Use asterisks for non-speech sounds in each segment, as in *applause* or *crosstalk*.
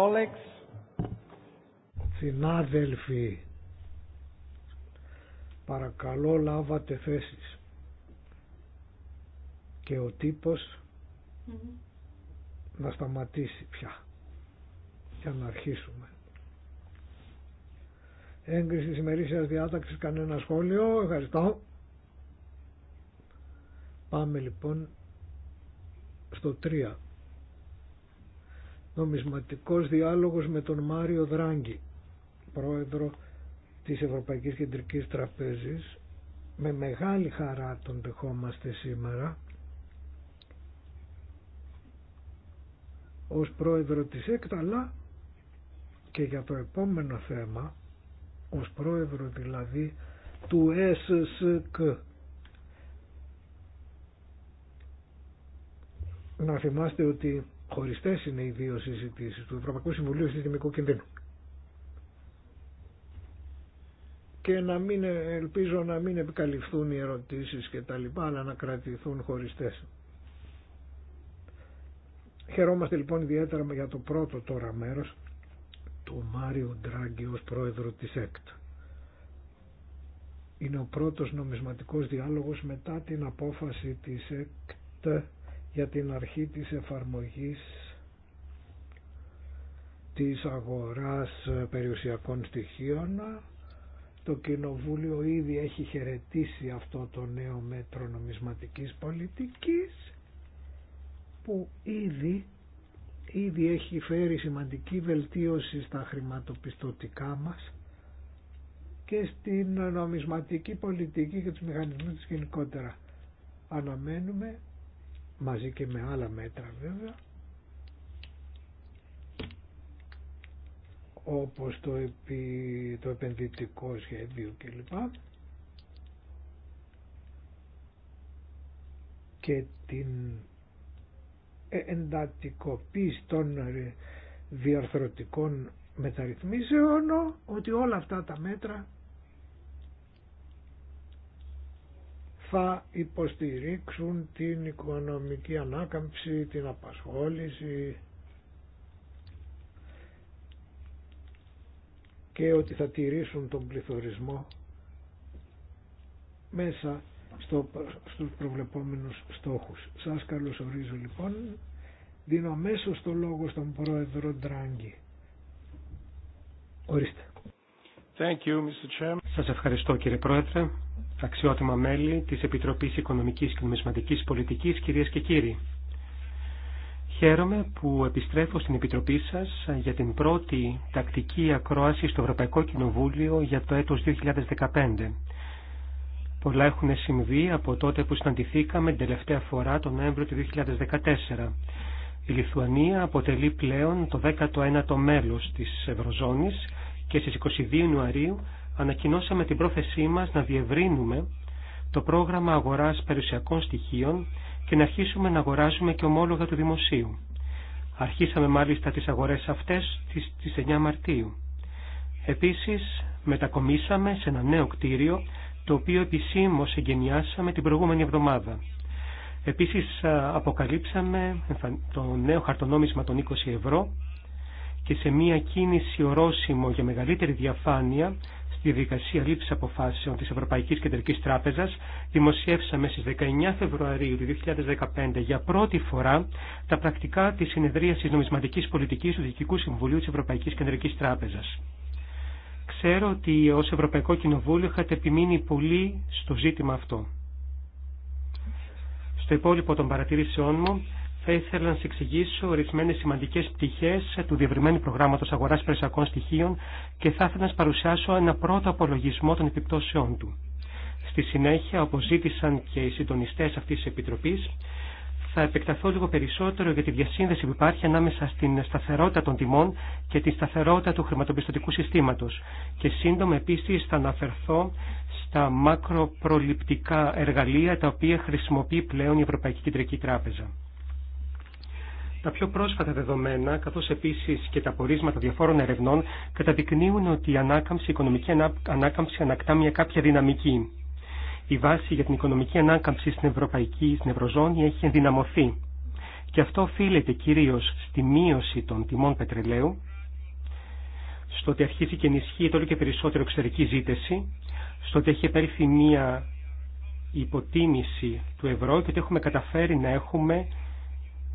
colleagues. Συνάδελφοι, παρακαλώ λάβατε θέσεις. Και ο τύπος mm-hmm. να σταματήσει πια για να αρχίσουμε. Έγκριση της ημερήσιας διάταξης, κανένα σχόλιο. Ευχαριστώ. Πάμε λοιπόν στο 3 νομισματικός διάλογος με τον Μάριο Δράγκη, πρόεδρο της Ευρωπαϊκής Κεντρικής Τραπέζης. Με μεγάλη χαρά τον δεχόμαστε σήμερα ως πρόεδρο της ΕΚΤ, και για το επόμενο θέμα, ως πρόεδρο δηλαδή του ΕΣΣΚ. Να θυμάστε ότι Χωριστέ είναι οι δύο συζητήσει του Ευρωπαϊκού Συμβουλίου Συστημικού Κινδύνου. Και να μην, ελπίζω να μην επικαλυφθούν οι ερωτήσεις και τα λοιπά, αλλά να κρατηθούν χωριστές. Χαιρόμαστε λοιπόν ιδιαίτερα για το πρώτο τώρα μέρος του Μάριου Ντράγκη ως πρόεδρο της ΕΚΤ. Είναι ο πρώτος νομισματικός διάλογος μετά την απόφαση της ΕΚΤ για την αρχή της εφαρμογής της αγοράς περιουσιακών στοιχείων. Το Κοινοβούλιο ήδη έχει χαιρετήσει αυτό το νέο μέτρο νομισματικής πολιτικής που ήδη, ήδη έχει φέρει σημαντική βελτίωση στα χρηματοπιστωτικά μας και στην νομισματική πολιτική και τους μηχανισμούς της γενικότερα. Αναμένουμε μαζί και με άλλα μέτρα βέβαια όπως το, επι, το επενδυτικό σχέδιο κλπ. και την εντατικοποίηση των διαρθρωτικών μεταρρυθμίσεων ότι όλα αυτά τα μέτρα θα υποστηρίξουν την οικονομική ανάκαμψη, την απασχόληση και ότι θα τηρήσουν τον πληθωρισμό μέσα στο, στους προβλεπόμενους στόχους. Σας καλωσορίζω λοιπόν. Δίνω αμέσω το λόγο στον πρόεδρο Ντράγκη. Ορίστε. Σας ευχαριστώ κύριε πρόεδρε αξιότιμα μέλη της Επιτροπής Οικονομικής και Νομισματικής Πολιτικής, κυρίες και κύριοι. Χαίρομαι που επιστρέφω στην Επιτροπή σας για την πρώτη τακτική ακρόαση στο Ευρωπαϊκό Κοινοβούλιο για το έτος 2015. Πολλά έχουν συμβεί από τότε που συναντηθήκαμε την τελευταία φορά τον Νοέμβριο του 2014. Η Λιθουανία αποτελεί πλέον το 19ο μέλος της Ευρωζώνης και στις 22 Ιανουαρίου ανακοινώσαμε την πρόθεσή μας να διευρύνουμε το πρόγραμμα αγοράς περιουσιακών στοιχείων και να αρχίσουμε να αγοράζουμε και ομόλογα του δημοσίου. Αρχίσαμε μάλιστα τις αγορές αυτές στις 9 Μαρτίου. Επίσης, μετακομίσαμε σε ένα νέο κτίριο, το οποίο επισήμως εγκαινιάσαμε την προηγούμενη εβδομάδα. Επίσης, αποκαλύψαμε το νέο χαρτονόμισμα των 20 ευρώ και σε μία κίνηση ορόσημο για μεγαλύτερη διαφάνεια η διαδικασία λήψη αποφάσεων τη Ευρωπαϊκή Κεντρική Τράπεζα. δημοσιεύσαμε στις 19 Φεβρουαρίου του 2015 για πρώτη φορά τα πρακτικά της συνεδρίασης νομισματικής πολιτικής του Διοικητικού Συμβουλίου της Ευρωπαϊκής Κεντρική Τράπεζας. Ξέρω ότι ως Ευρωπαϊκό Κοινοβούλιο είχατε επιμείνει πολύ στο ζήτημα αυτό. Στο υπόλοιπο των παρατηρήσεών μου θα ήθελα να σα εξηγήσω ορισμένε σημαντικέ πτυχέ του διευρυμένου προγράμματο αγορά περιουσιακών στοιχείων και θα ήθελα να σα παρουσιάσω ένα πρώτο απολογισμό των επιπτώσεών του. Στη συνέχεια, όπω ζήτησαν και οι συντονιστέ αυτή τη Επιτροπή, θα επεκταθώ λίγο περισσότερο για τη διασύνδεση που υπάρχει ανάμεσα στην σταθερότητα των τιμών και την σταθερότητα του χρηματοπιστωτικού συστήματο. Και σύντομα επίση θα αναφερθώ στα μακροπροληπτικά εργαλεία τα οποία χρησιμοποιεί πλέον η Ευρωπαϊκή Κεντρική Τράπεζα. Τα πιο πρόσφατα δεδομένα, καθώς επίσης και τα πορίσματα διαφόρων ερευνών, καταδεικνύουν ότι η ανάκαμψη, η οικονομική ανάκαμψη ανακτά μια κάποια δυναμική. Η βάση για την οικονομική ανάκαμψη στην Ευρωπαϊκή, στην Ευρωζώνη, έχει ενδυναμωθεί. Και αυτό οφείλεται κυρίως στη μείωση των τιμών πετρελαίου, στο ότι αρχίζει και ενισχύει όλο και περισσότερο εξωτερική ζήτηση, στο ότι έχει επέλθει μια υποτίμηση του ευρώ και ότι έχουμε καταφέρει να έχουμε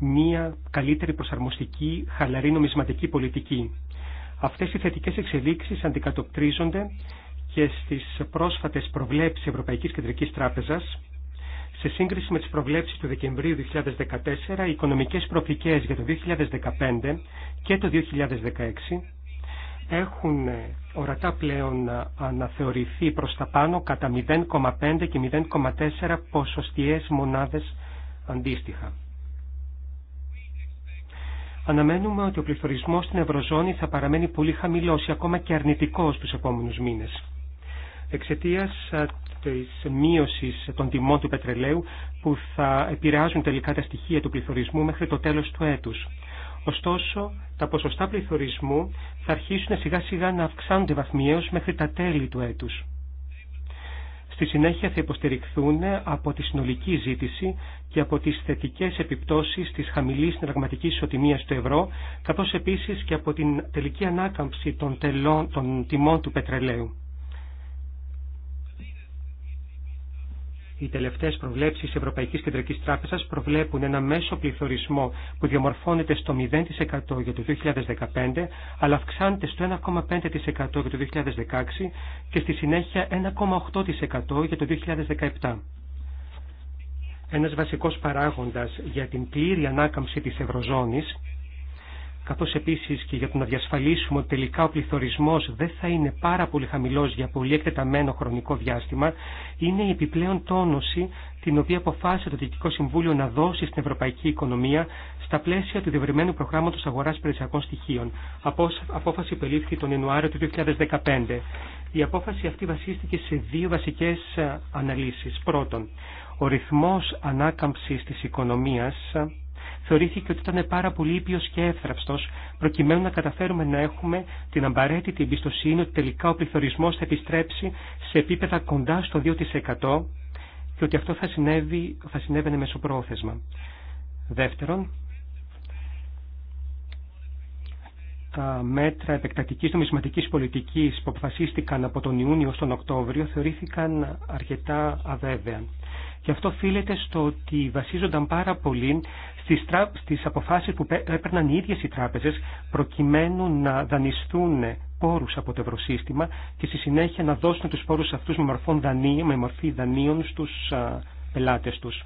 μία καλύτερη προσαρμοστική, χαλαρή νομισματική πολιτική. Αυτές οι θετικές εξελίξεις αντικατοπτρίζονται και στις πρόσφατες προβλέψεις Ευρωπαϊκής Κεντρικής Τράπεζας. Σε σύγκριση με τις προβλέψεις του Δεκεμβρίου 2014, οι οικονομικές προοπτικές για το 2015 και το 2016 έχουν ορατά πλέον αναθεωρηθεί προς τα πάνω κατά 0,5 και 0,4 ποσοστιαίες μονάδες αντίστοιχα αναμένουμε ότι ο πληθωρισμός στην Ευρωζώνη θα παραμένει πολύ χαμηλός ή ακόμα και αρνητικός τους επόμενους μήνες. Εξαιτίας της μείωσης των τιμών του πετρελαίου που θα επηρεάζουν τελικά τα στοιχεία του πληθωρισμού μέχρι το τέλος του έτους. Ωστόσο, τα ποσοστά πληθωρισμού θα αρχίσουν σιγά σιγά να αυξάνονται βαθμιαίως μέχρι τα τέλη του έτους στη συνέχεια θα υποστηριχθούν από τη συνολική ζήτηση και από τις θετικές επιπτώσεις της χαμηλής συναλλαγματικής ισοτιμίας του ευρώ, καθώς επίσης και από την τελική ανάκαμψη των, τελών, των τιμών του πετρελαίου. Οι τελευταίε προβλέψει τη Ευρωπαϊκή Κεντρική Τράπεζα προβλέπουν ένα μέσο πληθωρισμό που διαμορφώνεται στο 0% για το 2015, αλλά αυξάνεται στο 1,5% για το 2016 και στη συνέχεια 1,8% για το 2017. Ένας βασικός παράγοντας για την πλήρη ανάκαμψη της Ευρωζώνης καθώς επίσης και για το να διασφαλίσουμε ότι τελικά ο πληθωρισμός δεν θα είναι πάρα πολύ χαμηλός για πολύ εκτεταμένο χρονικό διάστημα, είναι η επιπλέον τόνωση την οποία αποφάσισε το Διοικητικό Συμβούλιο να δώσει στην ευρωπαϊκή οικονομία στα πλαίσια του διευρυμένου προγράμματος αγοράς περιουσιακών στοιχείων, απόφαση που τον Ιανουάριο του 2015. Η απόφαση αυτή βασίστηκε σε δύο βασικές ε, αναλύσεις. Πρώτον, ο ρυθμός ανάκαμψης της οικονομίας θεωρήθηκε ότι ήταν πάρα πολύ ήπιος και εύθραυστο, προκειμένου να καταφέρουμε να έχουμε την απαραίτητη εμπιστοσύνη ότι τελικά ο πληθωρισμό θα επιστρέψει σε επίπεδα κοντά στο 2% και ότι αυτό θα, συνέβη, θα συνέβαινε μεσοπρόθεσμα. Δεύτερον, τα μέτρα επεκτατικής νομισματικής πολιτικής που αποφασίστηκαν από τον Ιούνιο στον Οκτώβριο θεωρήθηκαν αρκετά αβέβαια. Και αυτό οφείλεται στο ότι βασίζονταν πάρα πολύ στις, τρα... στις αποφάσεις που έπαιρναν οι ίδιες οι τράπεζες προκειμένου να δανειστούν πόρους από το ευρωσύστημα και στη συνέχεια να δώσουν τους πόρους αυτούς με, με μορφή δανείων στους πελάτες τους.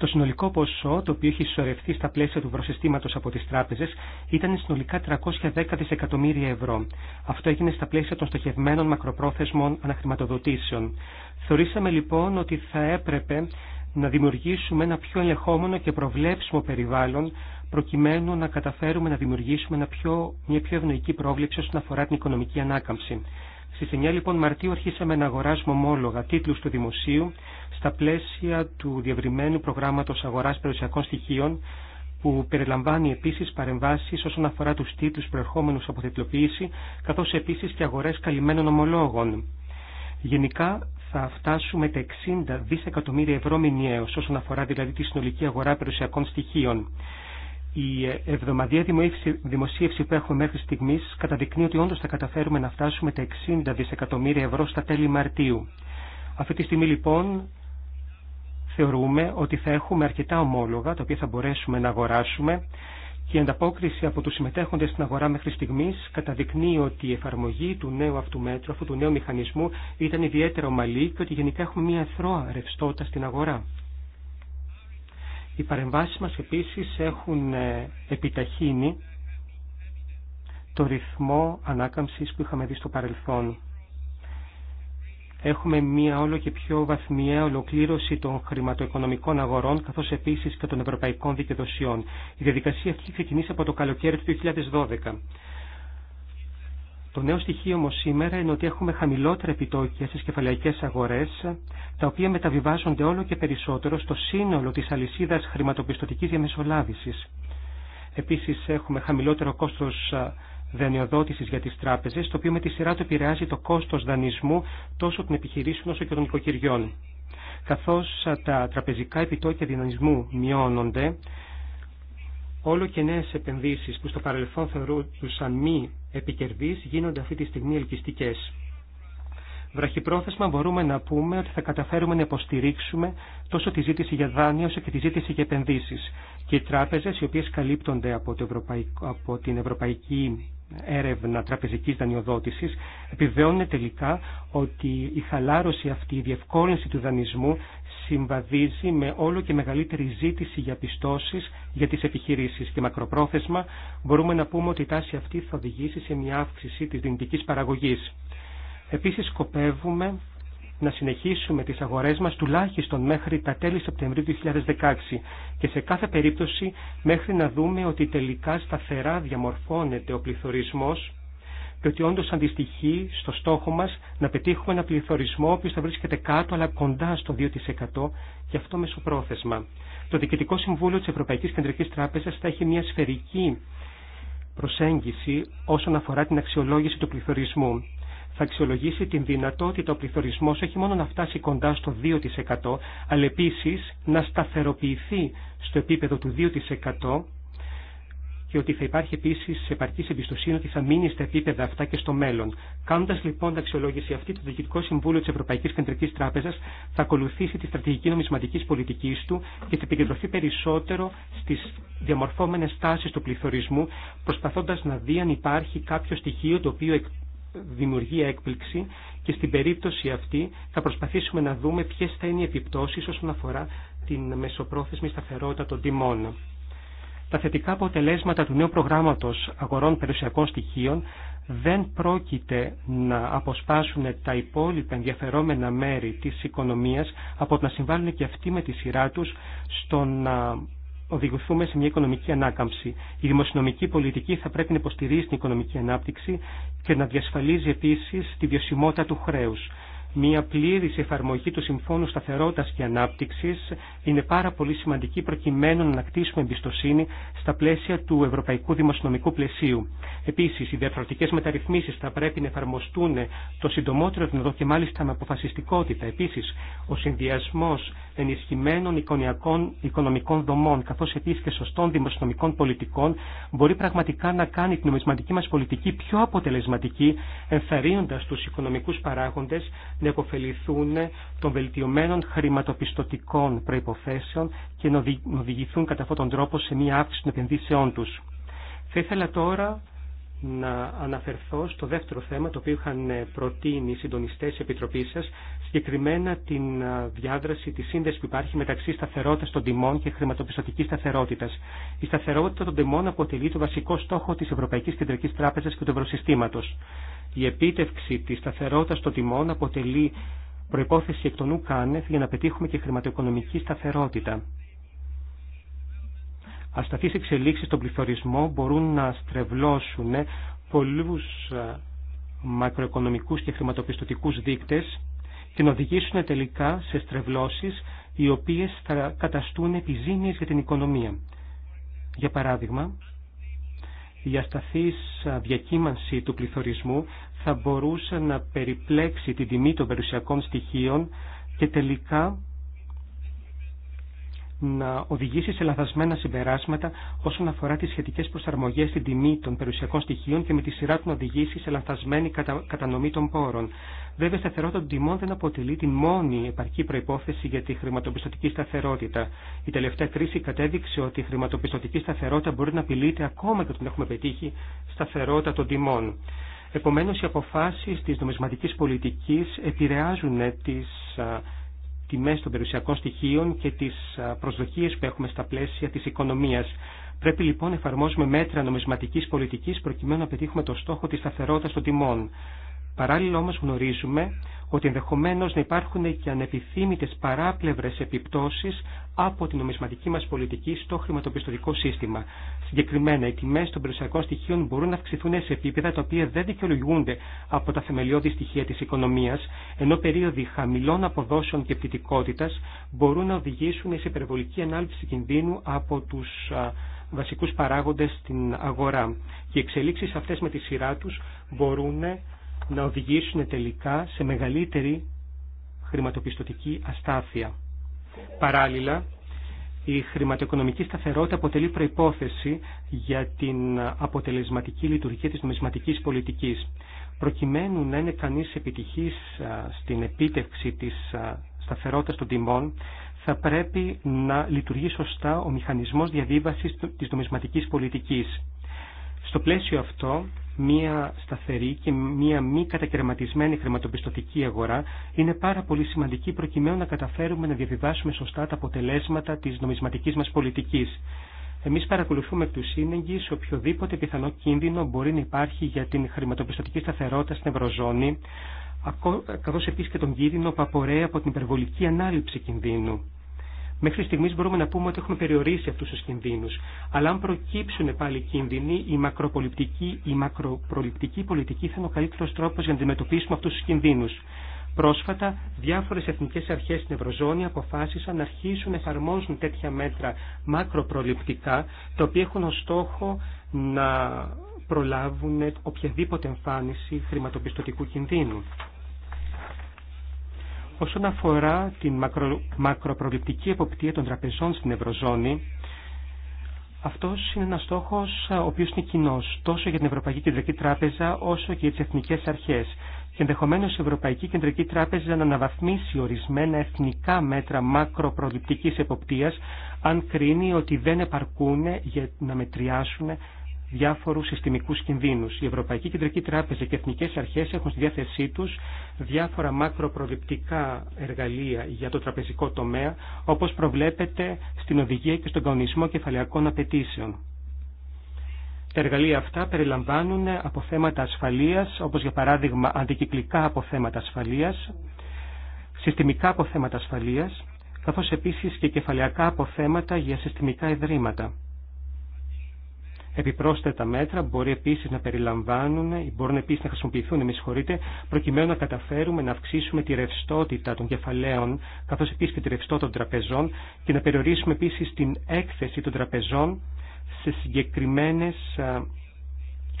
Το συνολικό ποσό, το οποίο έχει συσσωρευτεί στα πλαίσια του προσυστήματο από τι τράπεζε ήταν συνολικά 310 δισεκατομμύρια ευρώ. Αυτό έγινε στα πλαίσια των στοχευμένων μακροπρόθεσμων αναχρηματοδοτήσεων. Θεωρήσαμε λοιπόν ότι θα έπρεπε να δημιουργήσουμε ένα πιο ελεγχόμενο και προβλέψιμο περιβάλλον προκειμένου να καταφέρουμε να δημιουργήσουμε ένα πιο, μια πιο ευνοϊκή πρόβλεψη όσον αφορά την οικονομική ανάκαμψη. Στι 9 λοιπόν Μαρτίου αρχίσαμε να αγοράζουμε ομόλογα τίτλου του δημοσίου στα πλαίσια του διευρυμένου προγράμματος αγοράς περιουσιακών στοιχείων που περιλαμβάνει επίσης παρεμβάσεις όσον αφορά του τίτλους προερχόμενους από θετλοποίηση καθώς επίσης και αγορές καλυμμένων ομολόγων. Γενικά θα φτάσουμε τα 60 δισεκατομμύρια ευρώ μηνιαίως όσον αφορά δηλαδή τη συνολική αγορά περιουσιακών στοιχείων. Η εβδομαδιαία δημοσίευση που έχουμε μέχρι στιγμή καταδεικνύει ότι όντω θα καταφέρουμε να φτάσουμε τα 60 δισεκατομμύρια ευρώ στα τέλη Μαρτίου. Αυτή τη στιγμή λοιπόν θεωρούμε ότι θα έχουμε αρκετά ομόλογα τα οποία θα μπορέσουμε να αγοράσουμε και η ανταπόκριση από τους συμμετέχοντες στην αγορά μέχρι στιγμής καταδεικνύει ότι η εφαρμογή του νέου αυτού μέτρου, αυτού του νέου μηχανισμού ήταν ιδιαίτερα ομαλή και ότι γενικά έχουμε μια αθρώα ρευστότητα στην αγορά. Οι παρεμβάσεις μας επίσης έχουν ε, επιταχύνει το ρυθμό ανάκαμψης που είχαμε δει στο παρελθόν. Έχουμε μία όλο και πιο βαθμιαία ολοκλήρωση των χρηματοοικονομικών αγορών, καθώς επίσης και των ευρωπαϊκών δικαιοδοσιών. Η διαδικασία αυτή ξεκινήσει από το καλοκαίρι του 2012. Το νέο στοιχείο όμω σήμερα είναι ότι έχουμε χαμηλότερα επιτόκια στις κεφαλαϊκές αγορέ, τα οποία μεταβιβάζονται όλο και περισσότερο στο σύνολο της αλυσίδας χρηματοπιστωτικής διαμεσολάβηση. Επίσης έχουμε χαμηλότερο κόστο δανειοδότηση για τι τράπεζε, το οποίο με τη σειρά του επηρεάζει το κόστο δανεισμού τόσο των επιχειρήσεων όσο και των οικοκυριών. Καθώ τα τραπεζικά επιτόκια δυναμισμού μειώνονται, όλο και νέε επενδύσει που στο παρελθόν θεωρούσαν μη επικερδεί γίνονται αυτή τη στιγμή ελκυστικέ. Βραχυπρόθεσμα μπορούμε να πούμε ότι θα καταφέρουμε να υποστηρίξουμε τόσο τη ζήτηση για δάνειο όσο και τη ζήτηση για επενδύσεις. Και οι τράπεζες οι οποίες καλύπτονται από την Ευρωπαϊκή έρευνα τραπεζικής δανειοδότησης επιβεβαιώνουν τελικά ότι η χαλάρωση αυτή, η διευκόλυνση του δανεισμού συμβαδίζει με όλο και μεγαλύτερη ζήτηση για πιστώσεις για τις επιχειρήσεις και μακροπρόθεσμα μπορούμε να πούμε ότι η τάση αυτή θα οδηγήσει σε μια αύξηση της δυνητικής παραγωγής. Επίσης σκοπεύουμε να συνεχίσουμε τις αγορές μας τουλάχιστον μέχρι τα τέλη Σεπτεμβρίου 2016 και σε κάθε περίπτωση μέχρι να δούμε ότι τελικά σταθερά διαμορφώνεται ο πληθωρισμός και ότι όντως αντιστοιχεί στο στόχο μας να πετύχουμε ένα πληθωρισμό ο οποίος θα βρίσκεται κάτω αλλά κοντά στο 2% και αυτό μεσοπρόθεσμα. Το Διοικητικό Συμβούλιο της Ευρωπαϊκής Κεντρικής Τράπεζας θα έχει μια σφαιρική προσέγγιση όσον αφορά την αξιολόγηση του πληθωρισμού θα αξιολογήσει την δυνατότητα ο πληθωρισμός όχι μόνο να φτάσει κοντά στο 2% αλλά επίσης να σταθεροποιηθεί στο επίπεδο του 2% και ότι θα υπάρχει επίση επαρκή εμπιστοσύνη ότι θα μείνει στα επίπεδα αυτά και στο μέλλον. Κάνοντα λοιπόν την αξιολόγηση αυτή, το Διοικητικό Συμβούλιο τη Ευρωπαϊκή Κεντρική Τράπεζα θα ακολουθήσει τη στρατηγική νομισματική πολιτική του και θα επικεντρωθεί περισσότερο στι διαμορφώμενε τάσει του πληθωρισμού, προσπαθώντα να δει αν υπάρχει κάποιο στοιχείο το οποίο δημιουργεί έκπληξη και στην περίπτωση αυτή θα προσπαθήσουμε να δούμε ποιες θα είναι οι επιπτώσεις όσον αφορά την μεσοπρόθεσμη σταθερότητα των τιμών. Τα θετικά αποτελέσματα του νέου προγράμματος αγορών περιουσιακών στοιχείων δεν πρόκειται να αποσπάσουν τα υπόλοιπα ενδιαφερόμενα μέρη της οικονομίας από να συμβάλλουν και αυτοί με τη σειρά τους στο να οδηγηθούμε σε μια οικονομική ανάκαμψη. Η δημοσιονομική πολιτική θα πρέπει να υποστηρίζει την οικονομική ανάπτυξη και να διασφαλίζει επίση τη βιωσιμότητα του χρέου. Μία πλήρης εφαρμογή του Συμφώνου Σταθερότητας και Ανάπτυξης είναι πάρα πολύ σημαντική προκειμένου να ανακτήσουμε εμπιστοσύνη στα πλαίσια του Ευρωπαϊκού Δημοσιονομικού Πλαισίου. Επίσης, οι διαφορετικές μεταρρυθμίσεις θα πρέπει να εφαρμοστούν το συντομότερο δυνατό και μάλιστα με αποφασιστικότητα. Επίσης, ο συνδυασμός ενισχυμένων οικονομικών δομών καθώς επίσης και σωστών δημοσιονομικών πολιτικών μπορεί πραγματικά να κάνει την νομισματική μας πολιτική πιο αποτελεσματική ενθαρρύνοντας τους οικονομικούς παράγοντες να υποφεληθούν των βελτιωμένων χρηματοπιστωτικών προϋποθέσεων και να οδηγηθούν κατά αυτόν τον τρόπο σε μία αύξηση των επενδύσεών τους. Θα ήθελα τώρα να αναφερθώ στο δεύτερο θέμα το οποίο είχαν προτείνει οι συντονιστές της Επιτροπής σας, συγκεκριμένα την διάδραση, τη σύνδεση που υπάρχει μεταξύ σταθερότητα των τιμών και χρηματοπιστωτική σταθερότητα. Η σταθερότητα των τιμών αποτελεί το βασικό στόχο τη Ευρωπαϊκή Κεντρική Τράπεζα και του Ευρωσυστήματο. Η επίτευξη τη σταθερότητα των τιμών αποτελεί προπόθεση εκ των ουκάνευ για να πετύχουμε και χρηματοοικονομική σταθερότητα. Ασταθείς εξελίξεις στον πληθωρισμό μπορούν να στρεβλώσουν πολλού μακροοικονομικούς και χρηματοπιστωτικούς δείκτες και να οδηγήσουν τελικά σε στρεβλώσεις οι οποίες θα καταστούν επιζήμιες για την οικονομία. Για παράδειγμα, η ασταθής διακύμανση του πληθωρισμού θα μπορούσε να περιπλέξει την τιμή των περιουσιακών στοιχείων και τελικά να οδηγήσει σε λαθασμένα συμπεράσματα όσον αφορά τι σχετικέ προσαρμογέ στην τιμή των περιουσιακών στοιχείων και με τη σειρά του να οδηγήσει σε λανθασμένη κατα... κατανομή των πόρων. Βέβαια, η σταθερότητα των τιμών δεν αποτελεί την μόνη επαρκή προπόθεση για τη χρηματοπιστωτική σταθερότητα. Η τελευταία κρίση κατέδειξε ότι η χρηματοπιστωτική σταθερότητα μπορεί να απειλείται ακόμα και όταν έχουμε πετύχει σταθερότητα των τιμών. Επομένω, οι αποφάσει τη νομισματική πολιτική επηρεάζουν τις τιμές των περιουσιακών στοιχείων και τις προσδοκίες που έχουμε στα πλαίσια της οικονομίας. Πρέπει λοιπόν να εφαρμόσουμε μέτρα νομισματικής πολιτικής προκειμένου να πετύχουμε το στόχο της σταθερότητας των τιμών. Παράλληλα όμως γνωρίζουμε ότι ενδεχομένως να υπάρχουν και ανεπιθύμητες παράπλευρες επιπτώσεις από την νομισματική μας πολιτική στο χρηματοπιστωτικό σύστημα. Συγκεκριμένα, οι τιμές των περιουσιακών στοιχείων μπορούν να αυξηθούν σε επίπεδα τα οποία δεν δικαιολογούνται από τα θεμελιώδη στοιχεία της οικονομίας, ενώ περίοδοι χαμηλών αποδόσεων και πτυτικότητας μπορούν να οδηγήσουν σε υπερβολική ανάλυση κινδύνου από τους βασικούς παράγοντες στην αγορά. Και οι εξελίξεις αυτές με τη σειρά τους μπορούν να οδηγήσουν τελικά σε μεγαλύτερη χρηματοπιστωτική αστάθεια. Παράλληλα, η χρηματοοικονομική σταθερότητα αποτελεί προϋπόθεση για την αποτελεσματική λειτουργία της νομισματικής πολιτικής. Προκειμένου να είναι κανείς επιτυχής στην επίτευξη της σταθερότητας των τιμών, θα πρέπει να λειτουργεί σωστά ο μηχανισμός διαβίβασης της νομισματικής πολιτικής. Στο πλαίσιο αυτό, μία σταθερή και μία μη κατακαιρματισμένη χρηματοπιστωτική αγορά είναι πάρα πολύ σημαντική προκειμένου να καταφέρουμε να διαβιβάσουμε σωστά τα αποτελέσματα της νομισματικής μας πολιτικής. Εμείς παρακολουθούμε εκ του σε οποιοδήποτε πιθανό κίνδυνο μπορεί να υπάρχει για την χρηματοπιστωτική σταθερότητα στην Ευρωζώνη, καθώς επίσης και τον κίνδυνο που απορρέει από την υπερβολική ανάληψη κινδύνου. Μέχρι στιγμή μπορούμε να πούμε ότι έχουμε περιορίσει αυτού του κινδύνου. Αλλά αν προκύψουν πάλι κίνδυνοι, η μακροπολιπτική, η μακροπροληπτική πολιτική θα είναι ο καλύτερο τρόπο για να αντιμετωπίσουμε αυτού του κινδύνου. Πρόσφατα, διάφορε εθνικέ αρχέ στην Ευρωζώνη αποφάσισαν να αρχίσουν να εφαρμόζουν τέτοια μέτρα μακροπροληπτικά, τα οποία έχουν ως στόχο να προλάβουν οποιαδήποτε εμφάνιση χρηματοπιστωτικού κινδύνου. Όσον αφορά την μακρο, μακροπροληπτική εποπτεία των τραπεζών στην Ευρωζώνη, αυτός είναι ένας στόχος ο οποίος είναι κοινό τόσο για την Ευρωπαϊκή Κεντρική Τράπεζα όσο και για τις εθνικέ αρχές. Και ενδεχομένω η Ευρωπαϊκή Κεντρική Τράπεζα να αναβαθμίσει ορισμένα εθνικά μέτρα μακροπροληπτική εποπτείας αν κρίνει ότι δεν επαρκούν για να μετριάσουν Διάφορου συστημικού κινδύνους. Η Ευρωπαϊκή Κεντρική Τράπεζα και οι Εθνικές Αρχές έχουν στη διάθεσή τους διάφορα μακροπροληπτικά εργαλεία για το τραπεζικό τομέα, όπως προβλέπεται στην οδηγία και στον κανονισμό κεφαλαιακών απαιτήσεων. Τα εργαλεία αυτά περιλαμβάνουν αποθέματα ασφαλείας, όπως για παράδειγμα αντικυκλικά αποθέματα ασφαλείας, συστημικά αποθέματα ασφαλείας, καθώς επίσης και κεφαλαιακά αποθέματα για συστημικά ιδρύματα. Επιπρόσθετα μέτρα μπορεί επίση να περιλαμβάνουν ή μπορούν επίση να χρησιμοποιηθούν, με συγχωρείτε, προκειμένου να καταφέρουμε να αυξήσουμε τη ρευστότητα των κεφαλαίων, καθώ επίση και τη ρευστότητα των τραπεζών και να περιορίσουμε επίση την έκθεση των τραπεζών σε συγκεκριμένε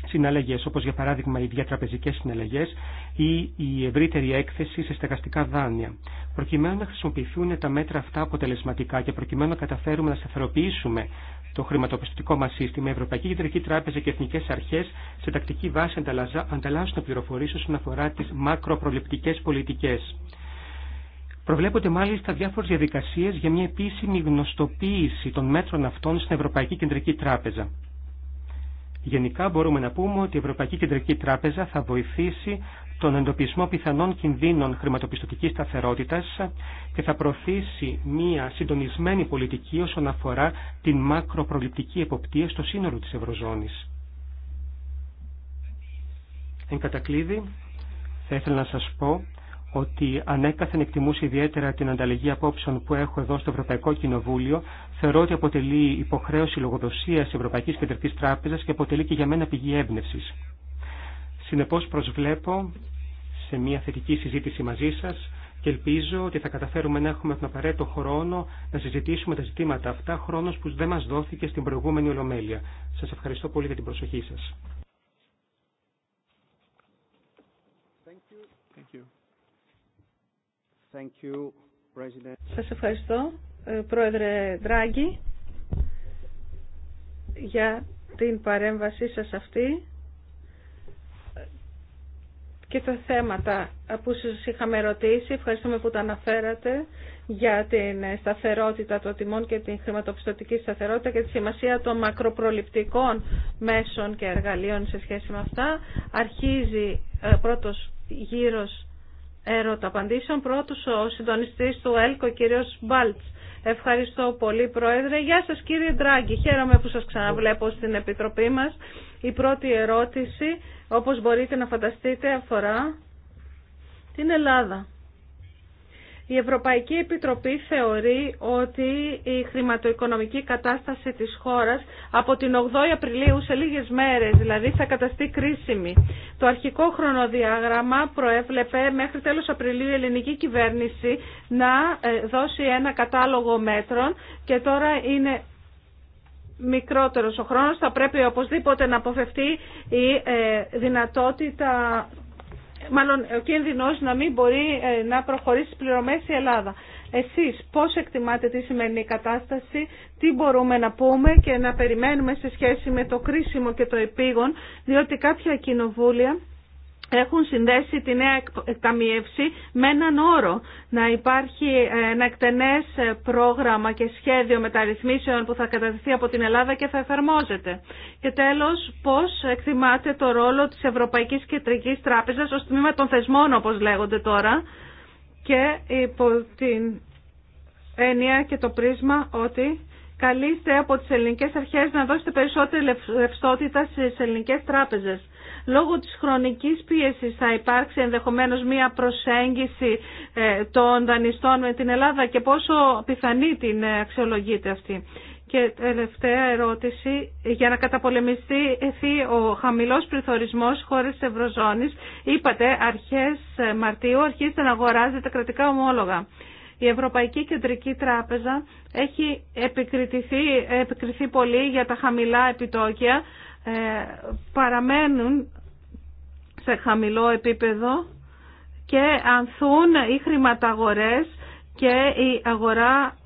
συναλλαγέ, όπω για παράδειγμα οι διατραπεζικέ συναλλαγέ ή η ευρύτερη έκθεση σε στεγαστικά δάνεια. Προκειμένου να χρησιμοποιηθούν τα μέτρα αυτά αποτελεσματικά και προκειμένου να καταφέρουμε να σταθεροποιήσουμε το χρηματοπιστωτικό μα σύστημα, η Ευρωπαϊκή Κεντρική Τράπεζα και Εθνικέ Αρχέ σε τακτική βάση ανταλλάσσουν πληροφορίε όσον αφορά τι μακροπροληπτικέ πολιτικέ. Προβλέπονται μάλιστα διάφορε διαδικασίε για μια επίσημη γνωστοποίηση των μέτρων αυτών στην Ευρωπαϊκή Κεντρική Τράπεζα. Γενικά μπορούμε να πούμε ότι η Ευρωπαϊκή Κεντρική Τράπεζα θα βοηθήσει τον εντοπισμό πιθανών κινδύνων χρηματοπιστωτικής σταθερότητας και θα προωθήσει μία συντονισμένη πολιτική όσον αφορά την μακροπροληπτική εποπτεία στο σύνολο της Ευρωζώνης. Εν κατακλείδη, θα ήθελα να σας πω ότι ανέκαθεν εκτιμούσε ιδιαίτερα την ανταλλαγή απόψεων που έχω εδώ στο Ευρωπαϊκό Κοινοβούλιο, θεωρώ ότι αποτελεί υποχρέωση λογοδοσία Ευρωπαϊκή Κεντρική Τράπεζα και αποτελεί και για μένα πηγή έμπνευση. Συνεπώς προσβλέπω σε μια θετική συζήτηση μαζί σας και ελπίζω ότι θα καταφέρουμε να έχουμε τον απαραίτητο χρόνο να συζητήσουμε τα ζητήματα αυτά, χρόνος που δεν μας δόθηκε στην προηγούμενη Ολομέλεια. Σας ευχαριστώ πολύ για την προσοχή σας. Thank Σας ευχαριστώ, ε, Πρόεδρε Δράγκη, για την παρέμβασή σας αυτή και τα θέματα που σας είχαμε ρωτήσει. Ευχαριστούμε που τα αναφέρατε για την σταθερότητα των τιμών και την χρηματοπιστωτική σταθερότητα και τη σημασία των μακροπροληπτικών μέσων και εργαλείων σε σχέση με αυτά. Αρχίζει ε, πρώτος γύρος έρωτα απαντήσεων. Πρώτος ο συντονιστής του Ελκο ο κύριος Μπάλτς. Ευχαριστώ πολύ Πρόεδρε. Γεια σας κύριε Ντράγκη. Χαίρομαι που σας ξαναβλέπω στην Επιτροπή μας. Η πρώτη ερώτηση, όπως μπορείτε να φανταστείτε, αφορά την Ελλάδα. Η Ευρωπαϊκή Επιτροπή θεωρεί ότι η χρηματοοικονομική κατάσταση της χώρας από την 8η Απριλίου σε λίγες μέρες δηλαδή θα καταστεί κρίσιμη. Το αρχικό χρονοδιάγραμμα προέβλεπε μέχρι τέλος Απριλίου η ελληνική κυβέρνηση να ε, δώσει ένα κατάλογο μέτρων και τώρα είναι μικρότερος ο χρόνος. Θα πρέπει οπωσδήποτε να αποφευθεί η ε, δυνατότητα, μάλλον ο κίνδυνος να μην μπορεί ε, να προχωρήσει πληρωμές η Ελλάδα. Εσείς πώς εκτιμάτε τη σημερινή κατάσταση, τι μπορούμε να πούμε και να περιμένουμε σε σχέση με το κρίσιμο και το επίγον, διότι κάποια κοινοβούλια έχουν συνδέσει τη νέα εκταμίευση με έναν όρο. Να υπάρχει ε, ένα εκτενές ε, πρόγραμμα και σχέδιο μεταρρυθμίσεων που θα κατατεθεί από την Ελλάδα και θα εφαρμόζεται. Και τέλος, πώς εκτιμάται το ρόλο της Ευρωπαϊκής Κεντρικής Τράπεζας ως τμήμα των θεσμών, όπως λέγονται τώρα, και υπό την έννοια και το πρίσμα ότι καλείστε από τις ελληνικές αρχές να δώσετε περισσότερη ρευστότητα στις ελληνικές τράπεζες Λόγω της χρονικής πίεσης θα υπάρξει ενδεχομένως μία προσέγγιση ε, των δανειστών με την Ελλάδα και πόσο πιθανή την ε, αξιολογείται αυτή. Και τελευταία ερώτηση, για να καταπολεμηθεί ο χαμηλός πληθωρισμός χώρες Ευρωζώνης, είπατε αρχές Μαρτίου αρχίζετε να αγοράζετε κρατικά ομόλογα. Η Ευρωπαϊκή Κεντρική Τράπεζα έχει επικριθεί πολύ για τα χαμηλά επιτόκια ε, παραμένουν σε χαμηλό επίπεδο και ανθούν οι χρηματαγορές και η αγορά,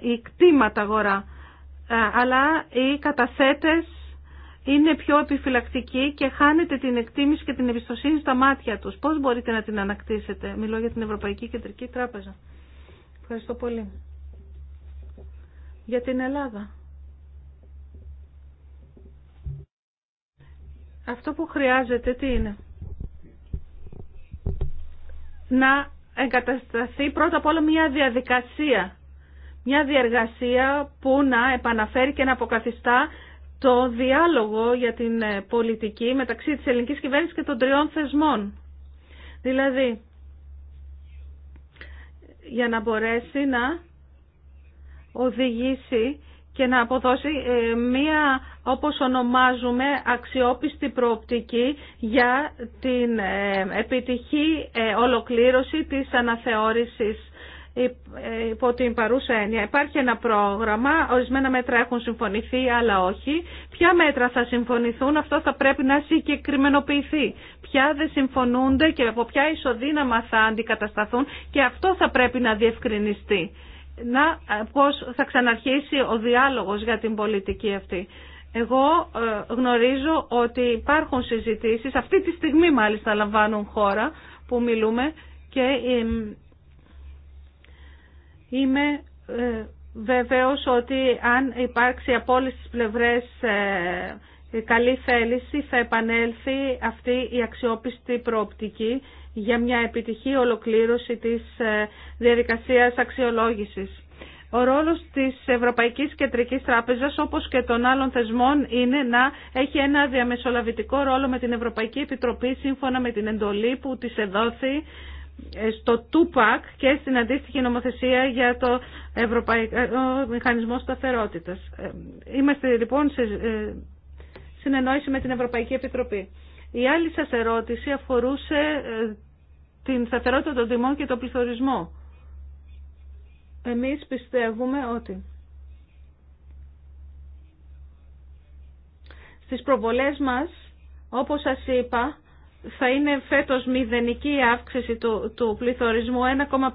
ε, η κτήματα αγορά. Ε, αλλά οι καταθέτες είναι πιο επιφυλακτικοί και χάνετε την εκτίμηση και την εμπιστοσύνη στα μάτια τους. Πώς μπορείτε να την ανακτήσετε. Μιλώ για την Ευρωπαϊκή Κεντρική Τράπεζα. Ευχαριστώ πολύ. Για την Ελλάδα. Αυτό που χρειάζεται τι είναι. Να εγκατασταθεί πρώτα απ' όλα μια διαδικασία. Μια διεργασία που να επαναφέρει και να αποκαθιστά το διάλογο για την ε, πολιτική μεταξύ της ελληνικής κυβέρνησης και των τριών θεσμών. Δηλαδή, για να μπορέσει να οδηγήσει και να αποδώσει ε, μία, όπως ονομάζουμε, αξιόπιστη προοπτική για την ε, επιτυχή ε, ολοκλήρωση της αναθεώρησης υπό την παρούσα έννοια. Υπάρχει ένα πρόγραμμα, ορισμένα μέτρα έχουν συμφωνηθεί, άλλα όχι. Ποια μέτρα θα συμφωνηθούν, αυτό θα πρέπει να συγκεκριμενοποιηθεί. Ποια δεν συμφωνούνται και από ποια ισοδύναμα θα αντικατασταθούν και αυτό θα πρέπει να διευκρινιστεί να, ε, πώς θα ξαναρχίσει ο διάλογος για την πολιτική αυτή. Εγώ ε, γνωρίζω ότι υπάρχουν συζητήσεις, αυτή τη στιγμή μάλιστα λαμβάνουν χώρα που μιλούμε και είμαι ε, βεβαίως ότι αν υπάρξει από όλες τις πλευρές ε, καλή θέληση θα επανέλθει αυτή η αξιόπιστη προοπτική για μια επιτυχή ολοκλήρωση της ε, διαδικασίας αξιολόγησης. Ο ρόλος της Ευρωπαϊκής Κεντρικής Τράπεζας όπως και των άλλων θεσμών είναι να έχει ένα διαμεσολαβητικό ρόλο με την Ευρωπαϊκή Επιτροπή σύμφωνα με την εντολή που της εδόθη ε, στο ΤΟΥΠΑΚ και στην αντίστοιχη νομοθεσία για το Ευρωπαϊκό Μηχανισμό Σταθερότητας. Είμαστε λοιπόν σε συνεννόηση με την Ευρωπαϊκή Επιτροπή. Η άλλη σας ερώτηση αφορούσε ε, την σταθερότητα των τιμών και τον πληθωρισμό. Εμείς πιστεύουμε ότι στις προβολές μας, όπως σας είπα, θα είναι φέτος μηδενική αύξηση του, του πληθωρισμού,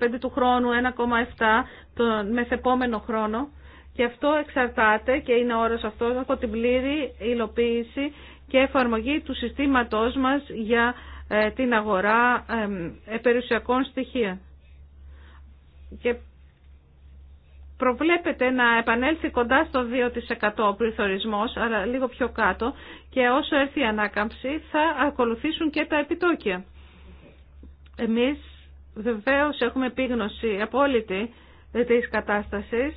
1,5 του χρόνου, 1,7 τον μεθεπόμενο χρόνο. Και αυτό εξαρτάται και είναι όρος αυτός από την πλήρη υλοποίηση και εφαρμογή του συστήματός μας για ε, την αγορά ε, περιουσιακών στοιχείων. Και προβλέπεται να επανέλθει κοντά στο 2% ο πληθωρισμός, αλλά λίγο πιο κάτω, και όσο έρθει η ανάκαμψη θα ακολουθήσουν και τα επιτόκια. Εμείς βεβαίως έχουμε επίγνωση απόλυτη ε, της κατάστασης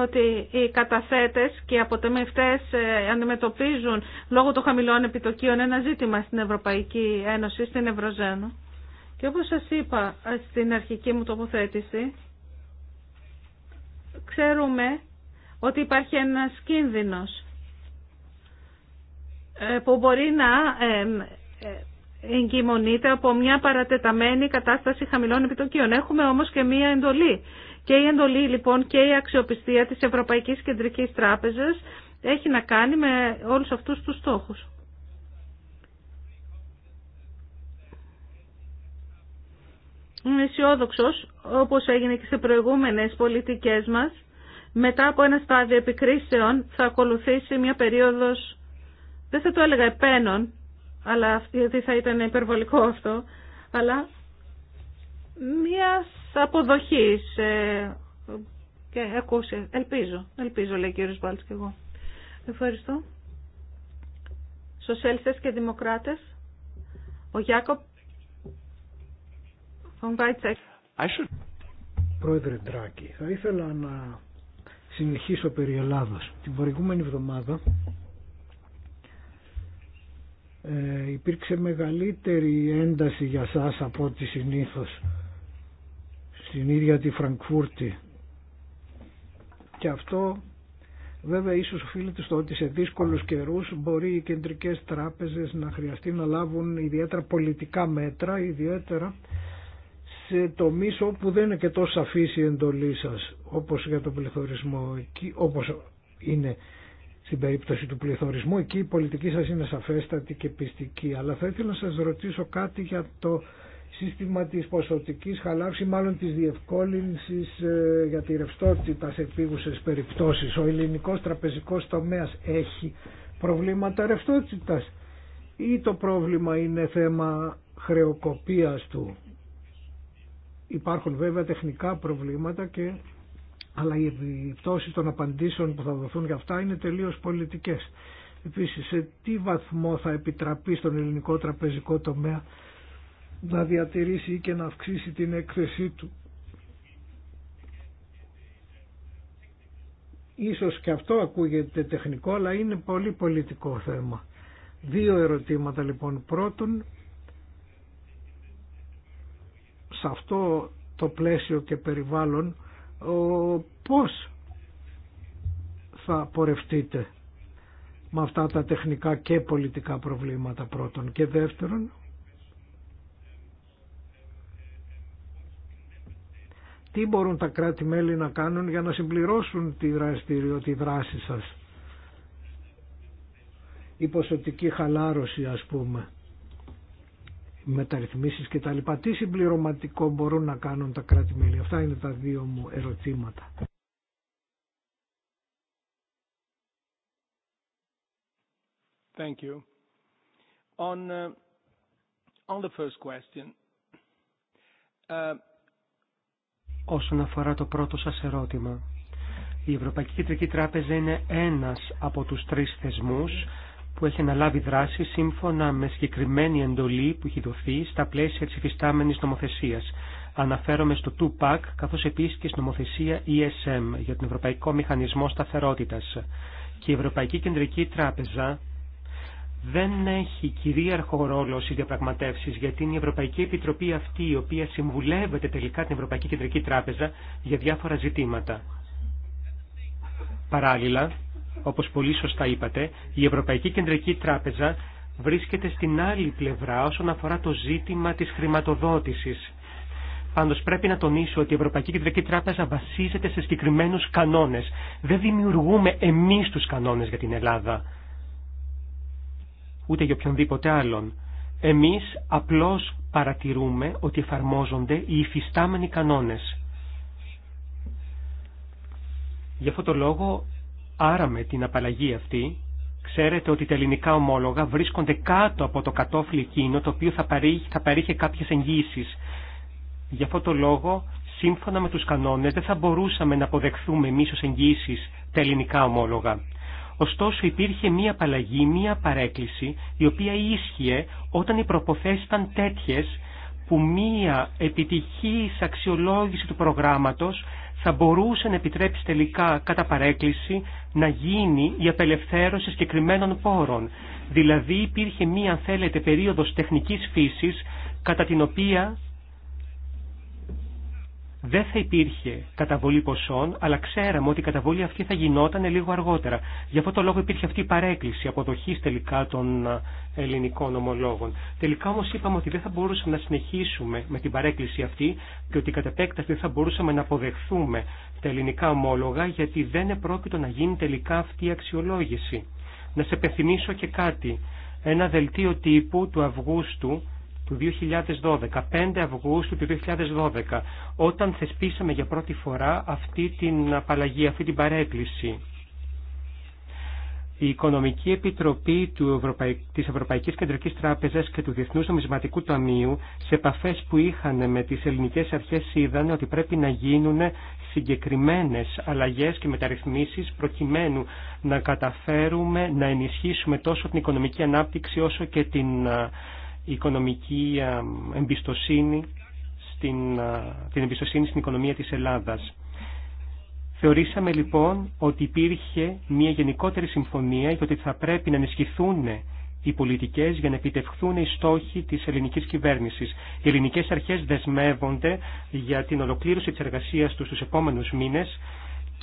ότι οι καταθέτες και οι αποτεμευτές ε, αντιμετωπίζουν λόγω των χαμηλών επιτοκίων ένα ζήτημα στην Ευρωπαϊκή Ένωση, στην Ευρωζένο. Και όπως σας είπα ε, στην αρχική μου τοποθέτηση, ξέρουμε ότι υπάρχει ένας κίνδυνος ε, που μπορεί να εγκυμονείται από μια παρατεταμένη κατάσταση χαμηλών επιτοκίων. Έχουμε όμως και μια εντολή και η εντολή λοιπόν και η αξιοπιστία της Ευρωπαϊκής Κεντρικής Τράπεζας έχει να κάνει με όλους αυτούς τους στόχους. Είμαι αισιόδοξο, όπως έγινε και σε προηγούμενες πολιτικές μας, μετά από ένα στάδιο επικρίσεων θα ακολουθήσει μια περίοδος, δεν θα το έλεγα επένων, αλλά γιατί θα ήταν υπερβολικό αυτό, αλλά μιας αποδοχής ε, και ακούσε. Ελπίζω, ελπίζω λέει ο κύριος Μπάλτς και εγώ. Ευχαριστώ. Σοσιαλιστές και Δημοκράτες. Ο Γιάκοπ. Πρόεδρε Ντράκη, θα ήθελα να συνεχίσω περί Ελλάδος. Την προηγούμενη εβδομάδα ε, υπήρξε μεγαλύτερη ένταση για σας από ό,τι συνήθως στην ίδια τη Φραγκφούρτη. Και αυτό βέβαια ίσως οφείλεται στο ότι σε δύσκολους καιρούς μπορεί οι κεντρικές τράπεζες να χρειαστεί να λάβουν ιδιαίτερα πολιτικά μέτρα, ιδιαίτερα σε τομείς όπου δεν είναι και τόσο σαφής η εντολή σας, όπως για τον πληθωρισμό, εκεί, όπως είναι στην περίπτωση του πληθωρισμού, εκεί η πολιτική σας είναι σαφέστατη και πιστική. Αλλά θα ήθελα να σας ρωτήσω κάτι για το σύστημα της ποσοτικής χαλάψης, μάλλον της διευκόλυνσης ε, για τη ρευστότητα σε επίγουσες περιπτώσεις. Ο ελληνικός τραπεζικός τομέας έχει προβλήματα ρευστότητας ή το πρόβλημα είναι θέμα χρεοκοπίας του. Υπάρχουν βέβαια τεχνικά προβλήματα και αλλά οι επιπτώσει των απαντήσεων που θα δοθούν για αυτά είναι τελείω πολιτικέ. Επίση, σε τι βαθμό θα επιτραπεί στον ελληνικό τραπεζικό τομέα να διατηρήσει και να αυξήσει την έκθεσή του. Ίσως και αυτό ακούγεται τεχνικό, αλλά είναι πολύ πολιτικό θέμα. Δύο ερωτήματα λοιπόν. Πρώτον, σε αυτό το πλαίσιο και περιβάλλον, πώς θα πορευτείτε με αυτά τα τεχνικά και πολιτικά προβλήματα πρώτον και δεύτερον Τι μπορούν τα κράτη-μέλη να κάνουν για να συμπληρώσουν τη, δραστηριότητά τη δράση σας. Η ποσοτική χαλάρωση ας πούμε. Μεταρρυθμίσεις και Τι συμπληρωματικό μπορούν να κάνουν τα κράτη-μέλη. Αυτά είναι τα δύο μου ερωτήματα. Thank you. On, uh, on the first question, uh, όσον αφορά το πρώτο σας ερώτημα. Η Ευρωπαϊκή Κεντρική Τράπεζα είναι ένας από τους τρεις θεσμούς που έχει αναλάβει δράση σύμφωνα με συγκεκριμένη εντολή που έχει δοθεί στα πλαίσια της υφιστάμενης νομοθεσίας. Αναφέρομαι στο 2 καθώς επίσης και στη νομοθεσία ESM για τον Ευρωπαϊκό Μηχανισμό Σταθερότητας. Και η Ευρωπαϊκή Κεντρική Τράπεζα δεν έχει κυρίαρχο ρόλο στι διαπραγματεύσει, γιατί είναι η Ευρωπαϊκή Επιτροπή αυτή η οποία συμβουλεύεται τελικά την Ευρωπαϊκή Κεντρική Τράπεζα για διάφορα ζητήματα. Παράλληλα, όπως πολύ σωστά είπατε, η Ευρωπαϊκή Κεντρική Τράπεζα βρίσκεται στην άλλη πλευρά όσον αφορά το ζήτημα της χρηματοδότησης. Πάντως πρέπει να τονίσω ότι η Ευρωπαϊκή Κεντρική Τράπεζα βασίζεται σε συγκεκριμένους κανόνες. Δεν δημιουργούμε εμείς τους κανόνες για την Ελλάδα ούτε για οποιονδήποτε άλλον. Εμείς απλώς παρατηρούμε ότι εφαρμόζονται οι υφιστάμενοι κανόνες. Γι' αυτό το λόγο άραμε την απαλλαγή αυτή. Ξέρετε ότι τα ελληνικά ομόλογα βρίσκονται κάτω από το κατόφλι εκείνο το οποίο θα παρήχε, θα παρήχε κάποιες εγγύησεις. Γι' αυτό το λόγο, σύμφωνα με τους κανόνες, δεν θα μπορούσαμε να αποδεχθούμε εμείς ως εγγύησεις τα ελληνικά ομόλογα. Ωστόσο υπήρχε μία απαλλαγή, μία παρέκκληση, η οποία ίσχυε όταν οι προποθέσεις ήταν τέτοιες που μία επιτυχής αξιολόγηση του προγράμματος θα μπορούσε να επιτρέψει τελικά κατά παρέκκληση να γίνει η απελευθέρωση συγκεκριμένων πόρων. Δηλαδή υπήρχε μία, αν θέλετε, περίοδος τεχνικής φύσης κατά την οποία δεν θα υπήρχε καταβολή ποσών, αλλά ξέραμε ότι η καταβολή αυτή θα γινόταν λίγο αργότερα. Γι' αυτό το λόγο υπήρχε αυτή η παρέκκληση αποδοχή τελικά των ε, ελληνικών ομολόγων. Τελικά όμω είπαμε ότι δεν θα μπορούσαμε να συνεχίσουμε με την παρέκκληση αυτή και ότι κατ' επέκταση δεν θα μπορούσαμε να αποδεχθούμε τα ελληνικά ομόλογα γιατί δεν επρόκειτο να γίνει τελικά αυτή η αξιολόγηση. Να σε πεθυμίσω και κάτι. Ένα δελτίο τύπου του Αυγούστου του 2012, 5 Αυγούστου του 2012, όταν θεσπίσαμε για πρώτη φορά αυτή την απαλλαγή, αυτή την παρέκκληση. Η Οικονομική Επιτροπή του Ευρωπαϊ... της Ευρωπαϊκής Κεντρικής Τράπεζας και του Διεθνούς Νομισματικού Ταμείου σε επαφές που είχαν με τις ελληνικές αρχές είδαν ότι πρέπει να γίνουν συγκεκριμένες αλλαγές και μεταρρυθμίσεις προκειμένου να καταφέρουμε να ενισχύσουμε τόσο την οικονομική ανάπτυξη όσο και την οικονομική ε, εμπιστοσύνη στην, ε, την εμπιστοσύνη στην οικονομία της Ελλάδας. Θεωρήσαμε λοιπόν ότι υπήρχε μια γενικότερη συμφωνία και ότι θα πρέπει να ενισχυθούν οι πολιτικές για να επιτευχθούν οι στόχοι της ελληνικής κυβέρνησης. Οι ελληνικές αρχές δεσμεύονται για την ολοκλήρωση της εργασίας τους στους επόμενους μήνες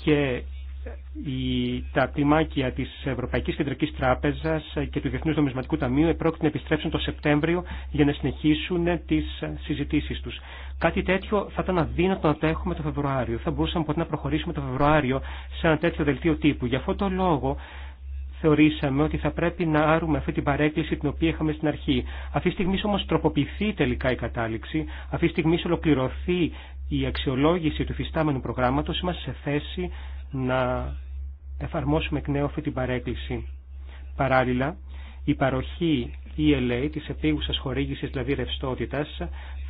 και η, τα κλιμάκια τη Ευρωπαϊκή Κεντρική Τράπεζα και του Διεθνού Νομισματικού Ταμείου επρόκειται να επιστρέψουν το Σεπτέμβριο για να συνεχίσουν τι συζητήσει του. Κάτι τέτοιο θα ήταν αδύνατο να το έχουμε το Φεβρουάριο. Θα μπορούσαμε ποτέ να προχωρήσουμε το Φεβρουάριο σε ένα τέτοιο δελτίο τύπου. Γι' αυτό το λόγο θεωρήσαμε ότι θα πρέπει να άρουμε αυτή την παρέκκληση την οποία είχαμε στην αρχή. Αυτή τη στιγμή όμω τροποποιηθεί τελικά η κατάληξη, αυτή τη στιγμή ολοκληρωθεί η αξιολόγηση του φυστάμενου προγράμματος είμαστε σε θέση να εφαρμόσουμε εκ νέου αυτή την παρέκκληση. Παράλληλα, η παροχή ELA, τη επίγουσα χορήγηση δηλαδή ρευστότητα,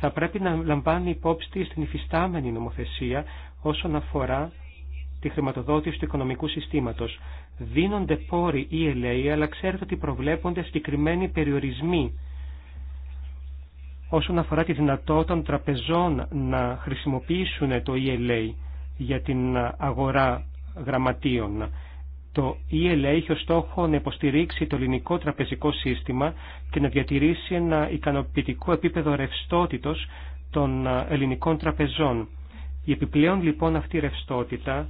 θα πρέπει να λαμβάνει υπόψη τη την υφιστάμενη νομοθεσία όσον αφορά τη χρηματοδότηση του οικονομικού συστήματος. Δίνονται πόροι ELA, αλλά ξέρετε ότι προβλέπονται συγκεκριμένοι περιορισμοί όσον αφορά τη δυνατότητα των τραπεζών να χρησιμοποιήσουν το ELA για την αγορά γραμματείων. Το ELA έχει ως στόχο να υποστηρίξει το ελληνικό τραπεζικό σύστημα και να διατηρήσει ένα ικανοποιητικό επίπεδο ρευστότητος των ελληνικών τραπεζών. Η επιπλέον λοιπόν αυτή η ρευστότητα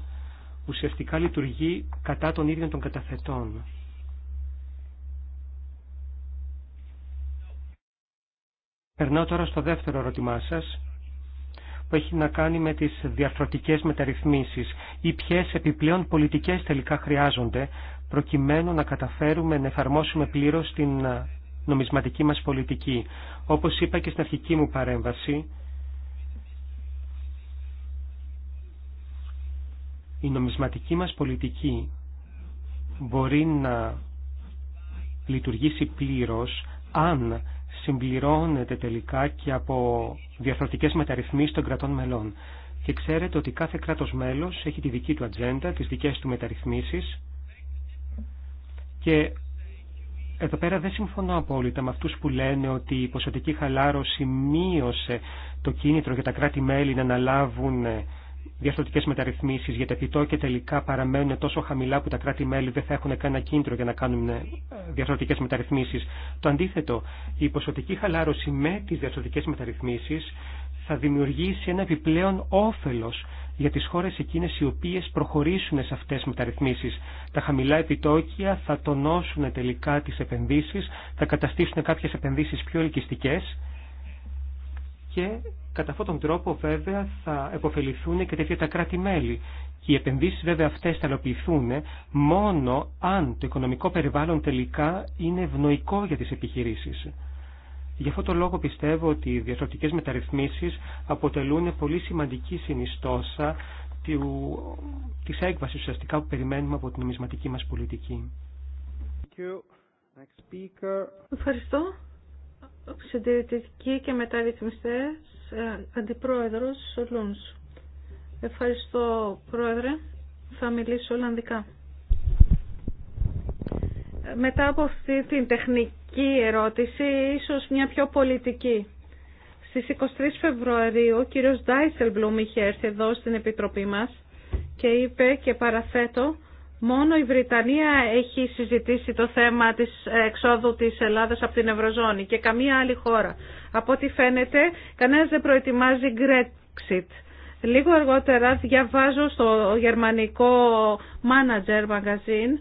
ουσιαστικά λειτουργεί κατά των ίδιων των καταθετών. Περνάω τώρα στο δεύτερο ερώτημά σας που έχει να κάνει με τις διαρθρωτικές μεταρρυθμίσεις ή ποιες επιπλέον πολιτικές τελικά χρειάζονται προκειμένου να καταφέρουμε να εφαρμόσουμε πλήρως την νομισματική μας πολιτική. Όπως είπα και στην αρχική μου παρέμβαση, η νομισματική μας πολιτική μπορεί να λειτουργήσει πλήρως αν συμπληρώνεται τελικά και από διαφορετικές μεταρρυθμίσεις των κρατών μελών. Και ξέρετε ότι κάθε κράτος μέλος έχει τη δική του ατζέντα, τις δικές του μεταρρυθμίσεις και εδώ πέρα δεν συμφωνώ απόλυτα με αυτούς που λένε ότι η ποσοτική χαλάρωση μείωσε το κίνητρο για τα κράτη-μέλη να αναλάβουν διαστοτικέ μεταρρυθμίσει για τα και τελικά παραμένουν τόσο χαμηλά που τα κράτη-μέλη δεν θα έχουν κανένα κίνητρο για να κάνουν ε, διαστοτικέ μεταρρυθμίσει. Το αντίθετο, η ποσοτική χαλάρωση με τι διαστοτικέ μεταρρυθμίσει θα δημιουργήσει ένα επιπλέον όφελο για τι χώρε εκείνε οι οποίε προχωρήσουν σε αυτέ τι μεταρρυθμίσει. Τα χαμηλά επιτόκια θα τονώσουν τελικά τι επενδύσει, θα καταστήσουν κάποιε επενδύσει πιο ελκυστικέ και κατά αυτόν τον τρόπο βέβαια θα επωφεληθούν και τέτοια τα κράτη-μέλη. Και οι επενδύσεις βέβαια αυτές θα ελοποιηθούν μόνο αν το οικονομικό περιβάλλον τελικά είναι ευνοϊκό για τις επιχειρήσεις. Γι' αυτό τον λόγο πιστεύω ότι οι διαστροφικές μεταρρυθμίσεις αποτελούν πολύ σημαντική συνιστόσα της έκβασης ουσιαστικά που περιμένουμε από την νομισματική μας πολιτική. Ευχαριστώ. Συντηρητική και μεταρρυθμιστές, ε, αντιπρόεδρος Λούνς. Ευχαριστώ πρόεδρε, θα μιλήσω Ολλανδικά. Μετά από αυτή την τεχνική ερώτηση, ίσως μια πιο πολιτική. Στις 23 Φεβρουαρίου ο κύριος Ντάισελμπλουμ είχε έρθει εδώ στην Επιτροπή μας και είπε και παραθέτω Μόνο η Βρυτανία έχει συζητήσει το θέμα της εξόδου της Ελλάδας από την Ευρωζώνη και καμία άλλη χώρα. Από ό,τι φαίνεται, κανένας δεν προετοιμάζει Brexit. Λίγο αργότερα διαβάζω στο γερμανικό Manager Magazine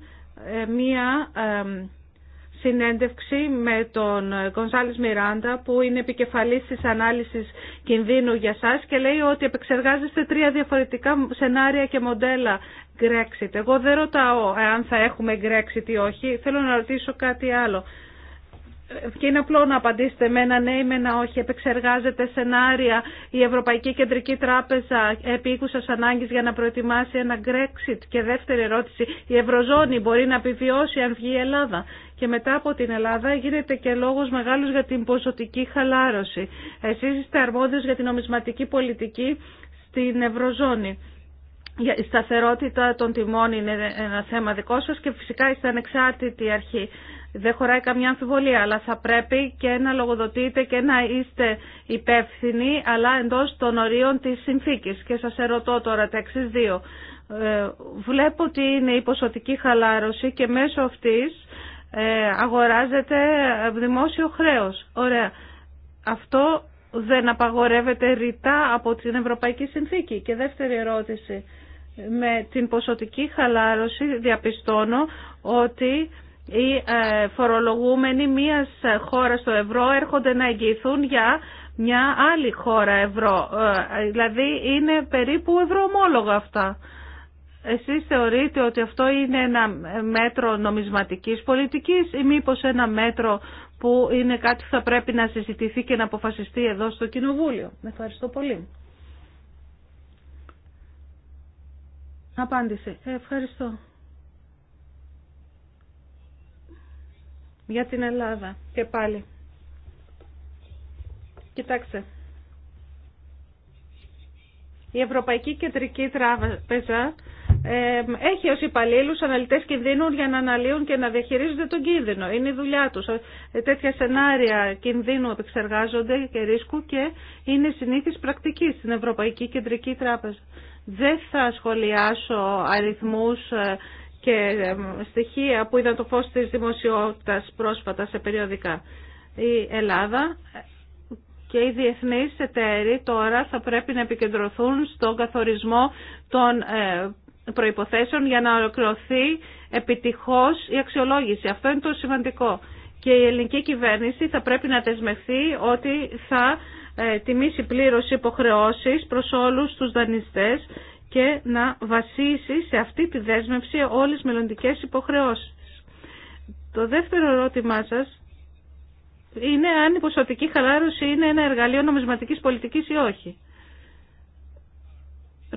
ε, μία ε, συνέντευξη με τον Κονσάλης Μιράντα που είναι επικεφαλής της ανάλυσης κινδύνου για σας και λέει ότι επεξεργάζεστε τρία διαφορετικά σενάρια και μοντέλα Grexit. Εγώ δεν ρωτάω αν θα έχουμε Grexit ή όχι, θέλω να ρωτήσω κάτι άλλο και είναι απλό να απαντήσετε με ένα ναι ή με ένα όχι. Επεξεργάζεται σενάρια η Ευρωπαϊκή Κεντρική Τράπεζα επί οίκουσας ανάγκη για να προετοιμάσει ένα Brexit. Και δεύτερη ερώτηση, η Ευρωζώνη μπορεί να επιβιώσει αν βγει η Ελλάδα. Και μετά από την Ελλάδα γίνεται και λόγο μεγάλο για την ποσοτική χαλάρωση. Εσείς είστε αρμόδιος για την νομισματική πολιτική στην Ευρωζώνη. Η σταθερότητα των τιμών είναι ένα θέμα δικό σας και φυσικά είστε ανεξάρτητη αρχή δεν χωράει καμιά αμφιβολία, αλλά θα πρέπει και να λογοδοτείτε και να είστε υπεύθυνοι, αλλά εντός των ορίων της συνθήκης. Και σας ερωτώ τώρα τα εξής δύο. Ε, βλέπω ότι είναι η ποσοτική χαλάρωση και μέσω αυτής ε, αγοράζεται δημόσιο χρέος. Ωραία. Αυτό δεν απαγορεύεται ρητά από την Ευρωπαϊκή Συνθήκη. Και δεύτερη ερώτηση. Με την ποσοτική χαλάρωση διαπιστώνω ότι οι ε, φορολογούμενοι μίας ε, χώρας στο ευρώ έρχονται να εγγυηθούν για μια άλλη χώρα ευρώ. Ε, δηλαδή είναι περίπου ευρωομόλογα αυτά. Εσείς θεωρείτε ότι αυτό είναι ένα μέτρο νομισματικής πολιτικής ή μήπως ένα μέτρο που είναι κάτι που θα πρέπει να συζητηθεί και να αποφασιστεί εδώ στο Κοινοβούλιο. Ευχαριστώ πολύ. Απάντηση. Ευχαριστώ. για την Ελλάδα και πάλι. Κοιτάξτε. Η Ευρωπαϊκή Κεντρική Τράπεζα έχει ως υπαλλήλους αναλυτές κινδύνου για να αναλύουν και να διαχειρίζονται τον κίνδυνο. Είναι η δουλειά τους. Ε, τέτοια σενάρια κινδύνου επεξεργάζονται και ρίσκου και είναι συνήθις πρακτική στην Ευρωπαϊκή Κεντρική Τράπεζα. Δεν θα σχολιάσω αριθμούς ε, και στοιχεία που είδαν το φως της δημοσιότητας πρόσφατα σε περιοδικά. Η Ελλάδα και οι διεθνείς εταίροι τώρα θα πρέπει να επικεντρωθούν στον καθορισμό των ε, προϋποθέσεων για να ολοκληρωθεί επιτυχώς η αξιολόγηση. Αυτό είναι το σημαντικό. Και η ελληνική κυβέρνηση θα πρέπει να δεσμευθεί ότι θα ε, τιμήσει πλήρως υποχρεώσεις προς όλους τους δανειστές και να βασίσει σε αυτή τη δέσμευση όλες τις μελλοντικές υποχρεώσεις. Το δεύτερο ερώτημά σας είναι αν η ποσοτική χαλάρωση είναι ένα εργαλείο νομισματικής πολιτικής ή όχι.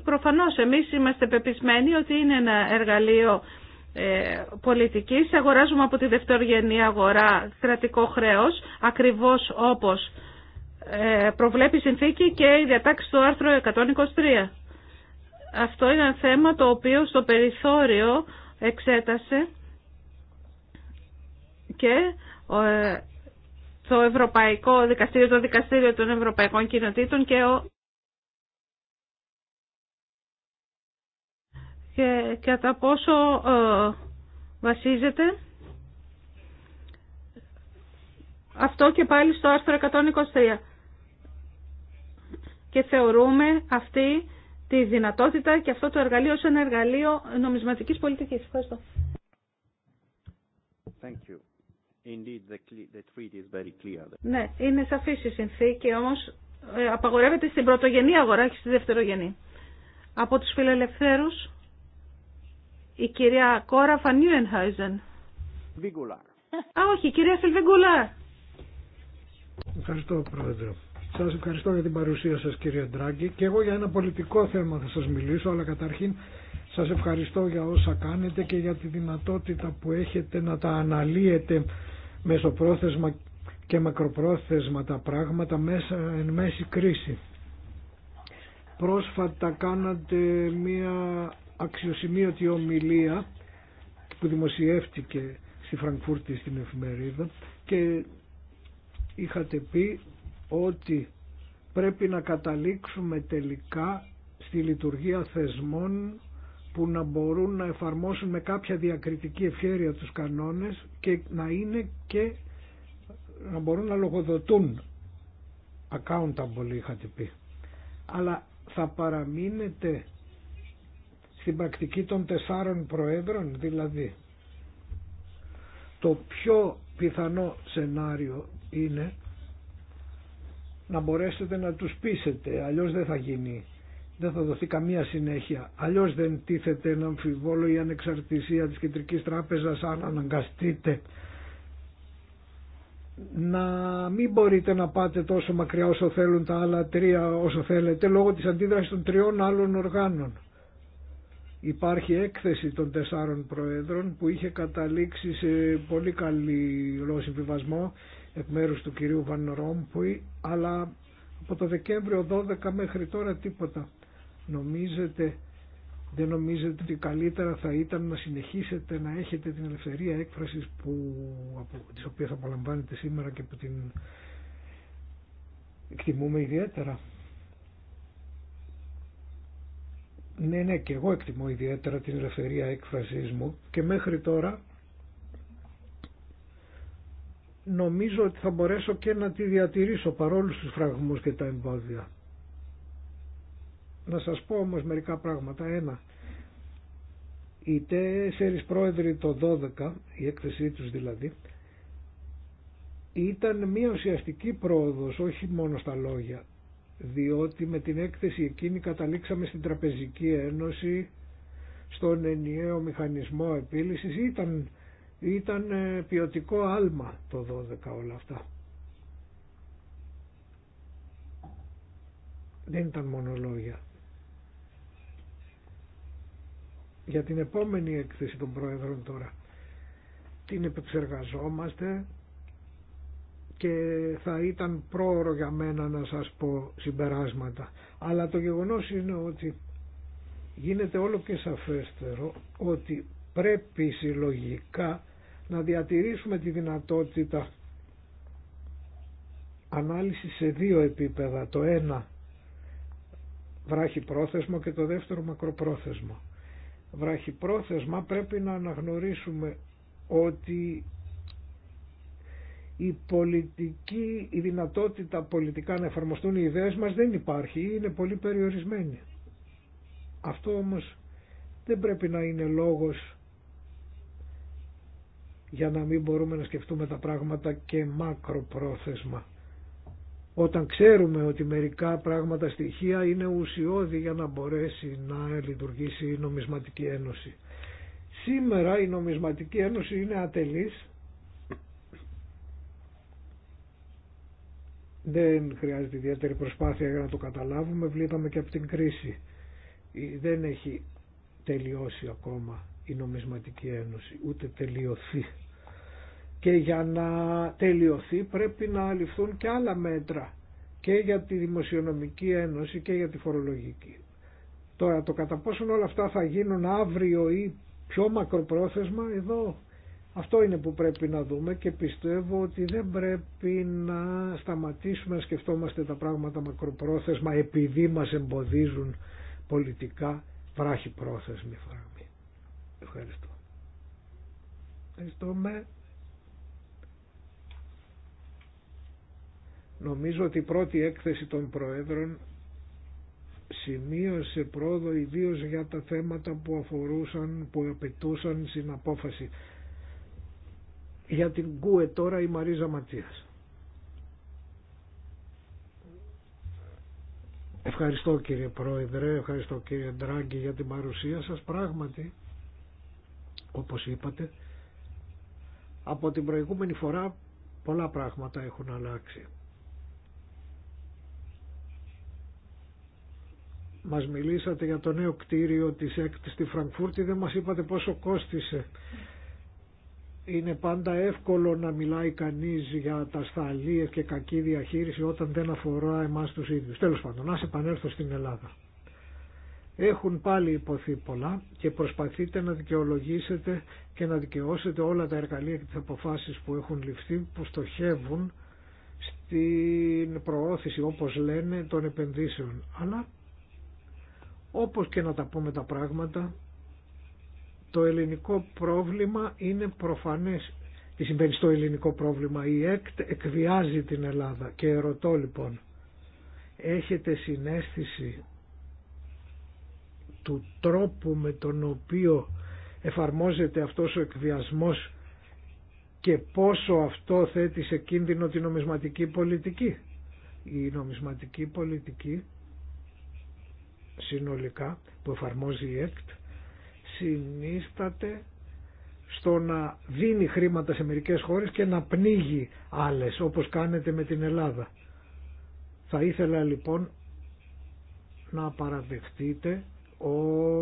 Προφανώς εμείς είμαστε πεπισμένοι ότι είναι ένα εργαλείο ε, πολιτικής. Αγοράζουμε από τη δευτερογενή αγορά κρατικό χρέος, ακριβώς όπως ε, προβλέπει η συνθήκη και η διατάξη του άρθρου 123. Αυτό είναι ένα θέμα το οποίο στο περιθώριο εξέτασε και ε, το Ευρωπαϊκό Δικαστήριο, το Δικαστήριο των Ευρωπαϊκών Κοινοτήτων και ο και κατά πόσο ε, βασίζεται αυτό και πάλι στο άρθρο 123. Και θεωρούμε αυτή τη δυνατότητα και αυτό το εργαλείο ως ένα εργαλείο νομισματικής πολιτικής. Ευχαριστώ. Thank Ναι, είναι σαφή η συνθήκη, όμως ε, απαγορεύεται στην πρωτογενή αγορά και στη δευτερογενή. Από τους φιλελευθέρους, η κυρία Κόρα Φανιούενχάιζεν. Βιγκουλάρ. Α, όχι, η κυρία Σιλβίγκουλα. Ευχαριστώ, Πρόεδρε. Σας ευχαριστώ για την παρουσία σας κύριε Ντράγκη και εγώ για ένα πολιτικό θέμα θα σας μιλήσω αλλά καταρχήν σας ευχαριστώ για όσα κάνετε και για τη δυνατότητα που έχετε να τα αναλύετε μεσοπρόθεσμα και μακροπρόθεσμα τα πράγματα μέσα εν μέση κρίση. Πρόσφατα κάνατε μία αξιοσημείωτη ομιλία που δημοσιεύτηκε στη Φραγκφούρτη στην εφημερίδα και είχατε πει ότι πρέπει να καταλήξουμε τελικά στη λειτουργία θεσμών που να μπορούν να εφαρμόσουν με κάποια διακριτική ευχέρεια τους κανόνες και να είναι και να μπορούν να λογοδοτούν accountable είχατε πει αλλά θα παραμείνετε στην πρακτική των τεσσάρων προέδρων δηλαδή το πιο πιθανό σενάριο είναι να μπορέσετε να τους πείσετε, αλλιώς δεν θα γίνει. Δεν θα δοθεί καμία συνέχεια. Αλλιώς δεν τίθεται ένα αμφιβόλο η ανεξαρτησία της Κεντρικής Τράπεζας αν αναγκαστείτε να μην μπορείτε να πάτε τόσο μακριά όσο θέλουν τα άλλα τρία όσο θέλετε λόγω της αντίδρασης των τριών άλλων οργάνων. Υπάρχει έκθεση των τεσσάρων προέδρων που είχε καταλήξει σε πολύ καλό συμβιβασμό εκ μέρους του κυρίου Βαν Ρόμπουη, αλλά από το Δεκέμβριο 12 μέχρι τώρα τίποτα. Νομίζετε, δεν νομίζετε ότι καλύτερα θα ήταν να συνεχίσετε να έχετε την ελευθερία έκφρασης που, από, της οποίας απολαμβάνετε σήμερα και που την εκτιμούμε ιδιαίτερα. Ναι, ναι, και εγώ εκτιμώ ιδιαίτερα την ελευθερία έκφραση μου και μέχρι τώρα νομίζω ότι θα μπορέσω και να τη διατηρήσω παρόλους τους φραγμούς και τα εμπόδια. Να σας πω όμως μερικά πράγματα. Ένα, οι τέσσερις πρόεδροι το 12, η έκθεσή τους δηλαδή, ήταν μια ουσιαστική πρόοδος, όχι μόνο στα λόγια, διότι με την έκθεση εκείνη καταλήξαμε στην Τραπεζική Ένωση, στον ενιαίο μηχανισμό επίλυσης, ήταν ήταν ε, ποιοτικό άλμα το 12 όλα αυτά. Δεν ήταν μονολογία Για την επόμενη έκθεση των Πρόεδρων τώρα. Την επεξεργαζόμαστε και θα ήταν πρόωρο για μένα να σας πω συμπεράσματα. Αλλά το γεγονός είναι ότι γίνεται όλο και σαφέστερο ότι πρέπει συλλογικά να διατηρήσουμε τη δυνατότητα ανάλυση σε δύο επίπεδα. Το ένα βράχι πρόθεσμο και το δεύτερο μακροπρόθεσμο. Βράχει πρόθεσμα πρέπει να αναγνωρίσουμε ότι η πολιτική, η δυνατότητα πολιτικά να εφαρμοστούν οι ιδέες μας δεν υπάρχει ή είναι πολύ περιορισμένη. Αυτό όμως δεν πρέπει να είναι λόγος για να μην μπορούμε να σκεφτούμε τα πράγματα και μακροπρόθεσμα. Όταν ξέρουμε ότι μερικά πράγματα στοιχεία είναι ουσιώδη για να μπορέσει να λειτουργήσει η νομισματική ένωση. Σήμερα η νομισματική ένωση είναι ατελής. Δεν χρειάζεται ιδιαίτερη προσπάθεια για να το καταλάβουμε. Βλέπαμε και από την κρίση. Δεν έχει τελειώσει ακόμα η νομισματική ένωση, ούτε τελειωθεί. Και για να τελειωθεί πρέπει να ληφθούν και άλλα μέτρα και για τη Δημοσιονομική Ένωση και για τη Φορολογική. Τώρα το κατά πόσον όλα αυτά θα γίνουν αύριο ή πιο μακροπρόθεσμα εδώ αυτό είναι που πρέπει να δούμε και πιστεύω ότι δεν πρέπει να σταματήσουμε να σκεφτόμαστε τα πράγματα μακροπρόθεσμα επειδή μας εμποδίζουν πολιτικά βράχη πρόθεσμη φραγμή. Ευχαριστώ. με... Νομίζω ότι η πρώτη έκθεση των Προέδρων σημείωσε πρόοδο ιδίω για τα θέματα που αφορούσαν, που απαιτούσαν στην απόφαση. Για την ΚΟΕ τώρα η Μαρίζα Ματίας. Ευχαριστώ κύριε Πρόεδρε, ευχαριστώ κύριε Ντράγκη για την παρουσία σας. Πράγματι, όπως είπατε, από την προηγούμενη φορά πολλά πράγματα έχουν αλλάξει. Μας μιλήσατε για το νέο κτίριο της ΕΚΤ στη Φραγκφούρτη, δεν μας είπατε πόσο κόστισε. Είναι πάντα εύκολο να μιλάει κανείς για τα σταλίες και κακή διαχείριση όταν δεν αφορά εμάς τους ίδιους. Τέλος πάντων, ας επανέλθω στην Ελλάδα. Έχουν πάλι υποθεί πολλά και προσπαθείτε να δικαιολογήσετε και να δικαιώσετε όλα τα εργαλεία και τις αποφάσεις που έχουν ληφθεί που στοχεύουν στην προώθηση όπως λένε των επενδύσεων. Αλλά όπως και να τα πούμε τα πράγματα, το ελληνικό πρόβλημα είναι προφανές. Τι συμβαίνει στο ελληνικό πρόβλημα. Η ΕΚΤ εκβιάζει την Ελλάδα και ερωτώ λοιπόν, έχετε συνέστηση του τρόπου με τον οποίο εφαρμόζεται αυτός ο εκβιασμός και πόσο αυτό θέτει σε κίνδυνο την νομισματική πολιτική. Η νομισματική πολιτική συνολικά που εφαρμόζει η ΕΚΤ συνίσταται στο να δίνει χρήματα σε μερικές χώρες και να πνίγει άλλες όπως κάνετε με την Ελλάδα. Θα ήθελα λοιπόν να παραδεχτείτε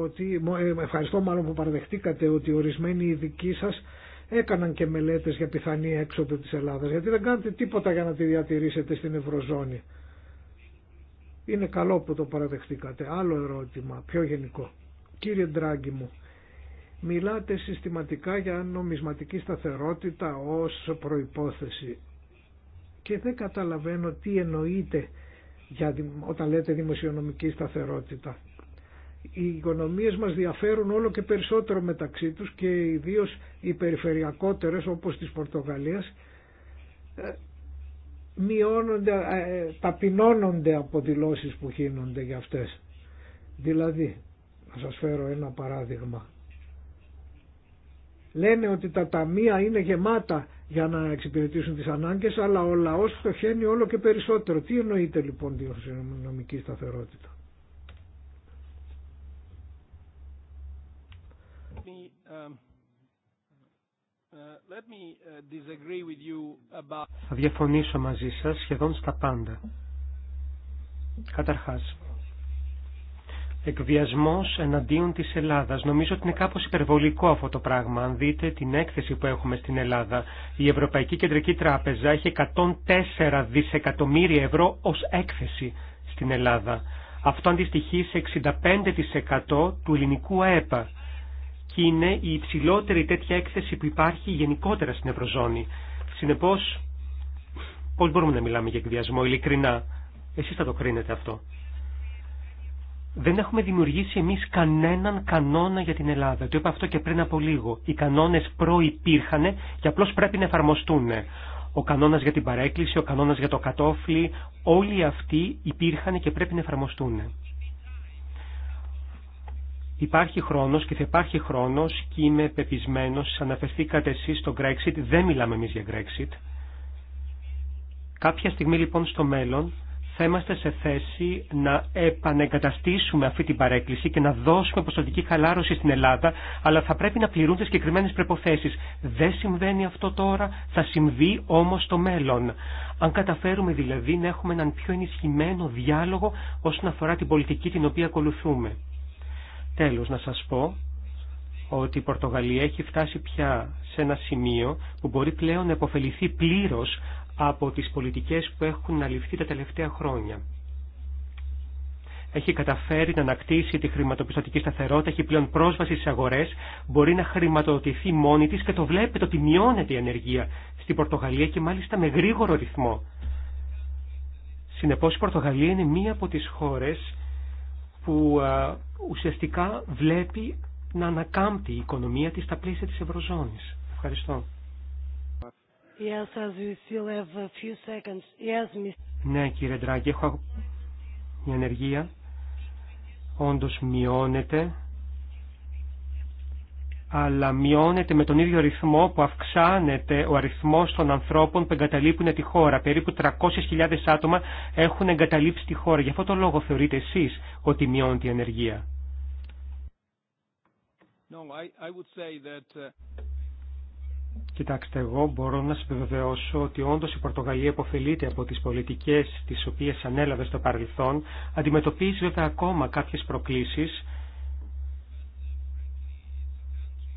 ότι, ε, ευχαριστώ μάλλον που παραδεχτήκατε ότι ορισμένοι ειδικοί σας έκαναν και μελέτες για πιθανή έξοδο της Ελλάδας γιατί δεν κάνετε τίποτα για να τη διατηρήσετε στην Ευρωζώνη. Είναι καλό που το παραδεχτήκατε. Άλλο ερώτημα, πιο γενικό. Κύριε Ντράγκη μου, μιλάτε συστηματικά για νομισματική σταθερότητα ως προϋπόθεση και δεν καταλαβαίνω τι εννοείτε για, όταν λέτε δημοσιονομική σταθερότητα. Οι οικονομίες μας διαφέρουν όλο και περισσότερο μεταξύ τους και ιδίως οι περιφερειακότερες όπως της Πορτογαλίας ε, μειώνονται, ε, ταπεινώνονται από δηλώσεις που γίνονται για αυτές. Δηλαδή, να σας φέρω ένα παράδειγμα. Λένε ότι τα ταμεία είναι γεμάτα για να εξυπηρετήσουν τις ανάγκες, αλλά ο λαός φτωχαίνει όλο και περισσότερο. Τι εννοείται λοιπόν νομική σταθερότητα. Uh, uh, Θα διαφωνήσω μαζί σας σχεδόν στα πάντα. Καταρχάς, εκβιασμός εναντίον της Ελλάδας. Νομίζω ότι είναι κάπως υπερβολικό αυτό το πράγμα. Αν δείτε την έκθεση που έχουμε στην Ελλάδα, η Ευρωπαϊκή Κεντρική Τράπεζα έχει 104 δισεκατομμύρια ευρώ ως έκθεση στην Ελλάδα. Αυτό αντιστοιχεί σε 65% του ελληνικού ΑΕΠΑ και είναι η υψηλότερη τέτοια έκθεση που υπάρχει γενικότερα στην Ευρωζώνη. Συνεπώ, πώ μπορούμε να μιλάμε για εκβιασμό, ειλικρινά. Εσείς θα το κρίνετε αυτό. Δεν έχουμε δημιουργήσει εμείς κανέναν κανόνα για την Ελλάδα. Το είπα αυτό και πριν από λίγο. Οι κανόνες προπήρχαν και απλώς πρέπει να εφαρμοστούν. Ο κανόνα για την παρέκκληση, ο κανόνα για το κατόφλι, όλοι αυτοί υπήρχαν και πρέπει να εφαρμοστούν. Υπάρχει χρόνος και θα υπάρχει χρόνος και είμαι πεπισμένος, αναφερθήκατε εσείς στο Brexit, δεν μιλάμε εμείς για Brexit. Κάποια στιγμή λοιπόν στο μέλλον θα είμαστε σε θέση να επανεγκαταστήσουμε αυτή την παρέκκληση και να δώσουμε προσωπική χαλάρωση στην Ελλάδα, αλλά θα πρέπει να πληρούνται συγκεκριμένε προποθέσει. Δεν συμβαίνει αυτό τώρα, θα συμβεί όμω στο μέλλον. Αν καταφέρουμε δηλαδή να έχουμε έναν πιο ενισχυμένο διάλογο όσον αφορά την πολιτική την οποία ακολουθούμε. Τέλος, να σας πω ότι η Πορτογαλία έχει φτάσει πια σε ένα σημείο που μπορεί πλέον να υποφεληθεί πλήρως από τις πολιτικές που έχουν αληφθεί τα τελευταία χρόνια. Έχει καταφέρει να ανακτήσει τη χρηματοπιστωτική σταθερότητα, έχει πλέον πρόσβαση στις αγορές, μπορεί να χρηματοδοτηθεί μόνη της και το βλέπετε ότι μειώνεται η ανεργία στην Πορτογαλία και μάλιστα με γρήγορο ρυθμό. Συνεπώς η Πορτογαλία είναι μία από τις χώρες που ε, ουσιαστικά βλέπει να ανακάμπτει η οικονομία της στα πλαίσια της Ευρωζώνης. Ευχαριστώ. ναι, κύριε Ντράγκη, έχω μια ενεργεία. Όντως μειώνεται αλλά μειώνεται με τον ίδιο ρυθμό που αυξάνεται ο αριθμός των ανθρώπων που εγκαταλείπουν τη χώρα. Περίπου 300.000 άτομα έχουν εγκαταλείψει τη χώρα. Γι' αυτό το λόγο θεωρείτε εσείς ότι μειώνεται η ανεργία. No, I, I would say that... Uh, Κοιτάξτε, εγώ μπορώ να σας επιβεβαιώσω ότι όντως η Πορτογαλία υποφελείται από τις πολιτικές τις οποίες ανέλαβε στο παρελθόν, αντιμετωπίζει βέβαια ακόμα κάποιες προκλήσεις,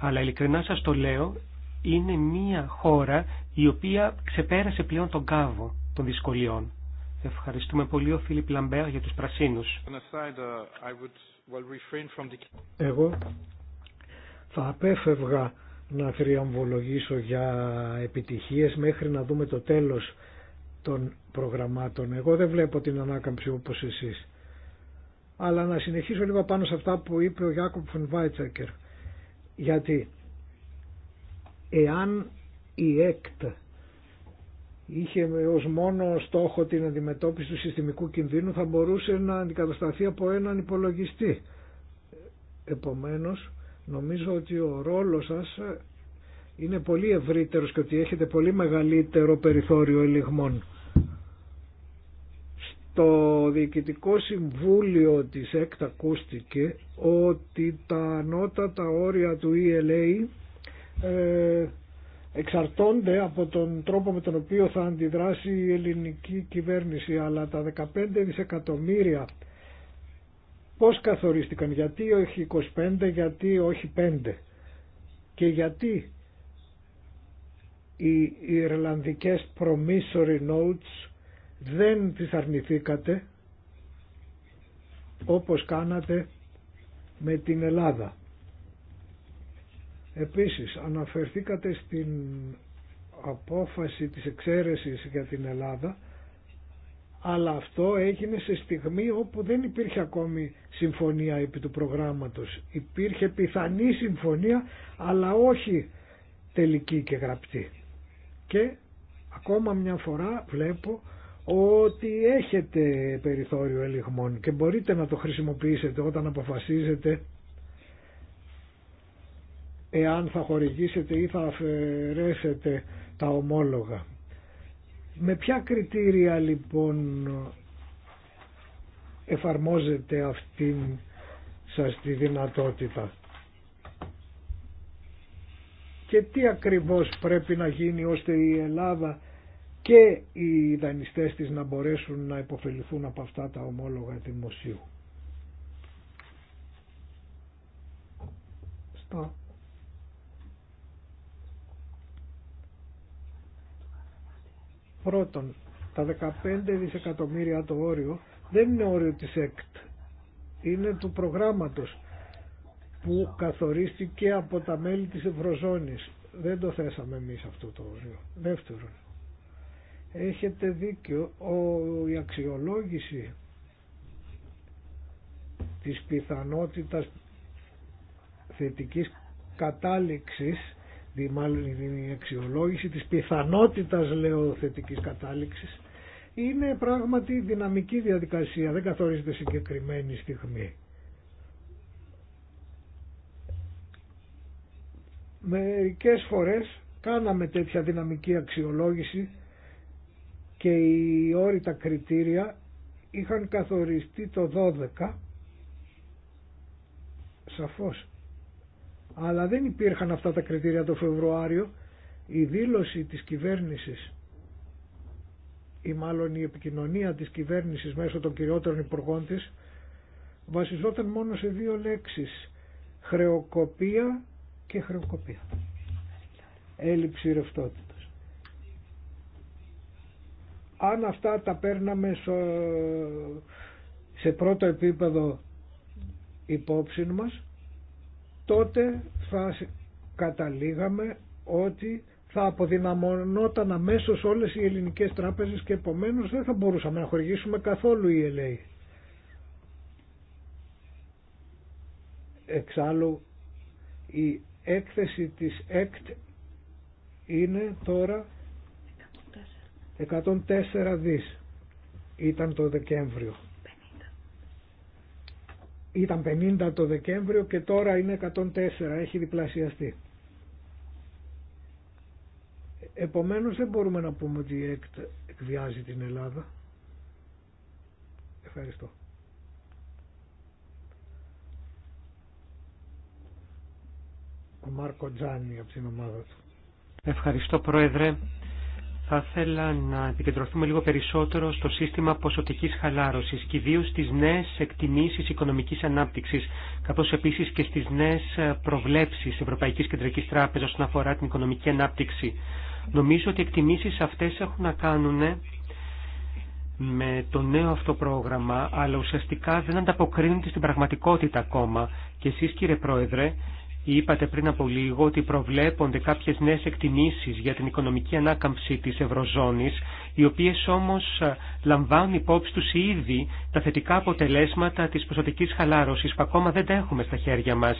αλλά ειλικρινά σας το λέω, είναι μια χώρα η οποία ξεπέρασε πλέον τον κάβο των δυσκολιών. Ευχαριστούμε πολύ ο Φίλιπ Λαμπέρ για τους πρασίνους. Uh, Εγώ θα απέφευγα να θριαμβολογήσω για επιτυχίες μέχρι να δούμε το τέλος των προγραμμάτων. Εγώ δεν βλέπω την ανάκαμψη όπως εσείς. Αλλά να συνεχίσω λίγο πάνω σε αυτά που είπε ο Γιάκομφ γιατί εάν η ΕΚΤ είχε ως μόνο στόχο την αντιμετώπιση του συστημικού κινδύνου θα μπορούσε να αντικατασταθεί από έναν υπολογιστή. Επομένως, νομίζω ότι ο ρόλος σας είναι πολύ ευρύτερος και ότι έχετε πολύ μεγαλύτερο περιθώριο ελιγμών το Διοικητικό Συμβούλιο της ΕΚΤ ακούστηκε ότι τα ανώτατα όρια του ELA ε, εξαρτώνται από τον τρόπο με τον οποίο θα αντιδράσει η ελληνική κυβέρνηση αλλά τα 15 δισεκατομμύρια πώς καθορίστηκαν γιατί όχι 25 γιατί όχι 5 και γιατί οι Ιρλανδικές promissory notes δεν τις αρνηθήκατε όπως κάνατε με την Ελλάδα. Επίσης αναφερθήκατε στην απόφαση της εξαίρεσης για την Ελλάδα αλλά αυτό έγινε σε στιγμή όπου δεν υπήρχε ακόμη συμφωνία επί του προγράμματος. Υπήρχε πιθανή συμφωνία αλλά όχι τελική και γραπτή. Και ακόμα μια φορά βλέπω ότι έχετε περιθώριο ελιγμών και μπορείτε να το χρησιμοποιήσετε όταν αποφασίζετε εάν θα χορηγήσετε ή θα αφαιρέσετε τα ομόλογα. Με ποια κριτήρια λοιπόν εφαρμόζετε αυτήν σας τη δυνατότητα και τι ακριβώς πρέπει να γίνει ώστε η Ελλάδα και οι δανειστές της να μπορέσουν να υποφεληθούν από αυτά τα ομόλογα δημοσίου. Πρώτον, τα 15 δισεκατομμύρια το όριο δεν είναι όριο της ΕΚΤ, είναι του προγράμματος που καθορίστηκε από τα μέλη της Ευρωζώνης. Δεν το θέσαμε εμείς αυτό το όριο. Δεύτερον, Έχετε δίκιο, ο, η αξιολόγηση της πιθανότητας θετικής κατάληξης, δι, μάλλον η αξιολόγηση της πιθανότητας λέω θετικής κατάληξης, είναι πράγματι δυναμική διαδικασία, δεν καθορίζεται συγκεκριμένη στιγμή. Μερικές φορές κάναμε τέτοια δυναμική αξιολόγηση και οι όρητα κριτήρια είχαν καθοριστεί το 12 σαφώς αλλά δεν υπήρχαν αυτά τα κριτήρια το Φεβρουάριο η δήλωση της κυβέρνησης ή μάλλον η επικοινωνία της κυβέρνησης μέσω των κυριότερων υπουργών της βασιζόταν μόνο σε δύο λέξεις χρεοκοπία και χρεοκοπία έλλειψη ρευτότητα αν αυτά τα παίρναμε σε πρώτο επίπεδο υπόψη μας τότε θα καταλήγαμε ότι θα αποδυναμωνόταν αμέσω όλες οι ελληνικές τράπεζες και επομένως δεν θα μπορούσαμε να χορηγήσουμε καθόλου η ΕΛΕΗ. Εξάλλου η έκθεση της ΕΚΤ είναι τώρα 104 δις ήταν το Δεκέμβριο. 50. Ήταν 50 το Δεκέμβριο και τώρα είναι 104, έχει διπλασιαστεί. Επομένως δεν μπορούμε να πούμε ότι η εκβιάζει την Ελλάδα. Ευχαριστώ. Ο Μάρκο Τζάνι από την ομάδα του. Ευχαριστώ Πρόεδρε. Θα ήθελα να επικεντρωθούμε λίγο περισσότερο στο σύστημα ποσοτικής χαλάρωσης και ιδίω στις νέες εκτιμήσεις οικονομικής ανάπτυξης, καθώς επίσης και στις νέες προβλέψεις Ευρωπαϊκής Κεντρικής Τράπεζας όσον αφορά την οικονομική ανάπτυξη. Νομίζω ότι οι εκτιμήσεις αυτές έχουν να κάνουν με το νέο αυτό πρόγραμμα, αλλά ουσιαστικά δεν ανταποκρίνονται στην πραγματικότητα ακόμα. Και εσείς κύριε Πρόεδρε, Είπατε πριν από λίγο ότι προβλέπονται κάποιες νέες εκτιμήσεις για την οικονομική ανάκαμψη της Ευρωζώνης, οι οποίες όμως ε, λαμβάνουν υπόψη τους ήδη τα θετικά αποτελέσματα της ποσοτικής χαλάρωσης που ακόμα δεν τα έχουμε στα χέρια μας.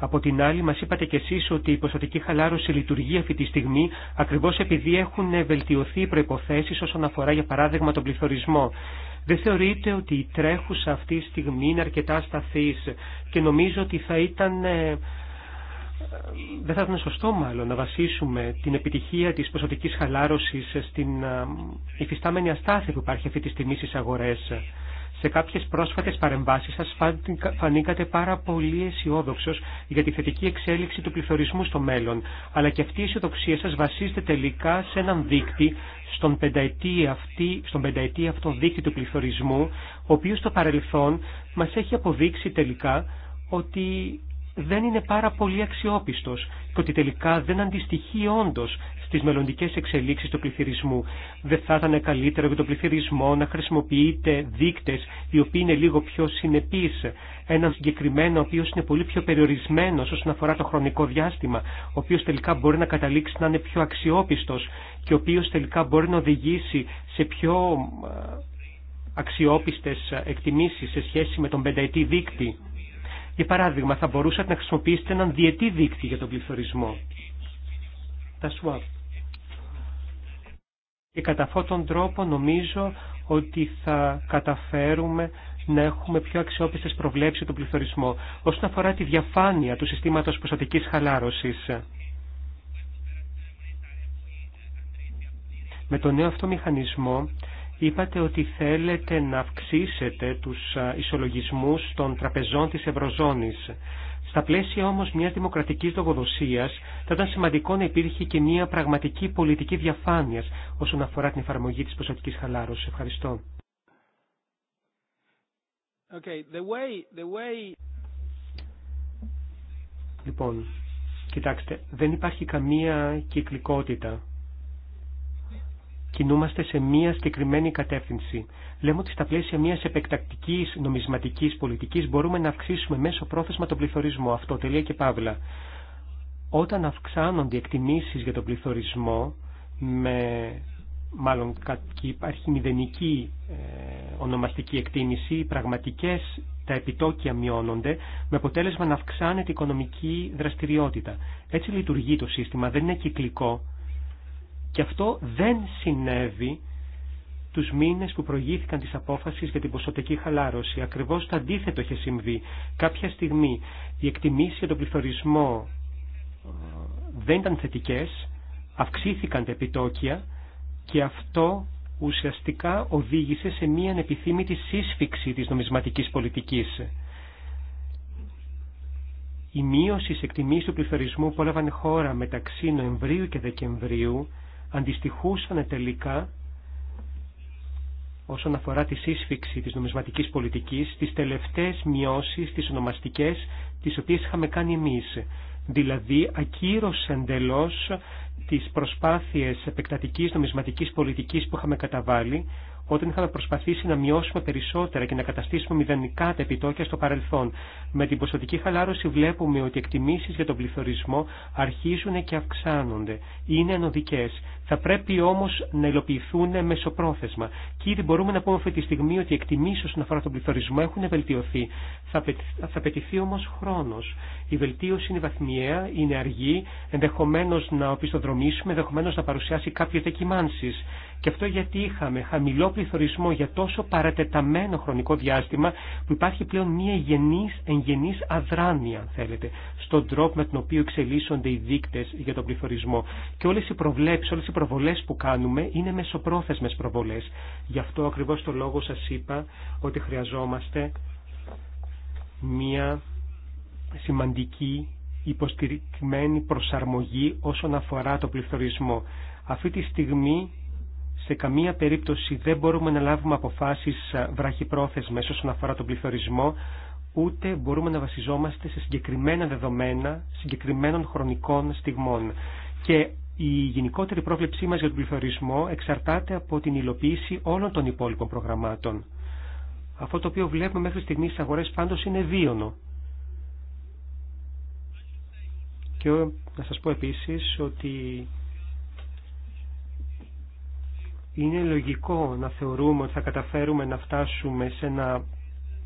Από την άλλη, μας είπατε κι εσείς ότι η ποσοτική χαλάρωση λειτουργεί αυτή τη στιγμή ακριβώς επειδή έχουν βελτιωθεί οι προϋποθέσεις όσον αφορά για παράδειγμα τον πληθωρισμό. Δεν θεωρείτε ότι η τρέχουσα αυτή τη στιγμή είναι αρκετά σταθής και νομίζω ότι θα ήταν... Ε, ε, δεν θα ήταν σωστό μάλλον να βασίσουμε την επιτυχία της ποσοτικής χαλάρωσης στην ε, υφιστάμενη αστάθεια που υπάρχει αυτή τη στιγμή στις αγορές. Σε κάποιες πρόσφατες παρεμβάσεις σας φανήκατε πάρα πολύ αισιόδοξο για τη θετική εξέλιξη του πληθωρισμού στο μέλλον, αλλά και αυτή η αισιοδοξία σας βασίζεται τελικά σε έναν δείκτη στον πενταετή, αυτή, στον πενταετή αυτό δίκτυο του πληθωρισμού, ο οποίος στο παρελθόν μας έχει αποδείξει τελικά ότι δεν είναι πάρα πολύ αξιόπιστος και ότι τελικά δεν αντιστοιχεί όντω στις μελλοντικέ εξελίξεις του πληθυρισμού. Δεν θα ήταν καλύτερο για τον πληθυρισμό να χρησιμοποιείται δείκτες οι οποίοι είναι λίγο πιο συνεπείς, έναν συγκεκριμένο ο οποίος είναι πολύ πιο περιορισμένος όσον αφορά το χρονικό διάστημα, ο οποίος τελικά μπορεί να καταλήξει να είναι πιο αξιόπιστος και ο οποίος τελικά μπορεί να οδηγήσει σε πιο ε, αξιόπιστες εκτιμήσεις σε σχέση με τον πενταετή δείκτη. Για παράδειγμα, θα μπορούσατε να χρησιμοποιήσετε έναν διετή δείκτη για τον πληθωρισμό. Τα swap. Και κατά αυτόν τον τρόπο νομίζω ότι θα καταφέρουμε να έχουμε πιο αξιόπιστες προβλέψεις τον πληθωρισμό. Όσον αφορά τη διαφάνεια του συστήματος προστατικής χαλάρωσης. Με τον νέο αυτό μηχανισμό Είπατε ότι θέλετε να αυξήσετε τους ισολογισμούς των τραπεζών της Ευρωζώνης. Στα πλαίσια όμως μιας δημοκρατικής λογοδοσίας θα ήταν σημαντικό να υπήρχε και μια πραγματική πολιτική διαφάνειας όσον αφορά την εφαρμογή της ποσοτικής χαλάρωσης. Ευχαριστώ. Okay, the way, the way... Λοιπόν, κοιτάξτε, δεν υπάρχει καμία κυκλικότητα κινούμαστε σε μία συγκεκριμένη κατεύθυνση. Λέμε ότι στα πλαίσια μια επεκτακτική νομισματική πολιτική μπορούμε να αυξήσουμε μέσω πρόθεσμα τον πληθωρισμό. Αυτό τελεία και παύλα. Όταν αυξάνονται οι εκτιμήσει για τον πληθωρισμό με μάλλον υπάρχει μηδενική ε, ονομαστική εκτίμηση, οι πραγματικέ τα επιτόκια μειώνονται με αποτέλεσμα να αυξάνεται η οικονομική δραστηριότητα. Έτσι λειτουργεί το σύστημα, δεν είναι κυκλικό. Και αυτό δεν συνέβη τους μήνες που προηγήθηκαν τις απόφασεις για την ποσοτική χαλάρωση. Ακριβώς το αντίθετο είχε συμβεί. Κάποια στιγμή οι εκτιμήσεις για τον πληθωρισμό ε, δεν ήταν θετικές, αυξήθηκαν τα επιτόκια και αυτό ουσιαστικά οδήγησε σε μια ανεπιθύμητη σύσφυξη της νομισματικής πολιτικής. Η μείωση τη εκτιμής του πληθωρισμού που έλαβαν χώρα μεταξύ Νοεμβρίου και Δεκεμβρίου αντιστοιχούσαν τελικά όσον αφορά τη σύσφυξη της νομισματικής πολιτικής, τις τελευταίες μειώσεις, τις ονομαστικές, τις οποίες είχαμε κάνει εμείς. Δηλαδή, ακύρωσε εντελώ τις προσπάθειες επεκτατικής νομισματικής πολιτικής που είχαμε καταβάλει, όταν είχαμε προσπαθήσει να μειώσουμε περισσότερα και να καταστήσουμε μηδενικά τα επιτόκια στο παρελθόν. Με την ποσοτική χαλάρωση βλέπουμε ότι εκτιμήσεις για τον πληθωρισμό αρχίζουν και αυξάνονται. Είναι ενωδικές. Θα πρέπει όμως να υλοποιηθούν μεσοπρόθεσμα. Και ήδη μπορούμε να πούμε αυτή τη στιγμή ότι οι εκτιμήσει όσον αφορά τον πληθωρισμό έχουν βελτιωθεί. Θα απαιτηθεί όμως χρόνος. Η βελτίωση είναι βαθμιαία, είναι αργή, ενδεχομένως να οπισθοδρομήσουμε, ενδεχομένως να παρουσιάσει κάποιες δεκιμάνσεις. Και αυτό γιατί είχαμε χαμηλό πληθωρισμό για τόσο παρατεταμένο χρονικό διάστημα που υπάρχει πλέον μια γενής, αδράνεια, αν θέλετε, στον τρόπο με τον οποίο εξελίσσονται οι δείκτες για τον πληθωρισμό. Και όλες οι προβλέψεις, προβολές που κάνουμε είναι μεσοπρόθεσμες προβολές. Γι' αυτό ακριβώς το λόγο σας είπα ότι χρειαζόμαστε μία σημαντική υποστηρικμένη προσαρμογή όσον αφορά το πληθωρισμό. Αυτή τη στιγμή σε καμία περίπτωση δεν μπορούμε να λάβουμε αποφάσεις βραχυπρόθεσμες όσον αφορά τον πληθωρισμό, ούτε μπορούμε να βασιζόμαστε σε συγκεκριμένα δεδομένα συγκεκριμένων χρονικών στιγμών. Και η γενικότερη πρόβλεψή μας για τον πληθωρισμό εξαρτάται από την υλοποίηση όλων των υπόλοιπων προγραμμάτων. Αυτό το οποίο βλέπουμε μέχρι στιγμής στις αγορές πάντως είναι βίωνο. Και να σας πω επίσης ότι είναι λογικό να θεωρούμε ότι θα καταφέρουμε να φτάσουμε σε ένα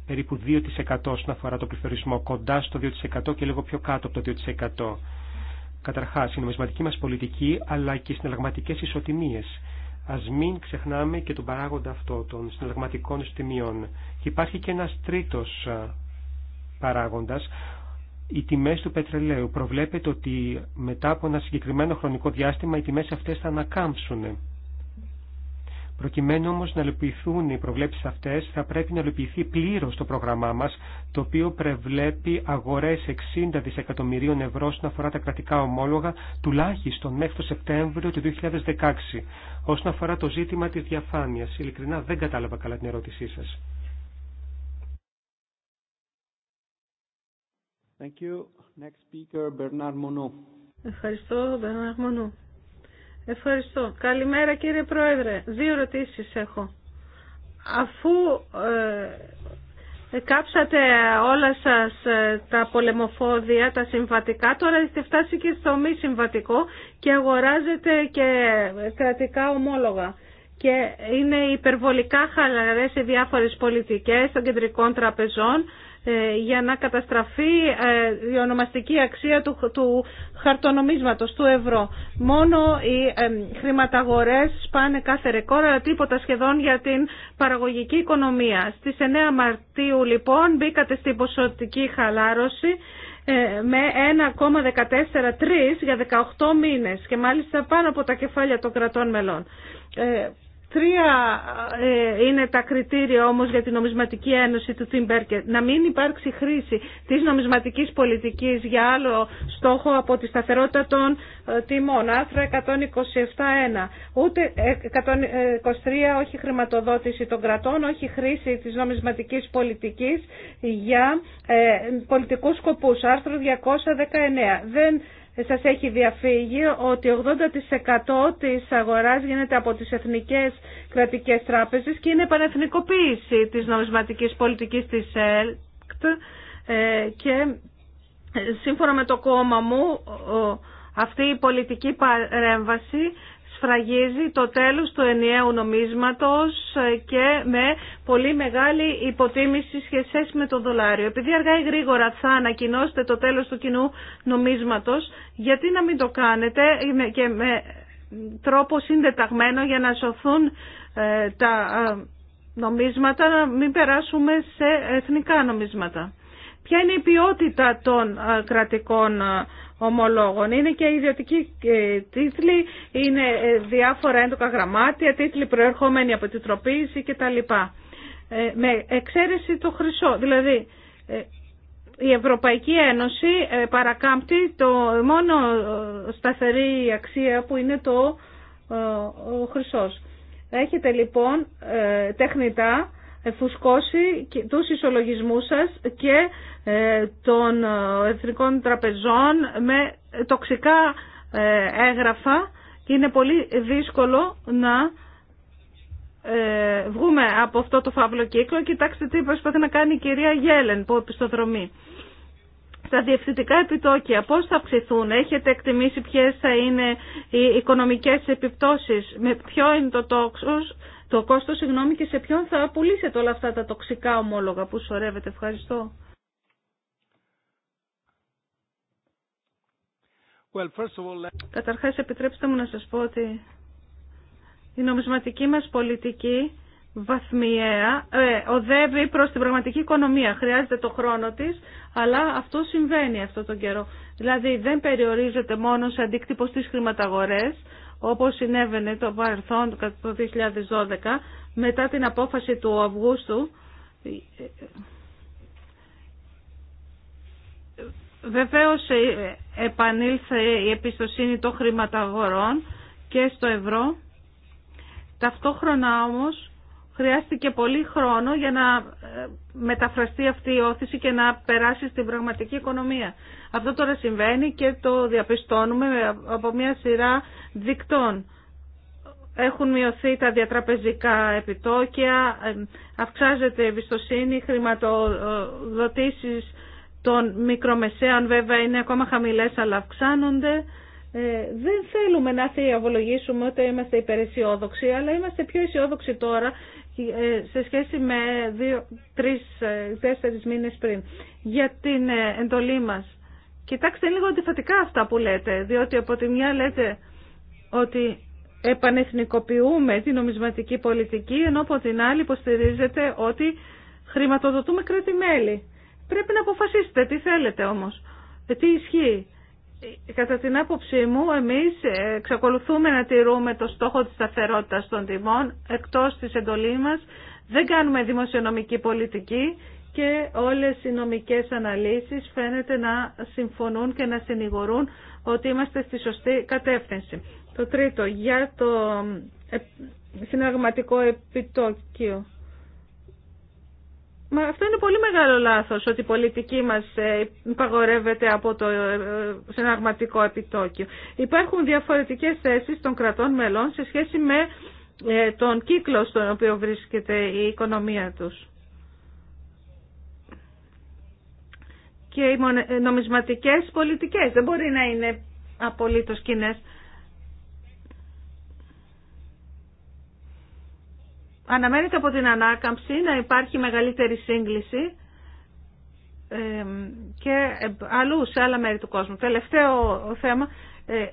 περίπου 2% όσον αφορά το πληθωρισμό, κοντά στο 2% και λίγο πιο κάτω από το 2%. Καταρχάς, η νομισματική μας πολιτική αλλά και οι συναλλαγματικές ισοτιμίες. Ας μην ξεχνάμε και τον παράγοντα αυτό των συναλλαγματικών ισοτιμιών. Και υπάρχει και ένας τρίτος παράγοντας, οι τιμές του πετρελαίου. Προβλέπεται ότι μετά από ένα συγκεκριμένο χρονικό διάστημα οι τιμές αυτές θα ανακάμψουν. Προκειμένου όμως να λυπηθούν οι προβλέψεις αυτές, θα πρέπει να λυπηθεί πλήρως το πρόγραμμά μας, το οποίο προβλέπει αγορές 60 δισεκατομμυρίων ευρώ όσον αφορά τα κρατικά ομόλογα, τουλάχιστον μέχρι το Σεπτέμβριο του 2016. Όσον αφορά το ζήτημα της διαφάνειας, ειλικρινά δεν κατάλαβα καλά την ερώτησή σας. Thank you. Next speaker, Bernard Ευχαριστώ, Bernard Monod. Ευχαριστώ. Καλημέρα κύριε Πρόεδρε. Δύο ερωτήσεις έχω. Αφού ε, κάψατε όλα σας ε, τα πολεμοφόδια, τα συμβατικά, τώρα είστε φτάσει και στο μη συμβατικό και αγοράζετε και κρατικά ομόλογα. Και είναι υπερβολικά χαλαρές οι διάφορες πολιτικές των κεντρικών τραπεζών ε, για να καταστραφεί ε, η ονομαστική αξία του, του χαρτονομίσματος, του ευρώ. Μόνο οι ε, χρηματαγορές πάνε κάθε ρεκόρ, αλλά τίποτα σχεδόν για την παραγωγική οικονομία. Στις 9 Μαρτίου λοιπόν μπήκατε στην ποσοτική χαλάρωση με 1,143 για 18 μήνες και μάλιστα πάνω από τα κεφάλια των κρατών μελών. Τρία ε, είναι τα κριτήρια όμως για την νομισματική ένωση του Τιμ Να μην υπάρξει χρήση της νομισματικής πολιτικής για άλλο στόχο από τη σταθερότητα των ε, τιμών. Άρθρο 127.1. Ούτε 123 ε, όχι χρηματοδότηση των κρατών, όχι χρήση της νομισματικής πολιτικής για πολιτικούς σκοπούς. Άρθρο 219. Δεν σας έχει διαφύγει ότι 80% της αγοράς γίνεται από τις εθνικές κρατικές τράπεζες και είναι πανεθνικοποίηση της νομισματικής πολιτικής της ΕΛΚΤ ε, και σύμφωνα με το κόμμα μου αυτή η πολιτική παρέμβαση σφραγίζει το τέλος του ενιαίου νομίσματος και με πολύ μεγάλη υποτίμηση σχέση με το δολάριο. Επειδή αργά ή γρήγορα θα ανακοινώσετε το τέλος του κοινού νομίσματος, γιατί να μην το κάνετε και με τρόπο συντεταγμένο για να σωθούν ε, τα ε, νομίσματα, να μην περάσουμε σε εθνικά νομίσματα. Ποια είναι η ποιότητα των κρατικών ομολόγων. Είναι και ιδιωτικοί ε, τίτλοι, είναι ε, διάφορα έντοκα γραμμάτια, τίτλοι προερχόμενοι από την τα κτλ. Ε, με εξαίρεση το χρυσό. Δηλαδή, η Ευρωπαϊκή Ένωση παρακάμπτει το μόνο σταθερή αξία που είναι το χρυσός. Έχετε λοιπόν τεχνητά Εφουσκώσει τους ισολογισμούς σας και ε, των ε, εθνικών τραπεζών με τοξικά ε, έγγραφα και είναι πολύ δύσκολο να βγούμε από αυτό το φαύλο κύκλο. Κοιτάξτε τι προσπαθεί να κάνει η κυρία Γέλεν που επιστοδρομεί. Στα διευθυντικά επιτόκια πώς θα αυξηθούν, έχετε εκτιμήσει ποιες θα είναι οι οικονομικές επιπτώσεις, με ποιο είναι το τόξος το κόστος, συγγνώμη, και σε ποιον θα πουλήσετε όλα αυτά τα τοξικά ομόλογα που σωρεύετε. Ευχαριστώ. Well, first of all... Καταρχάς, επιτρέψτε μου να σας πω ότι η νομισματική μας πολιτική βαθμιαία ε, οδεύει προς την πραγματική οικονομία. Χρειάζεται το χρόνο της, αλλά αυτό συμβαίνει αυτό τον καιρό. Δηλαδή δεν περιορίζεται μόνο σε αντίκτυπο στις χρηματαγορές, όπως συνέβαινε το παρελθόν το 2012 μετά την απόφαση του Αυγούστου Βεβαίως ε, επανήλθε η επιστοσύνη των χρηματαγορών και στο ευρώ. Ταυτόχρονα όμως χρειάστηκε πολύ χρόνο για να ε, μεταφραστεί αυτή η όθηση και να περάσει στην πραγματική οικονομία. Αυτό τώρα συμβαίνει και το διαπιστώνουμε από μια σειρά δικτών. Έχουν μειωθεί τα διατραπεζικά επιτόκια, ε, αυξάζεται η εμπιστοσύνη, οι χρηματοδοτήσεις των μικρομεσαίων βέβαια είναι ακόμα χαμηλές αλλά αυξάνονται. Ε, δεν θέλουμε να θεαβολογήσουμε ότι είμαστε υπεραισιόδοξοι, αλλά είμαστε πιο αισιόδοξοι τώρα ε, σε σχέση με δύο, τρεις, ε, τέσσερις μήνες πριν για την ε, εντολή μας. Κοιτάξτε λίγο αντιφατικά αυτά που λέτε, διότι από τη μια λέτε ότι επανεθνικοποιούμε την νομισματική πολιτική, ενώ από την άλλη υποστηρίζετε ότι χρηματοδοτούμε κράτη-μέλη. Πρέπει να αποφασίσετε τι θέλετε όμως, τι ισχύει. Ε, κατά την άποψή μου, εμείς ε, εξακολουθούμε να τηρούμε το στόχο της σταθερότητας των τιμών, εκτός της εντολή μας, δεν κάνουμε δημοσιονομική πολιτική και όλες οι νομικές αναλύσεις φαίνεται να συμφωνούν και να συνηγορούν ότι είμαστε στη σωστή κατεύθυνση. Το τρίτο, για το ε, συναγματικό επιτόκιο. Μα αυτό είναι πολύ μεγάλο λάθος ότι η πολιτική μας ε, υπαγορεύεται από το ε, συναγματικό επιτόκιο. Υπάρχουν διαφορετικές θέσεις των κρατών μελών σε σχέση με ε, τον κύκλο στον οποίο βρίσκεται η οικονομία τους. Και οι νομισματικές πολιτικές δεν μπορεί να είναι απολύτως κοινέ. αναμένεται από την ανάκαμψη να υπάρχει μεγαλύτερη σύγκληση και αλλού σε άλλα μέρη του κόσμου. Τελευταίο θέμα, ε,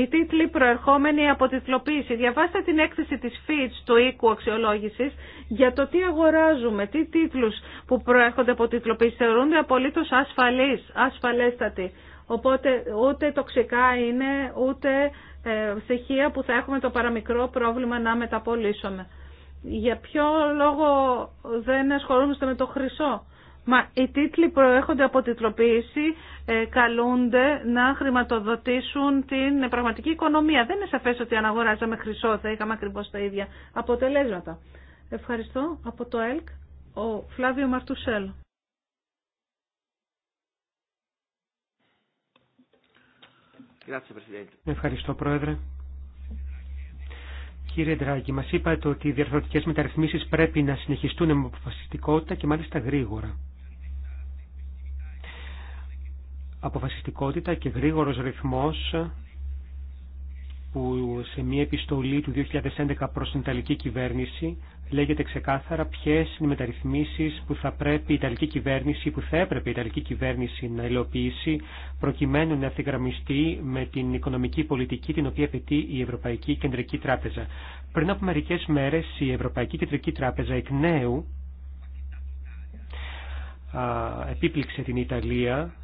οι τίτλοι προερχόμενοι από τιτλοποίηση. Διαβάστε την έκθεση της Fitch του οίκου αξιολόγησης για το τι αγοράζουμε, τι τίτλους που προέρχονται από τιτλοποίηση θεωρούνται απολύτως ασφαλείς, ασφαλέστατοι. Οπότε ούτε τοξικά είναι, ούτε ε, στοιχεία που θα έχουμε το παραμικρό πρόβλημα να μεταπολίσουμε για ποιο λόγο δεν ασχολούμαστε με το χρυσό. Μα οι τίτλοι προέρχονται από τιτλοποίηση, ε, καλούνται να χρηματοδοτήσουν την πραγματική οικονομία. Δεν είναι σαφές ότι αν αγοράζαμε χρυσό θα είχαμε ακριβώς τα ίδια αποτελέσματα. Ευχαριστώ. Από το ΕΛΚ, ο Φλάβιο Μαρτουσέλ. Ευχαριστώ, Πρόεδρε. Κύριε Ντράγκη, μας είπατε ότι οι διαρθρωτικέ μεταρρυθμίσεις πρέπει να συνεχιστούν με αποφασιστικότητα και μάλιστα γρήγορα. Αποφασιστικότητα και γρήγορος ρυθμός που σε μία επιστολή του 2011 προ την Ιταλική κυβέρνηση λέγεται ξεκάθαρα ποιε είναι οι μεταρρυθμίσει που θα πρέπει η Ιταλική κυβέρνηση, που θα έπρεπε η Ιταλική κυβέρνηση να υλοποιήσει προκειμένου να ευθυγραμμιστεί με την οικονομική πολιτική την οποία απαιτεί η Ευρωπαϊκή Κεντρική Τράπεζα. Πριν από μερικέ μέρες η Ευρωπαϊκή Κεντρική Τράπεζα εκ νέου επίπληξε την Ιταλία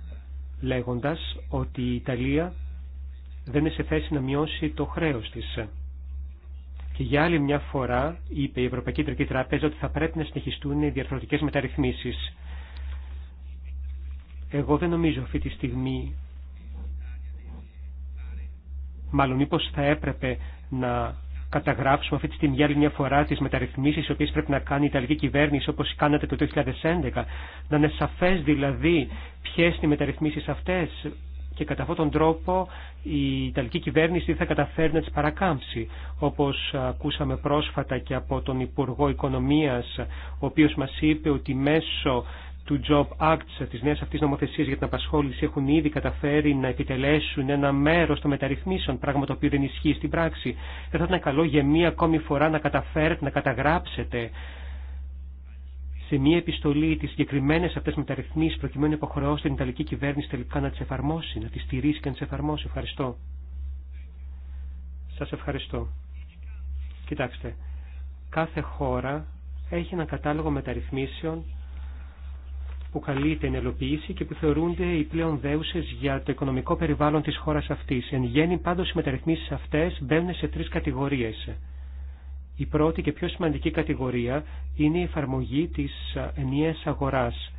λέγοντας ότι η Ιταλία δεν είναι σε θέση να μειώσει το χρέος της. Και για άλλη μια φορά είπε η Ευρωπαϊκή Τρική Τράπεζα ότι θα πρέπει να συνεχιστούν οι διαρθρωτικές μεταρρυθμίσεις. Εγώ δεν νομίζω αυτή τη στιγμή, μάλλον μήπω θα έπρεπε να καταγράψουμε αυτή τη στιγμή για άλλη μια φορά τις μεταρρυθμίσεις οι οποίες πρέπει να κάνει η Ιταλική κυβέρνηση όπως κάνατε το 2011. Να είναι σαφέ δηλαδή ποιε είναι οι μεταρρυθμίσει αυτέ και κατά αυτόν τον τρόπο η Ιταλική κυβέρνηση θα καταφέρει να τις παρακάμψει. Όπως ακούσαμε πρόσφατα και από τον Υπουργό Οικονομίας, ο οποίος μας είπε ότι μέσω του Job Act της νέας αυτής νομοθεσίας για την απασχόληση, έχουν ήδη καταφέρει να επιτελέσουν ένα μέρος των μεταρρυθμίσεων, πράγμα το οποίο δεν ισχύει στην πράξη. Δεν θα ήταν καλό για μία ακόμη φορά να καταφέρετε να καταγράψετε σε μια επιστολή τι συγκεκριμένε αυτέ μεταρρυθμίσεις προκειμένου να υποχρεώσει την Ιταλική κυβέρνηση τελικά να τι εφαρμόσει, να τι στηρίσει και να τι εφαρμόσει. Ευχαριστώ. Σα ευχαριστώ. Κοιτάξτε, κάθε χώρα έχει ένα κατάλογο μεταρρυθμίσεων που καλείται να ελοποιήσει και που θεωρούνται οι πλέον δέουσε για το οικονομικό περιβάλλον τη χώρα αυτή. Εν γέννη, πάντω, οι μεταρρυθμίσει αυτέ μπαίνουν σε τρει κατηγορίε. Η πρώτη και πιο σημαντική κατηγορία είναι η εφαρμογή της ενιαίας αγοράς.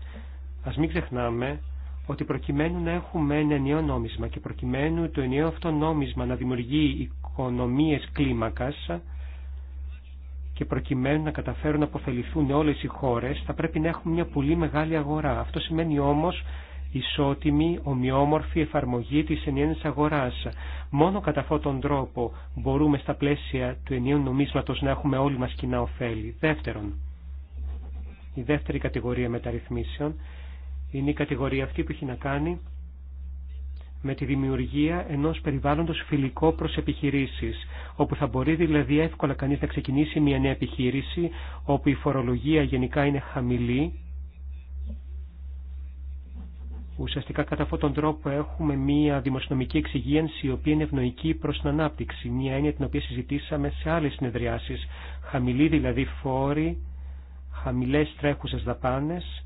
Ας μην ξεχνάμε ότι προκειμένου να έχουμε ένα ενιαίο νόμισμα και προκειμένου το ενιαίο αυτό νόμισμα να δημιουργεί οικονομίες κλίμακας και προκειμένου να καταφέρουν να αποφεληθούν όλες οι χώρες θα πρέπει να έχουμε μια πολύ μεγάλη αγορά. Αυτό σημαίνει όμως ισότιμη, ομοιόμορφη εφαρμογή της ενιαίας αγοράς. Μόνο κατά αυτόν τον τρόπο μπορούμε στα πλαίσια του ενιαίου νομίσματος να έχουμε όλοι μας κοινά ωφέλη. Δεύτερον, η δεύτερη κατηγορία μεταρρυθμίσεων είναι η κατηγορία αυτή που έχει να κάνει με τη δημιουργία ενός περιβάλλοντος φιλικό προς επιχειρήσεις, όπου θα μπορεί δηλαδή εύκολα κανείς να ξεκινήσει μια νέα επιχείρηση, όπου η φορολογία γενικά είναι χαμηλή Ουσιαστικά κατά αυτόν τον τρόπο έχουμε μία δημοσιονομική εξυγίανση η οποία είναι ευνοϊκή προς την ανάπτυξη. Μία έννοια την οποία συζητήσαμε σε άλλες συνεδριάσεις. Χαμηλή δηλαδή φόροι, χαμηλές τρέχουσες δαπάνες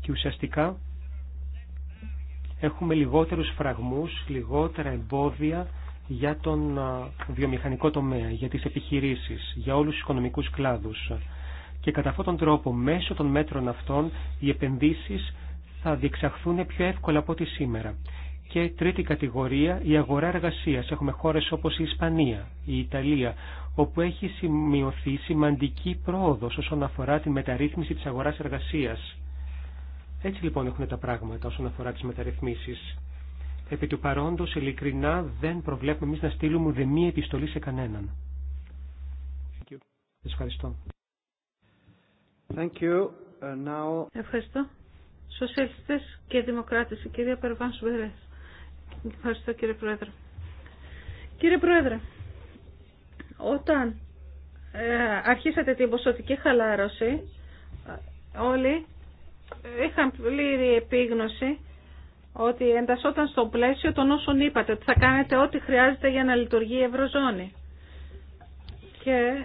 και ουσιαστικά έχουμε λιγότερους φραγμούς, λιγότερα εμπόδια για τον βιομηχανικό τομέα, για τις επιχειρήσεις, για όλους τους οικονομικούς κλάδους. Και κατά αυτόν τον τρόπο, μέσω των μέτρων αυτών, οι επενδύσεις θα διεξαχθούν πιο εύκολα από ό,τι σήμερα. Και τρίτη κατηγορία, η αγορά εργασίας. Έχουμε χώρες όπως η Ισπανία, η Ιταλία, όπου έχει σημειωθεί σημαντική πρόοδος όσον αφορά τη μεταρρύθμιση της αγοράς εργασίας. Έτσι λοιπόν έχουν τα πράγματα όσον αφορά τις μεταρρυθμίσεις. Επί του παρόντος, ειλικρινά, δεν προβλέπουμε εμείς να στείλουμε ούτε μία επιστολή σε κανέναν. Ευχαριστώ. Ευχαριστώ. Σοσιαλιστές και Δημοκράτες, η κυρία Περβάν Σουβερές. Ευχαριστώ κύριε Πρόεδρε. Κύριε Πρόεδρε, όταν ε, αρχίσατε την ποσοτική χαλάρωση, όλοι είχαν πλήρη επίγνωση ότι εντασσόταν στο πλαίσιο των όσων είπατε, ότι θα κάνετε ό,τι χρειάζεται για να λειτουργεί η Ευρωζώνη. Και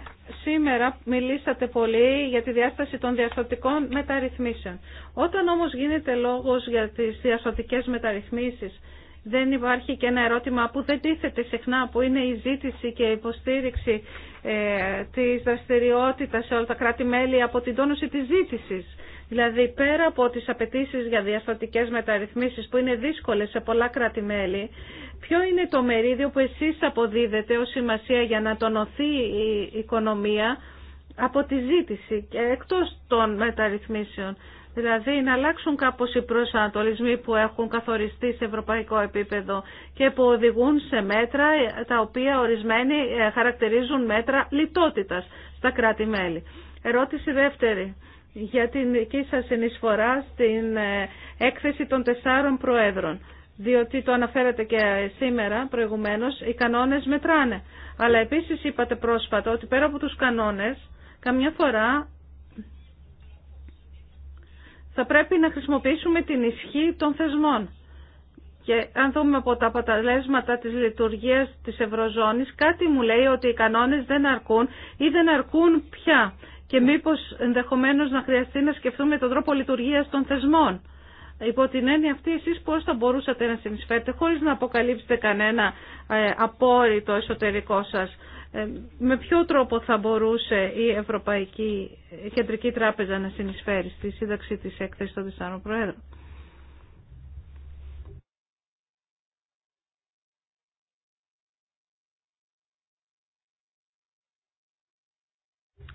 σήμερα μιλήσατε πολύ για τη διάσταση των διαστατικών μεταρρυθμίσεων. Όταν όμως γίνεται λόγος για τις διαστατικές μεταρρυθμίσεις, δεν υπάρχει και ένα ερώτημα που δεν τίθεται συχνά, που είναι η ζήτηση και η υποστήριξη ε, της δραστηριότητας σε όλα τα κράτη-μέλη από την τόνωση της ζήτησης. Δηλαδή, πέρα από τις απαιτήσει για διαστατικές μεταρρυθμίσεις που είναι δύσκολες σε πολλά κράτη-μέλη, Ποιο είναι το μερίδιο που εσείς αποδίδετε ως σημασία για να τονωθεί η οικονομία από τη ζήτηση και εκτός των μεταρρυθμίσεων. Δηλαδή να αλλάξουν κάπως οι προσανατολισμοί που έχουν καθοριστεί σε ευρωπαϊκό επίπεδο και που οδηγούν σε μέτρα τα οποία ορισμένοι ε, χαρακτηρίζουν μέτρα λιτότητας στα κράτη-μέλη. Ερώτηση δεύτερη για την δική σας συνεισφορά στην ε, έκθεση των τεσσάρων προέδρων διότι το αναφέρατε και σήμερα προηγουμένως, οι κανόνες μετράνε. Αλλά επίσης είπατε πρόσφατα ότι πέρα από τους κανόνες, καμιά φορά θα πρέπει να χρησιμοποιήσουμε την ισχύ των θεσμών. Και αν δούμε από τα αποτελέσματα της λειτουργίας της Ευρωζώνης, κάτι μου λέει ότι οι κανόνες δεν αρκούν ή δεν αρκούν πια. Και μήπως ενδεχομένως να χρειαστεί να σκεφτούμε τον τρόπο λειτουργίας των θεσμών Υπό την έννοια αυτή εσείς πώς θα μπορούσατε να συνεισφέρετε χωρίς να αποκαλύψετε κανένα ε, απόρριτο εσωτερικό σας. Ε, με ποιο τρόπο θα μπορούσε η Ευρωπαϊκή Κεντρική Τράπεζα να συνεισφέρει στη σύνταξη της έκθεσης των δυσάρων Προέδρων.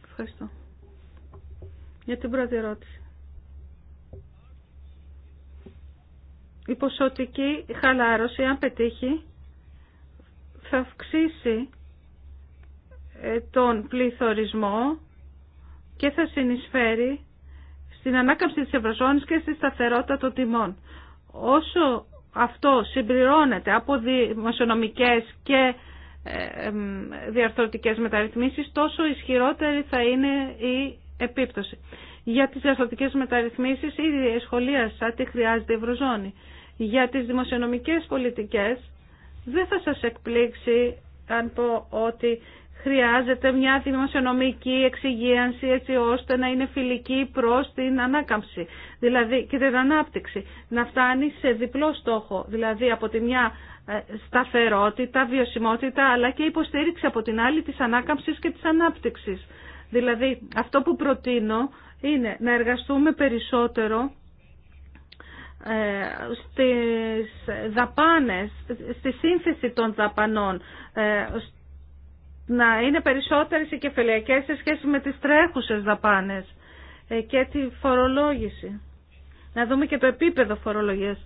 Ευχαριστώ. Για την πρώτη ερώτηση. η ποσοτική χαλάρωση, αν πετύχει, θα αυξήσει ε, τον πληθωρισμό και θα συνεισφέρει στην ανάκαμψη της Ευρωζώνης και στη σταθερότητα των τιμών. Όσο αυτό συμπληρώνεται από δημοσιονομικές και ε, διαρθρωτικές μεταρρυθμίσεις, τόσο ισχυρότερη θα είναι η επίπτωση. Για τις διαστατικές μεταρρυθμίσεις ήδη σχολίασα τι χρειάζεται η Ευρωζώνη. Για τις δημοσιονομικές πολιτικές δεν θα σας εκπλήξει αν πω ότι χρειάζεται μια δημοσιονομική εξυγίανση έτσι ώστε να είναι φιλική προς την ανάκαμψη δηλαδή και την ανάπτυξη. Να φτάνει σε διπλό στόχο, δηλαδή από τη μια ε, σταθερότητα, βιωσιμότητα αλλά και υποστήριξη από την άλλη της ανάκαμψης και της ανάπτυξης. Δηλαδή αυτό που προτείνω είναι να εργαστούμε περισσότερο ε, στις δαπάνες, στη σύνθεση των δαπανών, ε, να είναι περισσότερες οι κεφαλαιακές σε σχέση με τις τρέχουσες δαπάνες ε, και τη φορολόγηση. Να δούμε και το επίπεδο φορολογίας.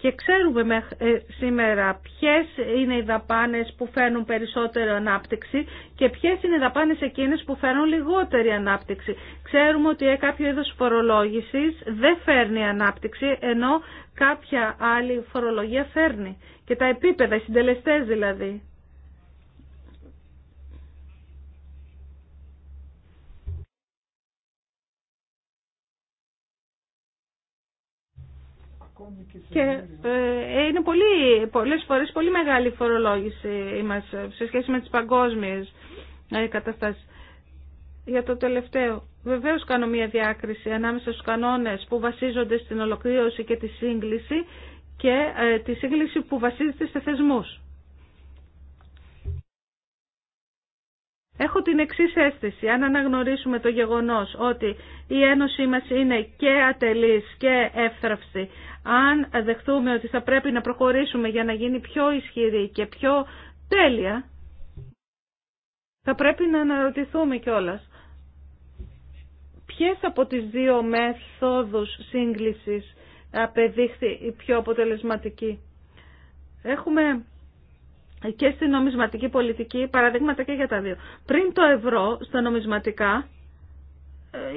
Και ξέρουμε ε, σήμερα ποιες είναι οι δαπάνες που φέρνουν περισσότερη ανάπτυξη και ποιες είναι οι δαπάνες εκείνες που φέρνουν λιγότερη ανάπτυξη. Ξέρουμε ότι ε, κάποιο είδος φορολόγησης δεν φέρνει ανάπτυξη, ενώ κάποια άλλη φορολογία φέρνει. Και τα επίπεδα, οι συντελεστές δηλαδή. Και ε, είναι πολύ, πολλές φορές πολύ μεγάλη φορολόγηση μας σε σχέση με τις παγκόσμιες ε, καταστάσεις. Για το τελευταίο, βεβαίως κάνω μια διάκριση ανάμεσα στους κανόνες που βασίζονται στην ολοκλήρωση και τη σύγκληση και ε, τη σύγκληση που βασίζεται σε θεσμούς. Έχω την εξή αίσθηση, αν αναγνωρίσουμε το γεγονός ότι η ένωσή μας είναι και ατελής και εύθραυστη, αν δεχτούμε ότι θα πρέπει να προχωρήσουμε για να γίνει πιο ισχυρή και πιο τέλεια, θα πρέπει να αναρωτηθούμε κιόλα. Ποιες από τις δύο μέθοδους σύγκλησης απεδείχθη η πιο αποτελεσματική. Έχουμε και στη νομισματική πολιτική παραδείγματα και για τα δύο. Πριν το ευρώ στα νομισματικά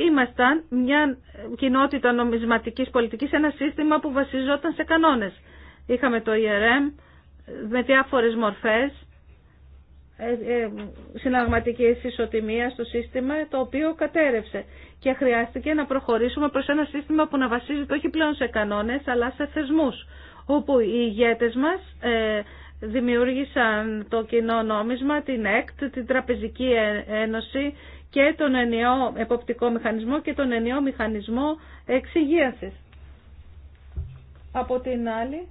ήμασταν μια κοινότητα νομισματικής πολιτικής, ένα σύστημα που βασιζόταν σε κανόνες. Είχαμε το ERM με διάφορες μορφές ε, ε, συναγματικής ισοτιμίας στο σύστημα, το οποίο κατέρευσε και χρειάστηκε να προχωρήσουμε προς ένα σύστημα που να βασίζεται όχι πλέον σε κανόνες, αλλά σε θεσμούς, όπου οι ηγέτες μας ε, δημιούργησαν το κοινό νόμισμα, την ΕΚΤ, την Τραπεζική Ένωση και τον ενιαίο εποπτικό μηχανισμό και τον ενιαίο μηχανισμό εξυγίασης. Από την άλλη,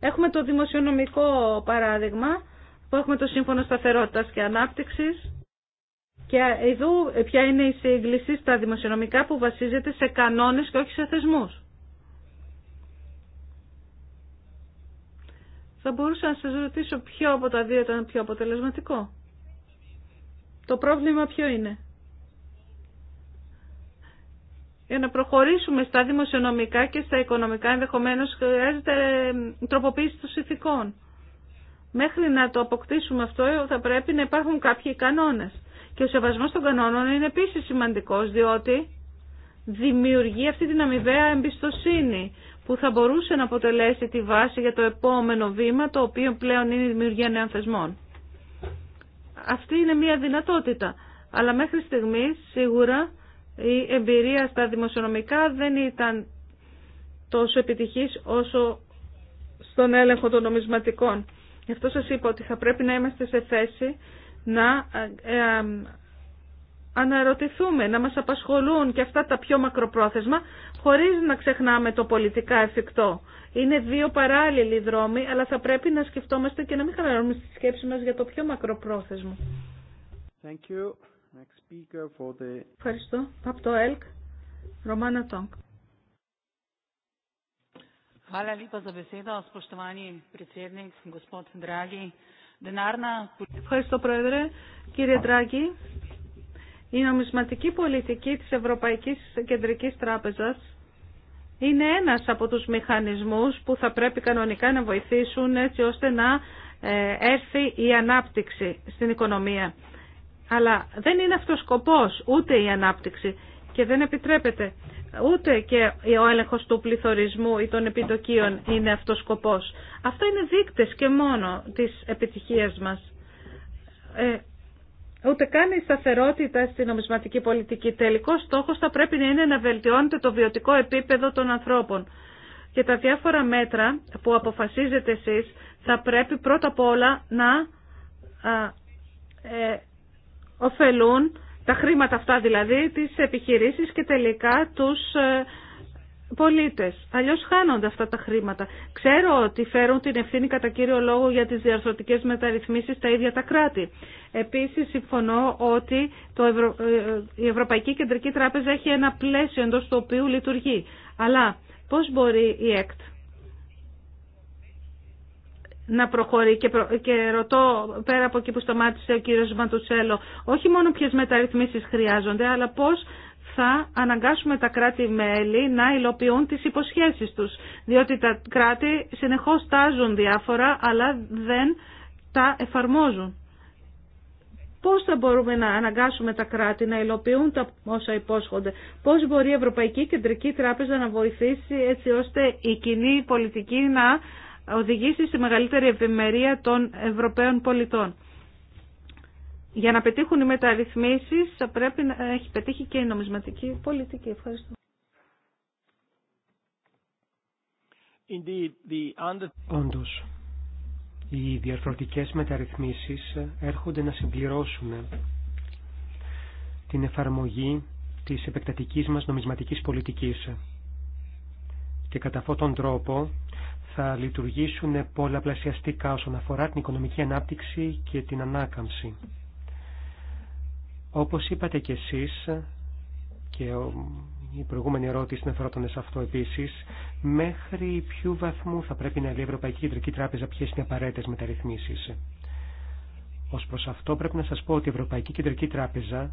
έχουμε το δημοσιονομικό παράδειγμα που έχουμε το Σύμφωνο Σταθερότητας και Ανάπτυξης και εδώ ποια είναι η σύγκληση στα δημοσιονομικά που βασίζεται σε κανόνες και όχι σε θεσμούς. Θα μπορούσα να σας ρωτήσω ποιο από τα δύο ήταν πιο αποτελεσματικό. Το πρόβλημα ποιο είναι. Για να προχωρήσουμε στα δημοσιονομικά και στα οικονομικά ενδεχομένως χρειάζεται τροποποίηση των συνθηκών. Μέχρι να το αποκτήσουμε αυτό θα πρέπει να υπάρχουν κάποιοι κανόνες. Και ο σεβασμός των κανόνων είναι επίσης σημαντικός διότι δημιουργεί αυτή την αμοιβαία εμπιστοσύνη που θα μπορούσε να αποτελέσει τη βάση για το επόμενο βήμα το οποίο πλέον είναι η δημιουργία νέων θεσμών. Αυτή είναι μια δυνατότητα. Αλλά μέχρι στιγμής σίγουρα η εμπειρία στα δημοσιονομικά δεν ήταν τόσο επιτυχής όσο στον έλεγχο των νομισματικών. Γι' αυτό σας είπα ότι θα πρέπει να είμαστε σε θέση να ε, ε, αναρωτηθούμε, να μας απασχολούν και αυτά τα πιο μακροπρόθεσμα, χωρίς να ξεχνάμε το πολιτικά εφικτό. Είναι δύο παράλληλοι δρόμοι, αλλά θα πρέπει να σκεφτόμαστε και να μην χαλαρώνουμε στη σκέψη μας για το πιο μακροπρόθεσμο. Ευχαριστώ. Από το ΕΛΚ, Ρωμάνα Τόγκ. Ευχαριστώ, Πρόεδρε. Κύριε Τράγκη, η νομισματική πολιτική της Ευρωπαϊκής Κεντρικής Τράπεζας είναι ένας από τους μηχανισμούς που θα πρέπει κανονικά να βοηθήσουν έτσι ώστε να ε, έρθει η ανάπτυξη στην οικονομία. Αλλά δεν είναι αυτός σκοπός ούτε η ανάπτυξη και δεν επιτρέπεται ούτε και ο έλεγχος του πληθωρισμού ή των επιτοκίων είναι αυτός σκοπός. Αυτό είναι δείκτες και μόνο της επιτυχίας μας. Ε, ούτε καν η σταθερότητα στη νομισματική πολιτική. τελικό στόχος θα πρέπει να είναι να βελτιώνεται το βιωτικό επίπεδο των ανθρώπων. Και τα διάφορα μέτρα που αποφασίζετε εσεί θα πρέπει πρώτα απ' όλα να ε, ωφελούν τα χρήματα αυτά δηλαδή, τις επιχειρήσεις και τελικά τους ε, πολίτες. Αλλιώς χάνονται αυτά τα χρήματα. Ξέρω ότι φέρουν την ευθύνη κατά κύριο λόγο για τις διαρθρωτικές μεταρρυθμίσεις τα ίδια τα κράτη. Επίσης συμφωνώ ότι το ε, ε, η Ευρωπαϊκή Κεντρική Τράπεζα έχει ένα πλαίσιο εντό του οποίου λειτουργεί. Αλλά πώς μπορεί η ΕΚΤ να προχωρεί και, ρωτώ πέρα από εκεί που σταμάτησε ο κύριος Μαντουτσέλο όχι μόνο ποιες μεταρρυθμίσεις χρειάζονται αλλά πώς θα αναγκάσουμε τα κράτη-μέλη να υλοποιούν τις υποσχέσεις τους, διότι τα κράτη συνεχώς τάζουν διάφορα, αλλά δεν τα εφαρμόζουν. Πώς θα μπορούμε να αναγκάσουμε τα κράτη να υλοποιούν τα όσα υπόσχονται. Πώς μπορεί η Ευρωπαϊκή Κεντρική Τράπεζα να βοηθήσει έτσι ώστε η κοινή πολιτική να οδηγήσει στη μεγαλύτερη ευημερία των Ευρωπαίων πολιτών για να πετύχουν οι μεταρρυθμίσεις θα πρέπει να έχει πετύχει και η νομισματική πολιτική. Ευχαριστώ. Όντω, οι διαρθρωτικές μεταρρυθμίσεις έρχονται να συμπληρώσουν την εφαρμογή της επεκτατικής μας νομισματικής πολιτικής και κατά αυτόν τον τρόπο θα λειτουργήσουν πολλαπλασιαστικά όσον αφορά την οικονομική ανάπτυξη και την ανάκαμψη. Όπως είπατε κι εσείς, και η προηγούμενη ερώτηση αναφερόταν σε αυτό επίσης, μέχρι ποιου βαθμού θα πρέπει να λέει η Ευρωπαϊκή Κεντρική Τράπεζα ποιες είναι απαραίτητες μεταρρυθμίσεις. Ως προς αυτό πρέπει να σας πω ότι η Ευρωπαϊκή Κεντρική Τράπεζα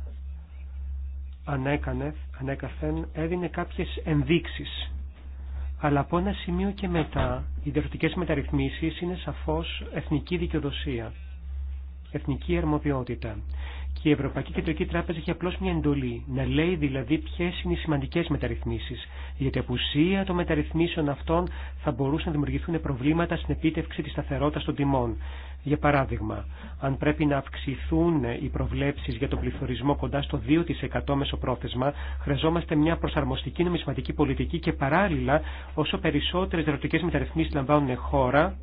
ανέκανε, ανέκαθεν έδινε κάποιες ενδείξεις. Αλλά από ένα σημείο και μετά οι διευθυντικές μεταρρυθμίσεις είναι σαφώς εθνική δικαιοδοσία, εθνική αρμοδιότητα και η Ευρωπαϊκή Κεντρική Τράπεζα έχει απλώ μια εντολή. Να λέει δηλαδή ποιε είναι οι σημαντικέ μεταρρυθμίσει. Γιατί από ουσία των μεταρρυθμίσεων αυτών θα μπορούσαν να δημιουργηθούν προβλήματα στην επίτευξη τη σταθερότητα των τιμών. Για παράδειγμα, αν πρέπει να αυξηθούν οι προβλέψει για τον πληθωρισμό κοντά στο 2% μεσοπρόθεσμα, χρειαζόμαστε μια προσαρμοστική νομισματική πολιτική και παράλληλα, όσο περισσότερε δραστικέ μεταρρυθμίσει λαμβάνουν χώρα,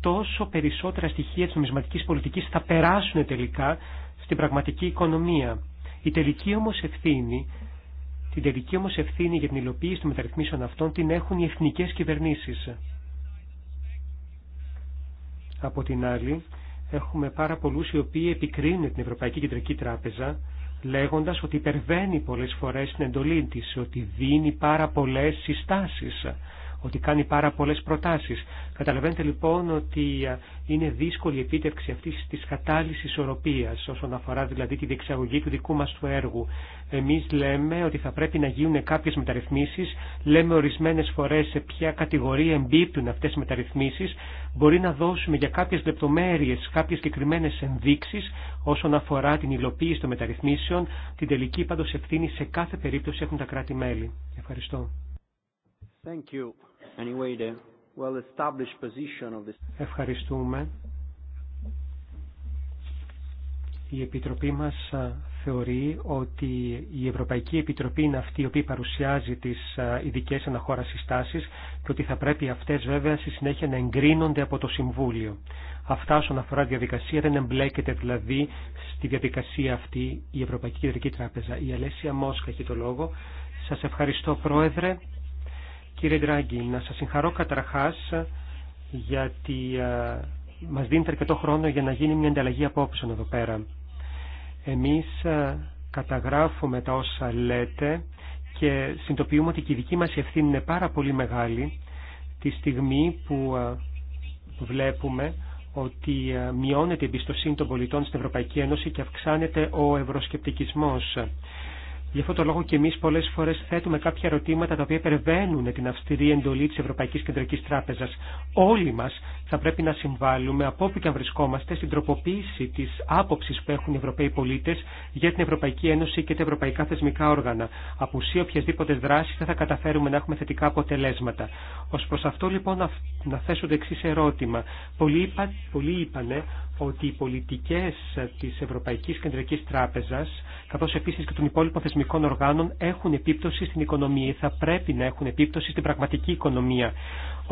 τόσο περισσότερα στοιχεία της νομισματικής πολιτικής θα περάσουν τελικά την πραγματική οικονομία. Η τελική όμως ευθύνη, την τελική όμως ευθύνη για την υλοποίηση των μεταρρυθμίσεων αυτών την έχουν οι εθνικές κυβερνήσεις. Από την άλλη, έχουμε πάρα πολλούς οι οποίοι επικρίνουν την Ευρωπαϊκή Κεντρική Τράπεζα λέγοντας ότι υπερβαίνει πολλές φορές την εντολή της, ότι δίνει πάρα πολλές συστάσεις ότι κάνει πάρα πολλές προτάσεις. Καταλαβαίνετε λοιπόν ότι είναι δύσκολη η επίτευξη αυτής της κατάλληλης ισορροπίας όσον αφορά δηλαδή τη διεξαγωγή του δικού μας του έργου. Εμείς λέμε ότι θα πρέπει να γίνουν κάποιες μεταρρυθμίσεις, λέμε ορισμένες φορές σε ποια κατηγορία εμπίπτουν αυτές οι μεταρρυθμίσεις, μπορεί να δώσουμε για κάποιες λεπτομέρειες, κάποιες συγκεκριμένε ενδείξεις όσον αφορά την υλοποίηση των μεταρρυθμίσεων, την τελική πάντως ευθύνη σε κάθε περίπτωση έχουν τα κράτη-μέλη. Ευχαριστώ. Thank you. Ευχαριστούμε. Η Επιτροπή μας θεωρεί ότι η Ευρωπαϊκή Επιτροπή είναι αυτή η οποία παρουσιάζει τις ειδικέ αναχώρα συστάσεις και ότι θα πρέπει αυτές βέβαια στη συνέχεια να εγκρίνονται από το Συμβούλιο. Αυτά όσον αφορά τη διαδικασία δεν εμπλέκεται δηλαδή στη διαδικασία αυτή η Ευρωπαϊκή Κεντρική Τράπεζα. Η Αλέσια Μόσχα έχει το λόγο. Σας ευχαριστώ Πρόεδρε. Κύριε Ντράγκη, να σας συγχαρώ καταρχάς γιατί ε, μας δίνετε αρκετό χρόνο για να γίνει μια ανταλλαγή απόψεων εδώ πέρα. Εμείς ε, καταγράφουμε τα όσα λέτε και συντοποιούμε ότι και η δική μας ευθύνη είναι πάρα πολύ μεγάλη τη στιγμή που ε, βλέπουμε ότι μειώνεται η εμπιστοσύνη των πολιτών στην Ευρωπαϊκή Ένωση και αυξάνεται ο ευρωσκεπτικισμός. Γι' αυτό το λόγο και εμεί πολλέ φορέ θέτουμε κάποια ερωτήματα τα οποία υπερβαίνουν την αυστηρή εντολή τη Ευρωπαϊκή Κεντρική Τράπεζα. Όλοι μα θα πρέπει να συμβάλλουμε από όπου και αν βρισκόμαστε στην τροποποίηση τη άποψη που έχουν οι Ευρωπαίοι πολίτε για την Ευρωπαϊκή Ένωση και τα ευρωπαϊκά θεσμικά όργανα. Από ουσία οποιασδήποτε δράση δεν θα καταφέρουμε να έχουμε θετικά αποτελέσματα. Ω προ αυτό λοιπόν να θέσω το εξή ερώτημα. Πολλοί, είπα, πολλοί είπανε ότι οι πολιτικές της Ευρωπαϊκής Κεντρικής Τράπεζας, καθώς επίσης και των υπόλοιπων θεσμικών οργάνων, έχουν επίπτωση στην οικονομία ή θα πρέπει να έχουν επίπτωση στην πραγματική οικονομία.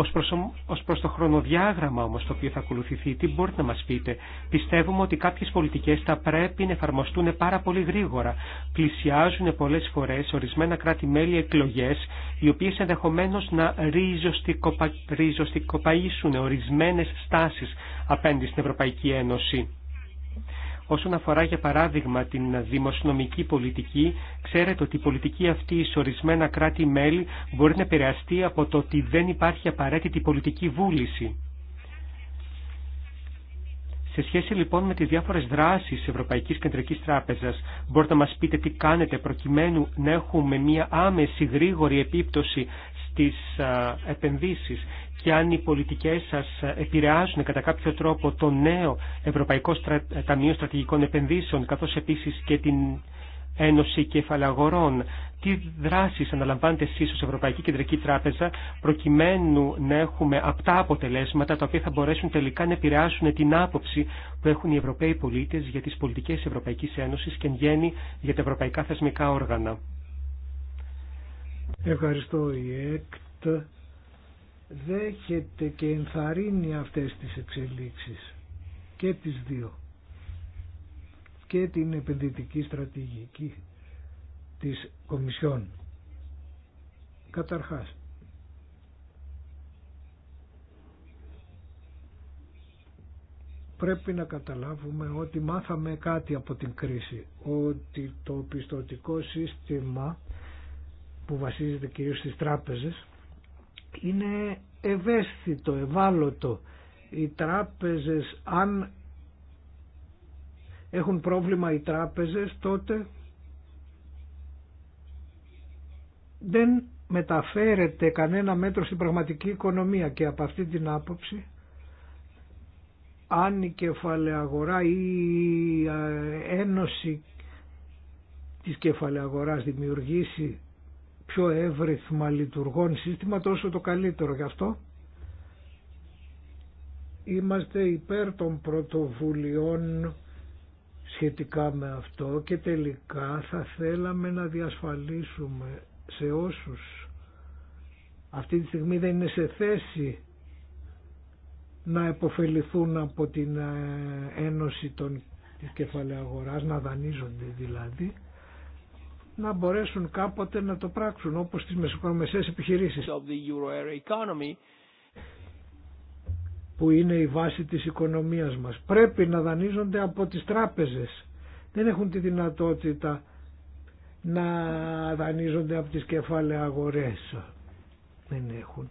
Ως προς, ως προς το χρονοδιάγραμμα όμως το οποίο θα ακολουθηθεί, τι μπορείτε να μας πείτε. Πιστεύουμε ότι κάποιες πολιτικές θα πρέπει να εφαρμοστούν πάρα πολύ γρήγορα. Πλησιάζουν πολλές φορές ορισμένα κράτη-μέλη εκλογές, οι οποίες ενδεχομένως να ριζοστικοπα... ριζοστικοπαίσουν ορισμένες στάσεις απέναντι στην Ευρωπαϊκή Ένωση. Όσον αφορά για παράδειγμα την δημοσιονομική πολιτική, ξέρετε ότι η πολιτική αυτή σε ορισμένα κράτη-μέλη μπορεί να επηρεαστεί από το ότι δεν υπάρχει απαραίτητη πολιτική βούληση. Σε σχέση λοιπόν με τις διάφορες δράσεις Ευρωπαϊκής Κεντρικής Τράπεζας, μπορείτε να μας πείτε τι κάνετε προκειμένου να έχουμε μια άμεση γρήγορη επίπτωση στις επενδύσεις και αν οι πολιτικές σας επηρεάζουν κατά κάποιο τρόπο το νέο Ευρωπαϊκό Ταμείο Στρατηγικών Επενδύσεων καθώς επίσης και την Ένωση Κεφαλαγορών. Τι δράσεις αναλαμβάνετε εσείς ως Ευρωπαϊκή Κεντρική Τράπεζα προκειμένου να έχουμε απτά αποτελέσματα τα οποία θα μπορέσουν τελικά να επηρεάσουν την άποψη που έχουν οι Ευρωπαίοι πολίτες για τις πολιτικές Ευρωπαϊκής Ένωσης και εν γέννη για τα ευρωπαϊκά θεσμικά όργανα. Ευχαριστώ η ΕΚΤ δέχεται και ενθαρρύνει αυτές τις εξελίξεις και τις δύο και την επενδυτική στρατηγική της Κομισιόν. Καταρχάς, πρέπει να καταλάβουμε ότι μάθαμε κάτι από την κρίση, ότι το πιστοτικό σύστημα που βασίζεται κυρίως στις τράπεζες είναι ευαίσθητο, ευάλωτο. Οι τράπεζες, αν έχουν πρόβλημα οι τράπεζες, τότε δεν μεταφέρεται κανένα μέτρο στην πραγματική οικονομία και από αυτή την άποψη αν η κεφαλαιαγορά ή η ε, ένωση της κεφαλαιαγοράς δημιουργήσει πιο εύρυθμα λειτουργών σύστημα τόσο το καλύτερο. Γι' αυτό είμαστε υπέρ των πρωτοβουλειών σχετικά με αυτό και τελικά θα θέλαμε να διασφαλίσουμε σε όσους αυτή τη στιγμή δεν είναι σε θέση να επωφεληθούν από την ε, ένωση των, της κεφαλαίου αγοράς, να δανείζονται δηλαδή, να μπορέσουν κάποτε να το πράξουν όπως τις μεσοκομεσαίες επιχειρήσεις που είναι η βάση της οικονομίας μας. Πρέπει να δανείζονται από τις τράπεζες. Δεν έχουν τη δυνατότητα να δανείζονται από τις κεφάλαια αγορές. Δεν έχουν.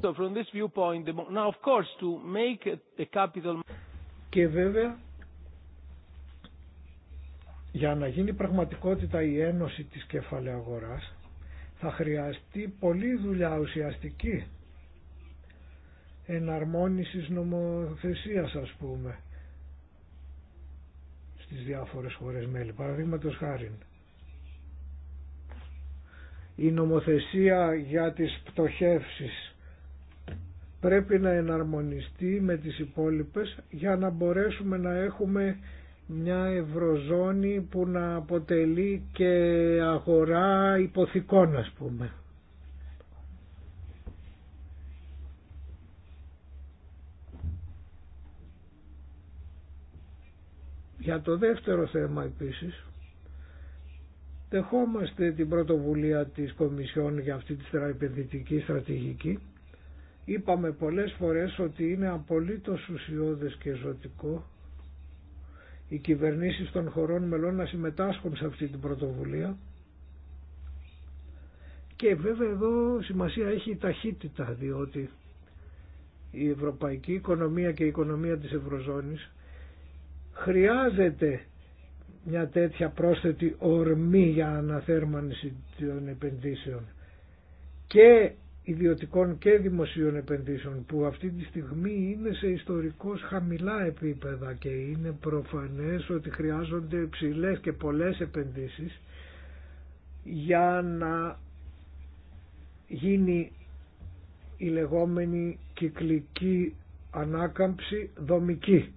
So from this viewpoint, now of course to make capital... Και βέβαια για να γίνει πραγματικότητα η ένωση της κεφαλαίου αγοράς θα χρειαστεί πολλή δουλειά ουσιαστική εναρμόνισης νομοθεσίας ας πούμε στις διάφορες χώρες μέλη. Παραδείγματος χάρη η νομοθεσία για τις πτωχεύσεις πρέπει να εναρμονιστεί με τις υπόλοιπες για να μπορέσουμε να έχουμε μια ευρωζώνη που να αποτελεί και αγορά υποθηκών ας πούμε. Για το δεύτερο θέμα επίσης, δεχόμαστε την πρωτοβουλία της Κομισιόν για αυτή τη επενδυτική στρατηγική. Είπαμε πολλές φορές ότι είναι απολύτως ουσιώδες και ζωτικό οι κυβερνήσεις των χωρών μελών να συμμετάσχουν σε αυτή την πρωτοβουλία και βέβαια εδώ σημασία έχει η ταχύτητα διότι η ευρωπαϊκή οικονομία και η οικονομία της Ευρωζώνης χρειάζεται μια τέτοια πρόσθετη ορμή για αναθέρμανση των επενδύσεων και ιδιωτικών και δημοσίων επενδύσεων που αυτή τη στιγμή είναι σε ιστορικώς χαμηλά επίπεδα και είναι προφανές ότι χρειάζονται ψηλέ και πολλές επενδύσεις για να γίνει η λεγόμενη κυκλική ανάκαμψη δομική,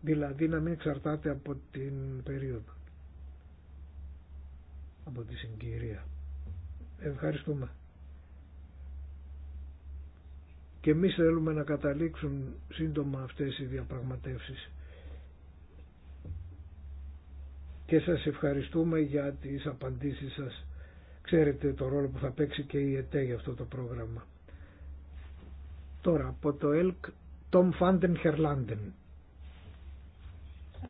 δηλαδή να μην εξαρτάται από την περίοδο, από τη συγκυρία. Ευχαριστούμε και εμεί θέλουμε να καταλήξουν σύντομα αυτές οι διαπραγματεύσεις. Και σας ευχαριστούμε για τις απαντήσεις σας. Ξέρετε το ρόλο που θα παίξει και η ΕΤΕ για αυτό το πρόγραμμα. Τώρα από το ΕΛΚ Τόμ Φάντεν Χερλάντεν.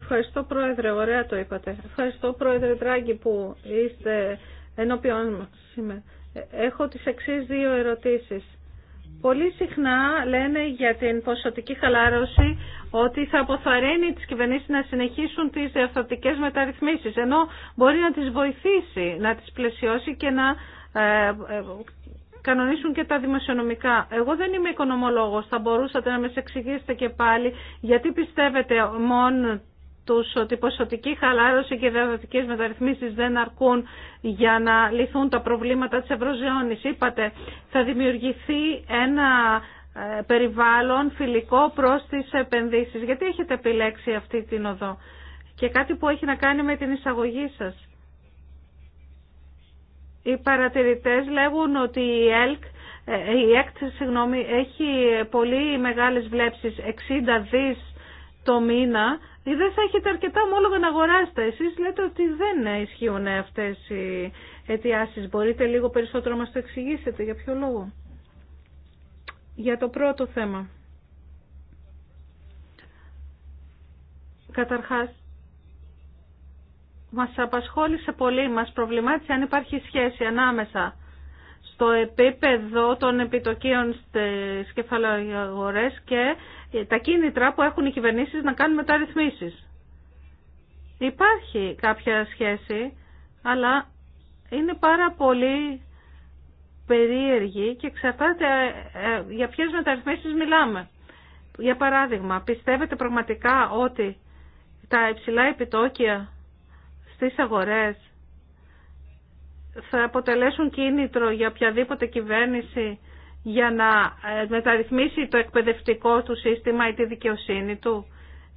Ευχαριστώ Πρόεδρε, ωραία το είπατε. Ευχαριστώ Πρόεδρε Τράγκη που είστε ενώπιόν μας σήμερα. Ε, έχω τις εξής δύο ερωτήσεις Πολύ συχνά λένε για την ποσοτική χαλάρωση ότι θα αποθαρρύνει τις κυβερνήσεις να συνεχίσουν τις διαρθρωτικές μεταρρυθμίσεις, ενώ μπορεί να τις βοηθήσει, να τις πλαισιώσει και να ε, ε, κανονίσουν και τα δημοσιονομικά. Εγώ δεν είμαι οικονομολόγος, θα μπορούσατε να με εξηγήσετε και πάλι γιατί πιστεύετε μόνο τους ότι ποσοτική χαλάρωση και διαδοτικέ μεταρρυθμίσει δεν αρκούν για να λυθούν τα προβλήματα της Ευρωζώνης. Είπατε, θα δημιουργηθεί ένα ε, περιβάλλον φιλικό προς τις επενδύσεις. Γιατί έχετε επιλέξει αυτή την οδό και κάτι που έχει να κάνει με την εισαγωγή σας. Οι παρατηρητές λέγουν ότι η ΕΛΚ ε, η ΕΚΤ έχει πολύ μεγάλες βλέψεις, 60 δις το μήνα δεν θα έχετε αρκετά ομόλογα να αγοράσετε. Εσείς λέτε ότι δεν ισχύουν αυτές οι αιτιάσεις. Μπορείτε λίγο περισσότερο να μας το εξηγήσετε. Για ποιο λόγο. Για το πρώτο θέμα. Καταρχάς, μας απασχόλησε πολύ, μας προβλημάτισε αν υπάρχει σχέση ανάμεσα στο επίπεδο των επιτοκίων στις κεφαλαγορές και τα κίνητρα που έχουν οι κυβερνήσεις να κάνουν μεταρρυθμίσεις. Υπάρχει κάποια σχέση, αλλά είναι πάρα πολύ περίεργη και εξαρτάται ε, ε, για ποιε μεταρρυθμίσεις μιλάμε. Για παράδειγμα, πιστεύετε πραγματικά ότι τα υψηλά επιτόκια στις αγορές θα αποτελέσουν κίνητρο για οποιαδήποτε κυβέρνηση για να ε, μεταρρυθμίσει το εκπαιδευτικό του σύστημα ή τη δικαιοσύνη του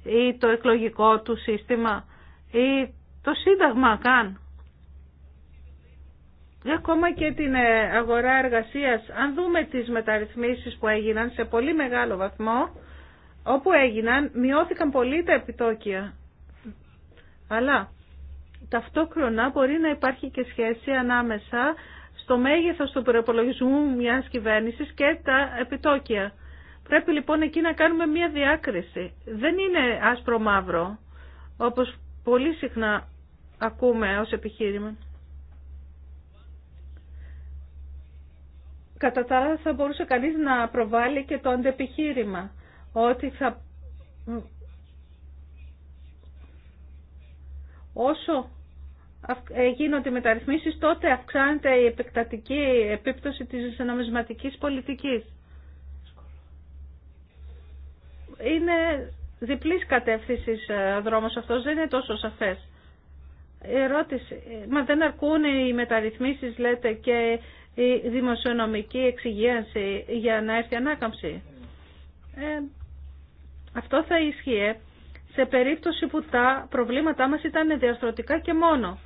ή το εκλογικό του σύστημα ή το σύνταγμα καν. Ακόμα και την ε, αγορά εργασίας, αν δούμε τις μεταρρυθμίσεις που έγιναν σε πολύ μεγάλο βαθμό, όπου έγιναν μειώθηκαν πολύ τα επιτόκια. Αλλά ταυτόχρονα μπορεί να υπάρχει και σχέση ανάμεσα στο μέγεθος του προπολογισμού μιας κυβέρνησης και τα επιτόκια. Πρέπει λοιπόν εκεί να κάνουμε μια διάκριση. Δεν είναι άσπρο μαύρο, όπως πολύ συχνά ακούμε ως επιχείρημα. Κατά τα άλλα θα μπορούσε κανείς να προβάλλει και το αντεπιχείρημα, ότι θα... Όσο ε, γίνονται μεταρρυθμίσεις, τότε αυξάνεται η επεκτατική επίπτωση της νομισματικής πολιτικής. Είναι διπλής κατεύθυνσης ο ε, δρόμος αυτός, δεν είναι τόσο σαφές. Ερώτηση, μα δεν αρκούν οι μεταρρυθμίσεις λέτε και η δημοσιονομική εξυγίανση για να έρθει ανάκαμψη. Ε, αυτό θα ισχύει σε περίπτωση που τα προβλήματά μας ήταν διαστρωτικά και μόνο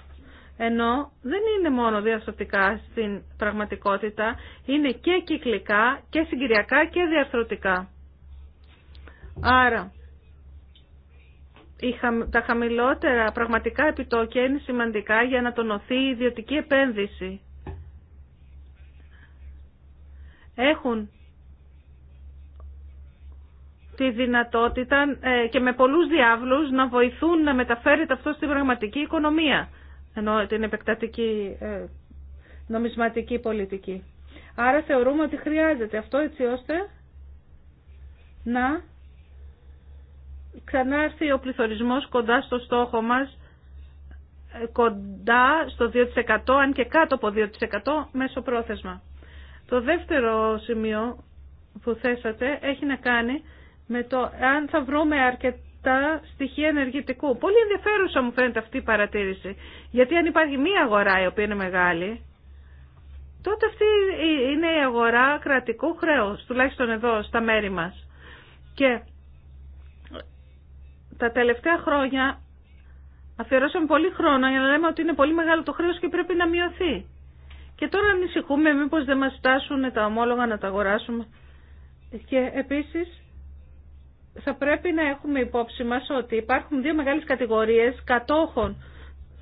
ενώ δεν είναι μόνο διαστροτικά στην πραγματικότητα, είναι και κυκλικά και συγκυριακά και διαστροτικά. Άρα, τα χαμηλότερα πραγματικά επιτόκια είναι σημαντικά για να τονωθεί η ιδιωτική επένδυση. Έχουν τη δυνατότητα ε, και με πολλούς διάβλους να βοηθούν να μεταφέρεται αυτό στην πραγματική οικονομία ενώ την επεκτατική ε, νομισματική πολιτική. Άρα θεωρούμε ότι χρειάζεται αυτό έτσι ώστε να ξανάρθει ο πληθωρισμός κοντά στο στόχο μας, ε, κοντά στο 2%, αν και κάτω από 2% μέσω πρόθεσμα. Το δεύτερο σημείο που θέσατε έχει να κάνει με το αν θα βρούμε αρκετά τα στοιχεία ενεργητικού. Πολύ ενδιαφέρουσα μου φαίνεται αυτή η παρατήρηση. Γιατί αν υπάρχει μία αγορά η οποία είναι μεγάλη, τότε αυτή είναι η αγορά κρατικού χρέους, τουλάχιστον εδώ στα μέρη μας. Και τα τελευταία χρόνια αφιερώσαμε πολύ χρόνο για να λέμε ότι είναι πολύ μεγάλο το χρέος και πρέπει να μειωθεί. Και τώρα ανησυχούμε μήπως δεν μας φτάσουν τα ομόλογα να τα αγοράσουμε. Και επίσης θα πρέπει να έχουμε υπόψη μας ότι υπάρχουν δύο μεγάλες κατηγορίες κατόχων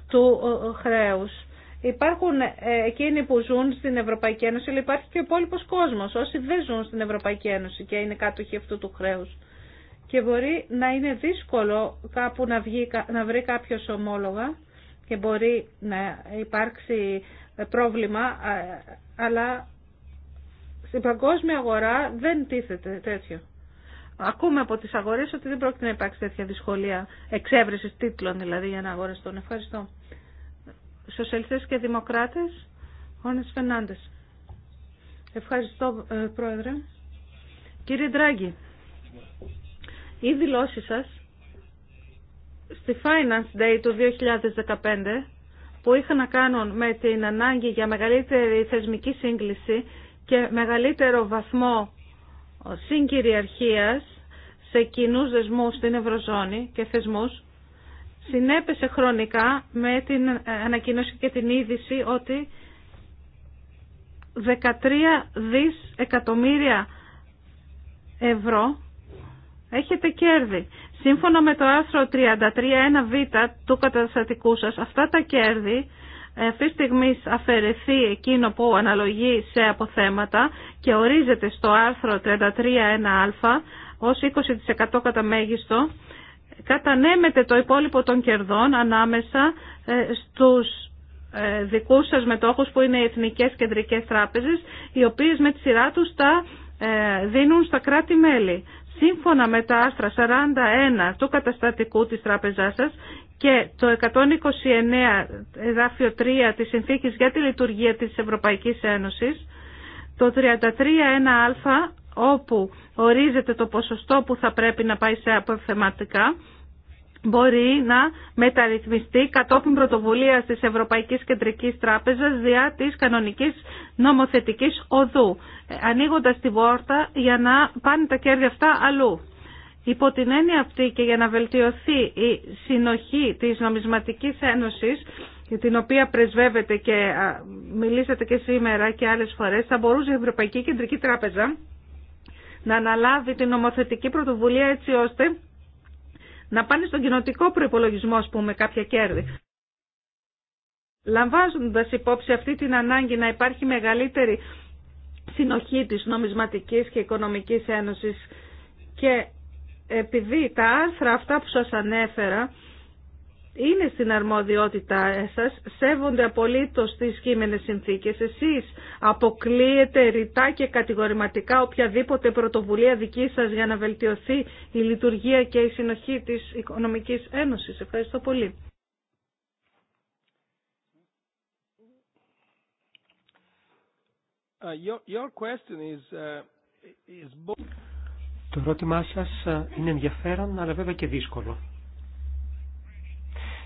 του ε, χρέους. Υπάρχουν ε, εκείνοι που ζουν στην Ευρωπαϊκή Ένωση, αλλά υπάρχει και ο υπόλοιπο κόσμος, όσοι δεν ζουν στην Ευρωπαϊκή Ένωση και είναι κάτοχοι αυτού του χρέου. Και μπορεί να είναι δύσκολο κάπου να, να βρει κάποιο ομόλογα και μπορεί να υπάρξει ε, πρόβλημα, αλλά στην παγκόσμια αγορά δεν τίθεται τέτοιο ακούμε από τις αγορές ότι δεν πρόκειται να υπάρξει τέτοια δυσκολία εξέβρεσης τίτλων δηλαδή για να αγοραστούν. Ευχαριστώ. Σοσιαλιστές και Δημοκράτες, Χόνες Φενάντες. Ευχαριστώ ε, Πρόεδρε. Κύριε Ντράγκη, οι δηλώσεις σας στη Finance Day του 2015 που είχαν να κάνουν με την ανάγκη για μεγαλύτερη θεσμική σύγκληση και μεγαλύτερο βαθμό συγκυριαρχίας σε κοινού δεσμούς στην Ευρωζώνη και θεσμούς συνέπεσε χρονικά με την ανακοίνωση και την είδηση ότι 13 δις εκατομμύρια ευρώ έχετε κέρδη. Σύμφωνα με το άρθρο 33.1β του καταστατικού σας, αυτά τα κέρδη αυτή τη στιγμή αφαιρεθεί εκείνο που αναλογεί σε αποθέματα και ορίζεται στο άρθρο 33.1α ως 20% κατά μέγιστο, κατανέμεται το υπόλοιπο των κερδών ανάμεσα ε, στους ε, δικούς σας μετόχους που είναι οι Εθνικές Κεντρικές Τράπεζες, οι οποίες με τη σειρά τους τα ε, δίνουν στα κράτη-μέλη. Σύμφωνα με τα άστρα 41 του καταστατικού της τράπεζάς σας και το 129 εδάφιο 3 της Συνθήκης για τη Λειτουργία της Ευρωπαϊκής Ένωσης, το 33.1α όπου ορίζεται το ποσοστό που θα πρέπει να πάει σε αποθεματικά, μπορεί να μεταρρυθμιστεί κατόπιν πρωτοβουλίας της Ευρωπαϊκής Κεντρικής Τράπεζας διά της κανονικής νομοθετικής οδού, ανοίγοντας τη βόρτα για να πάνε τα κέρδη αυτά αλλού. Υπό την έννοια αυτή και για να βελτιωθεί η συνοχή της νομισματικής ένωσης, για την οποία πρεσβεύετε και μιλήσατε και σήμερα και άλλες φορές, θα μπορούσε η Ευρωπαϊκή Κεντρική Τράπεζα να αναλάβει την νομοθετική πρωτοβουλία έτσι ώστε να πάνε στον κοινοτικό προϋπολογισμό, ας πούμε, κάποια κέρδη. Λαμβάζοντας υπόψη αυτή την ανάγκη να υπάρχει μεγαλύτερη συνοχή της νομισματικής και οικονομικής ένωσης και επειδή τα άρθρα αυτά που σας ανέφερα είναι στην αρμοδιότητά σας, σέβονται απολύτως τις κείμενες συνθήκες. Εσείς αποκλείετε ρητά και κατηγορηματικά οποιαδήποτε πρωτοβουλία δική σας για να βελτιωθεί η λειτουργία και η συνοχή της Οικονομικής Ένωσης. Ευχαριστώ πολύ. Uh, uh, το ερώτημά σας ε, είναι ενδιαφέρον, αλλά βέβαια και δύσκολο.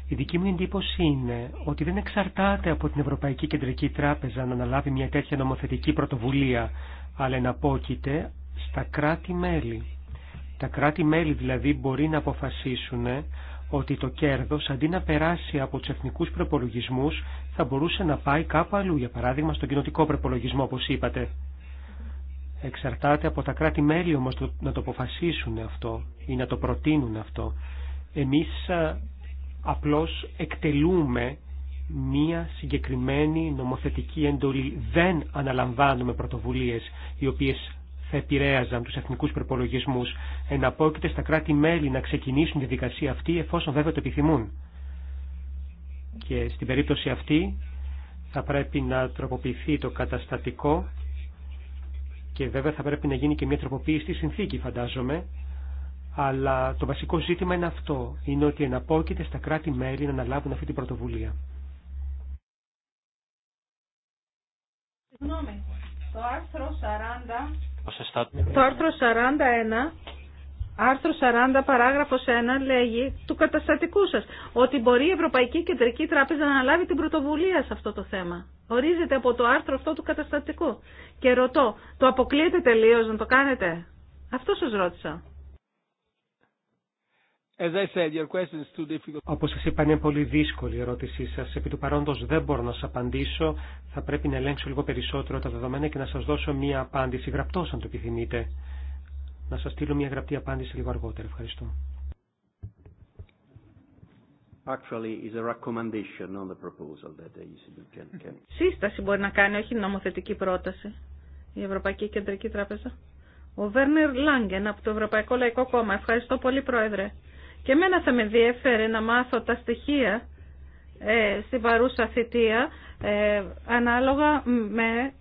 Η δική μου εντύπωση είναι ότι δεν εξαρτάται από την Ευρωπαϊκή Κεντρική Τράπεζα να αναλάβει μια τέτοια νομοθετική πρωτοβουλία, αλλά εναπόκειται στα κράτη-μέλη. Τα κράτη-μέλη δηλαδή μπορεί να αποφασίσουν ότι το κέρδος αντί να περάσει από τους εθνικούς προπολογισμούς θα μπορούσε να πάει κάπου αλλού, για παράδειγμα στον κοινοτικό προπολογισμό όπως είπατε. Εξαρτάται από τα κράτη-μέλη όμως να το αποφασίσουν αυτό ή να το προτείνουν αυτό. Εμείς απλώς εκτελούμε μία συγκεκριμένη νομοθετική εντολή. Δεν αναλαμβάνουμε πρωτοβουλίες οι οποίες θα επηρέαζαν τους εθνικούς προπολογισμούς. Εναπόκειται στα κράτη-μέλη να ξεκινήσουν τη δικασία αυτή εφόσον βέβαια το επιθυμούν. Και στην περίπτωση αυτή θα πρέπει να τροποποιηθεί το καταστατικό και βέβαια θα πρέπει να γίνει και μια τροποποίηση στη συνθήκη φαντάζομαι, αλλά το βασικό ζήτημα είναι αυτό, είναι ότι εναπόκειται στα κράτη-μέλη να αναλάβουν αυτή την πρωτοβουλία. το άρθρο 40... Το άρθρο 41 Άρθρο 40 παράγραφος 1 λέγει του καταστατικού σας ότι μπορεί η Ευρωπαϊκή Κεντρική Τράπεζα να αναλάβει την πρωτοβουλία σε αυτό το θέμα. Ορίζεται από το άρθρο αυτό του καταστατικού. Και ρωτώ, το αποκλείετε τελείω να το κάνετε. Αυτό σας ρώτησα. As I said, Όπως σας είπα είναι πολύ δύσκολη η ερώτησή σας. Επί του παρόντος δεν μπορώ να σας απαντήσω. Θα πρέπει να ελέγξω λίγο περισσότερο τα δεδομένα και να σας δώσω μία απάντηση γραπτό αν το επιθυμείτε να σας στείλω μια γραπτή απάντηση λίγο αργότερα. Ευχαριστώ. E Σύσταση μπορεί να κάνει, όχι νομοθετική πρόταση. Η Ευρωπαϊκή Κεντρική Τράπεζα. Ο Βέρνερ Λάγκεν από το Ευρωπαϊκό Λαϊκό Κόμμα. Ευχαριστώ πολύ, Πρόεδρε. Και εμένα θα με ενδιαφέρει να μάθω τα στοιχεία ε, στην παρούσα θητεία ε, ανάλογα με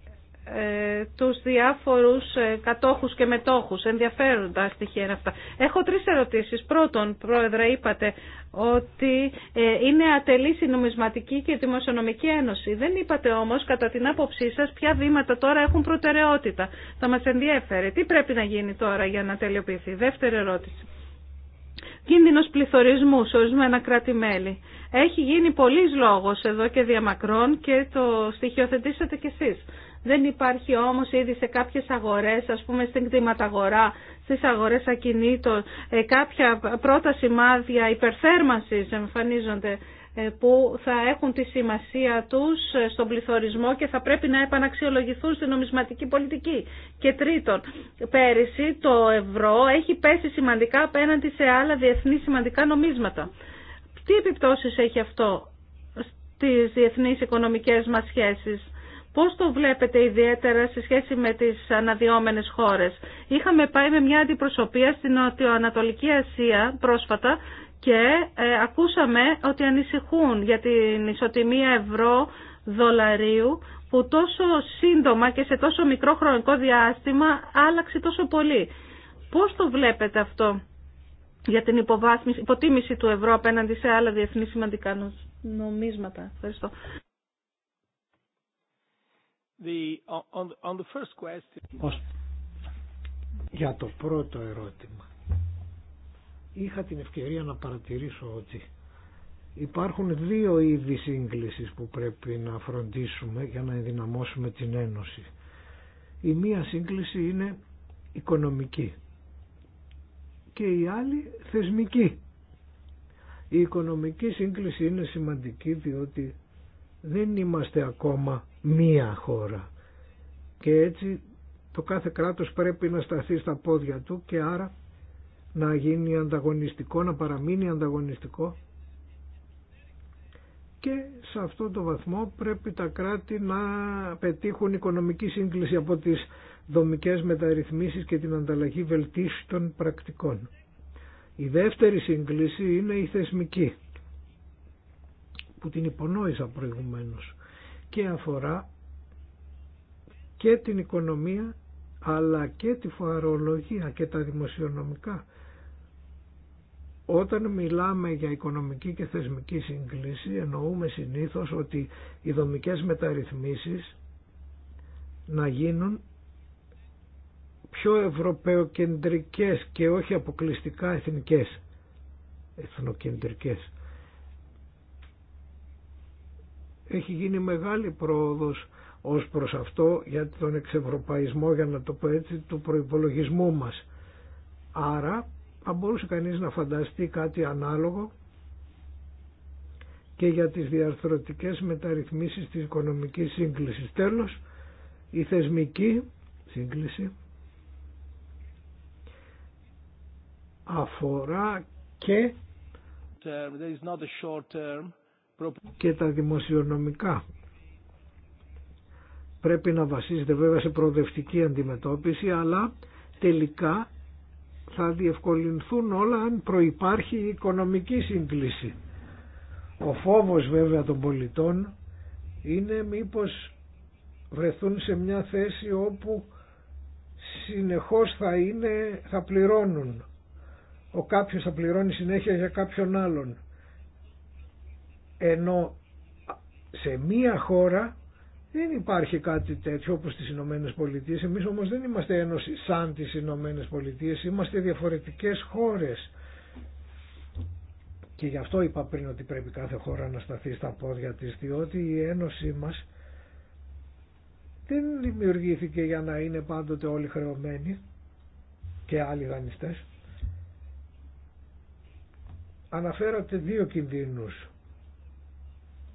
ε, τους διάφορους ε, κατόχους και μετόχους. Ενδιαφέροντα στοιχεία είναι αυτά. Έχω τρεις ερωτήσεις. Πρώτον, Πρόεδρε, είπατε ότι ε, είναι ατελής η Νομισματική και η Δημοσιονομική Ένωση. Δεν είπατε όμως, κατά την άποψή σας, ποια βήματα τώρα έχουν προτεραιότητα. Θα μας ενδιαφέρει. Τι πρέπει να γίνει τώρα για να τελειοποιηθεί. Δεύτερη ερώτηση. Κίνδυνος πληθωρισμού σε ορισμένα κράτη-μέλη. Έχει γίνει πολλής λόγος εδώ και διαμακρών και το στοιχειοθετήσατε κι εσείς. Δεν υπάρχει όμως ήδη σε κάποιες αγορές, ας πούμε στην κτηματαγορά, στις αγορές ακινήτων, ε, κάποια πρώτα σημάδια υπερθέρμανσης εμφανίζονται ε, που θα έχουν τη σημασία τους ε, στον πληθωρισμό και θα πρέπει να επαναξιολογηθούν στην νομισματική πολιτική. Και τρίτον, πέρυσι το ευρώ έχει πέσει σημαντικά απέναντι σε άλλα διεθνή σημαντικά νομίσματα. Τι επιπτώσεις έχει αυτό στις διεθνείς οικονομικές μας σχέσεις Πώς το βλέπετε ιδιαίτερα σε σχέση με τις αναδυόμενες χώρες. Είχαμε πάει με μια αντιπροσωπεία στην Νοτιοανατολική Ασία πρόσφατα και ε, ακούσαμε ότι ανησυχούν για την ισοτιμία ευρώ-δολαρίου που τόσο σύντομα και σε τόσο μικρό χρονικό διάστημα άλλαξε τόσο πολύ. Πώς το βλέπετε αυτό για την υποτίμηση του ευρώ απέναντι σε άλλα διεθνή σημαντικά νομίσματα. Ευχαριστώ. Για το πρώτο ερώτημα. Είχα την ευκαιρία να παρατηρήσω ότι υπάρχουν δύο είδη σύγκληση που πρέπει να φροντίσουμε για να ενδυναμώσουμε την Ένωση. Η μία σύγκληση είναι οικονομική και η άλλη θεσμική. Η οικονομική σύγκληση είναι σημαντική διότι δεν είμαστε ακόμα μία χώρα και έτσι το κάθε κράτος πρέπει να σταθεί στα πόδια του και άρα να γίνει ανταγωνιστικό, να παραμείνει ανταγωνιστικό και σε αυτό το βαθμό πρέπει τα κράτη να πετύχουν οικονομική σύγκληση από τις δομικές μεταρρυθμίσεις και την ανταλλαγή βελτίστων πρακτικών. Η δεύτερη σύγκληση είναι η θεσμική που την υπονόησα προηγουμένως και αφορά και την οικονομία αλλά και τη φορολογία και τα δημοσιονομικά. Όταν μιλάμε για οικονομική και θεσμική συγκλήση εννοούμε συνήθως ότι οι δομικές μεταρρυθμίσεις να γίνουν πιο ευρωπαιοκεντρικές και όχι αποκλειστικά εθνικές, εθνοκεντρικές. έχει γίνει μεγάλη πρόοδος ως προς αυτό για τον εξευρωπαϊσμό, για να το πω έτσι, του προϋπολογισμού μας. Άρα θα μπορούσε κανείς να φανταστεί κάτι ανάλογο και για τις διαρθρωτικές μεταρρυθμίσεις της οικονομικής σύγκλησης. Τέλος, η θεσμική σύγκληση αφορά και There και τα δημοσιονομικά. Πρέπει να βασίζεται βέβαια σε προοδευτική αντιμετώπιση, αλλά τελικά θα διευκολυνθούν όλα αν προϋπάρχει η οικονομική σύγκληση. Ο φόβος βέβαια των πολιτών είναι μήπως βρεθούν σε μια θέση όπου συνεχώς θα, είναι, θα πληρώνουν. Ο κάποιος θα πληρώνει συνέχεια για κάποιον άλλον ενώ σε μία χώρα δεν υπάρχει κάτι τέτοιο όπως στις Ηνωμένε Πολιτείε. Εμείς όμως δεν είμαστε ένωση σαν τις Ηνωμένε Πολιτείε, είμαστε διαφορετικές χώρες. Και γι' αυτό είπα πριν ότι πρέπει κάθε χώρα να σταθεί στα πόδια της, διότι η ένωση μας δεν δημιουργήθηκε για να είναι πάντοτε όλοι χρεωμένοι και άλλοι δανειστές. Αναφέρατε δύο κινδύνους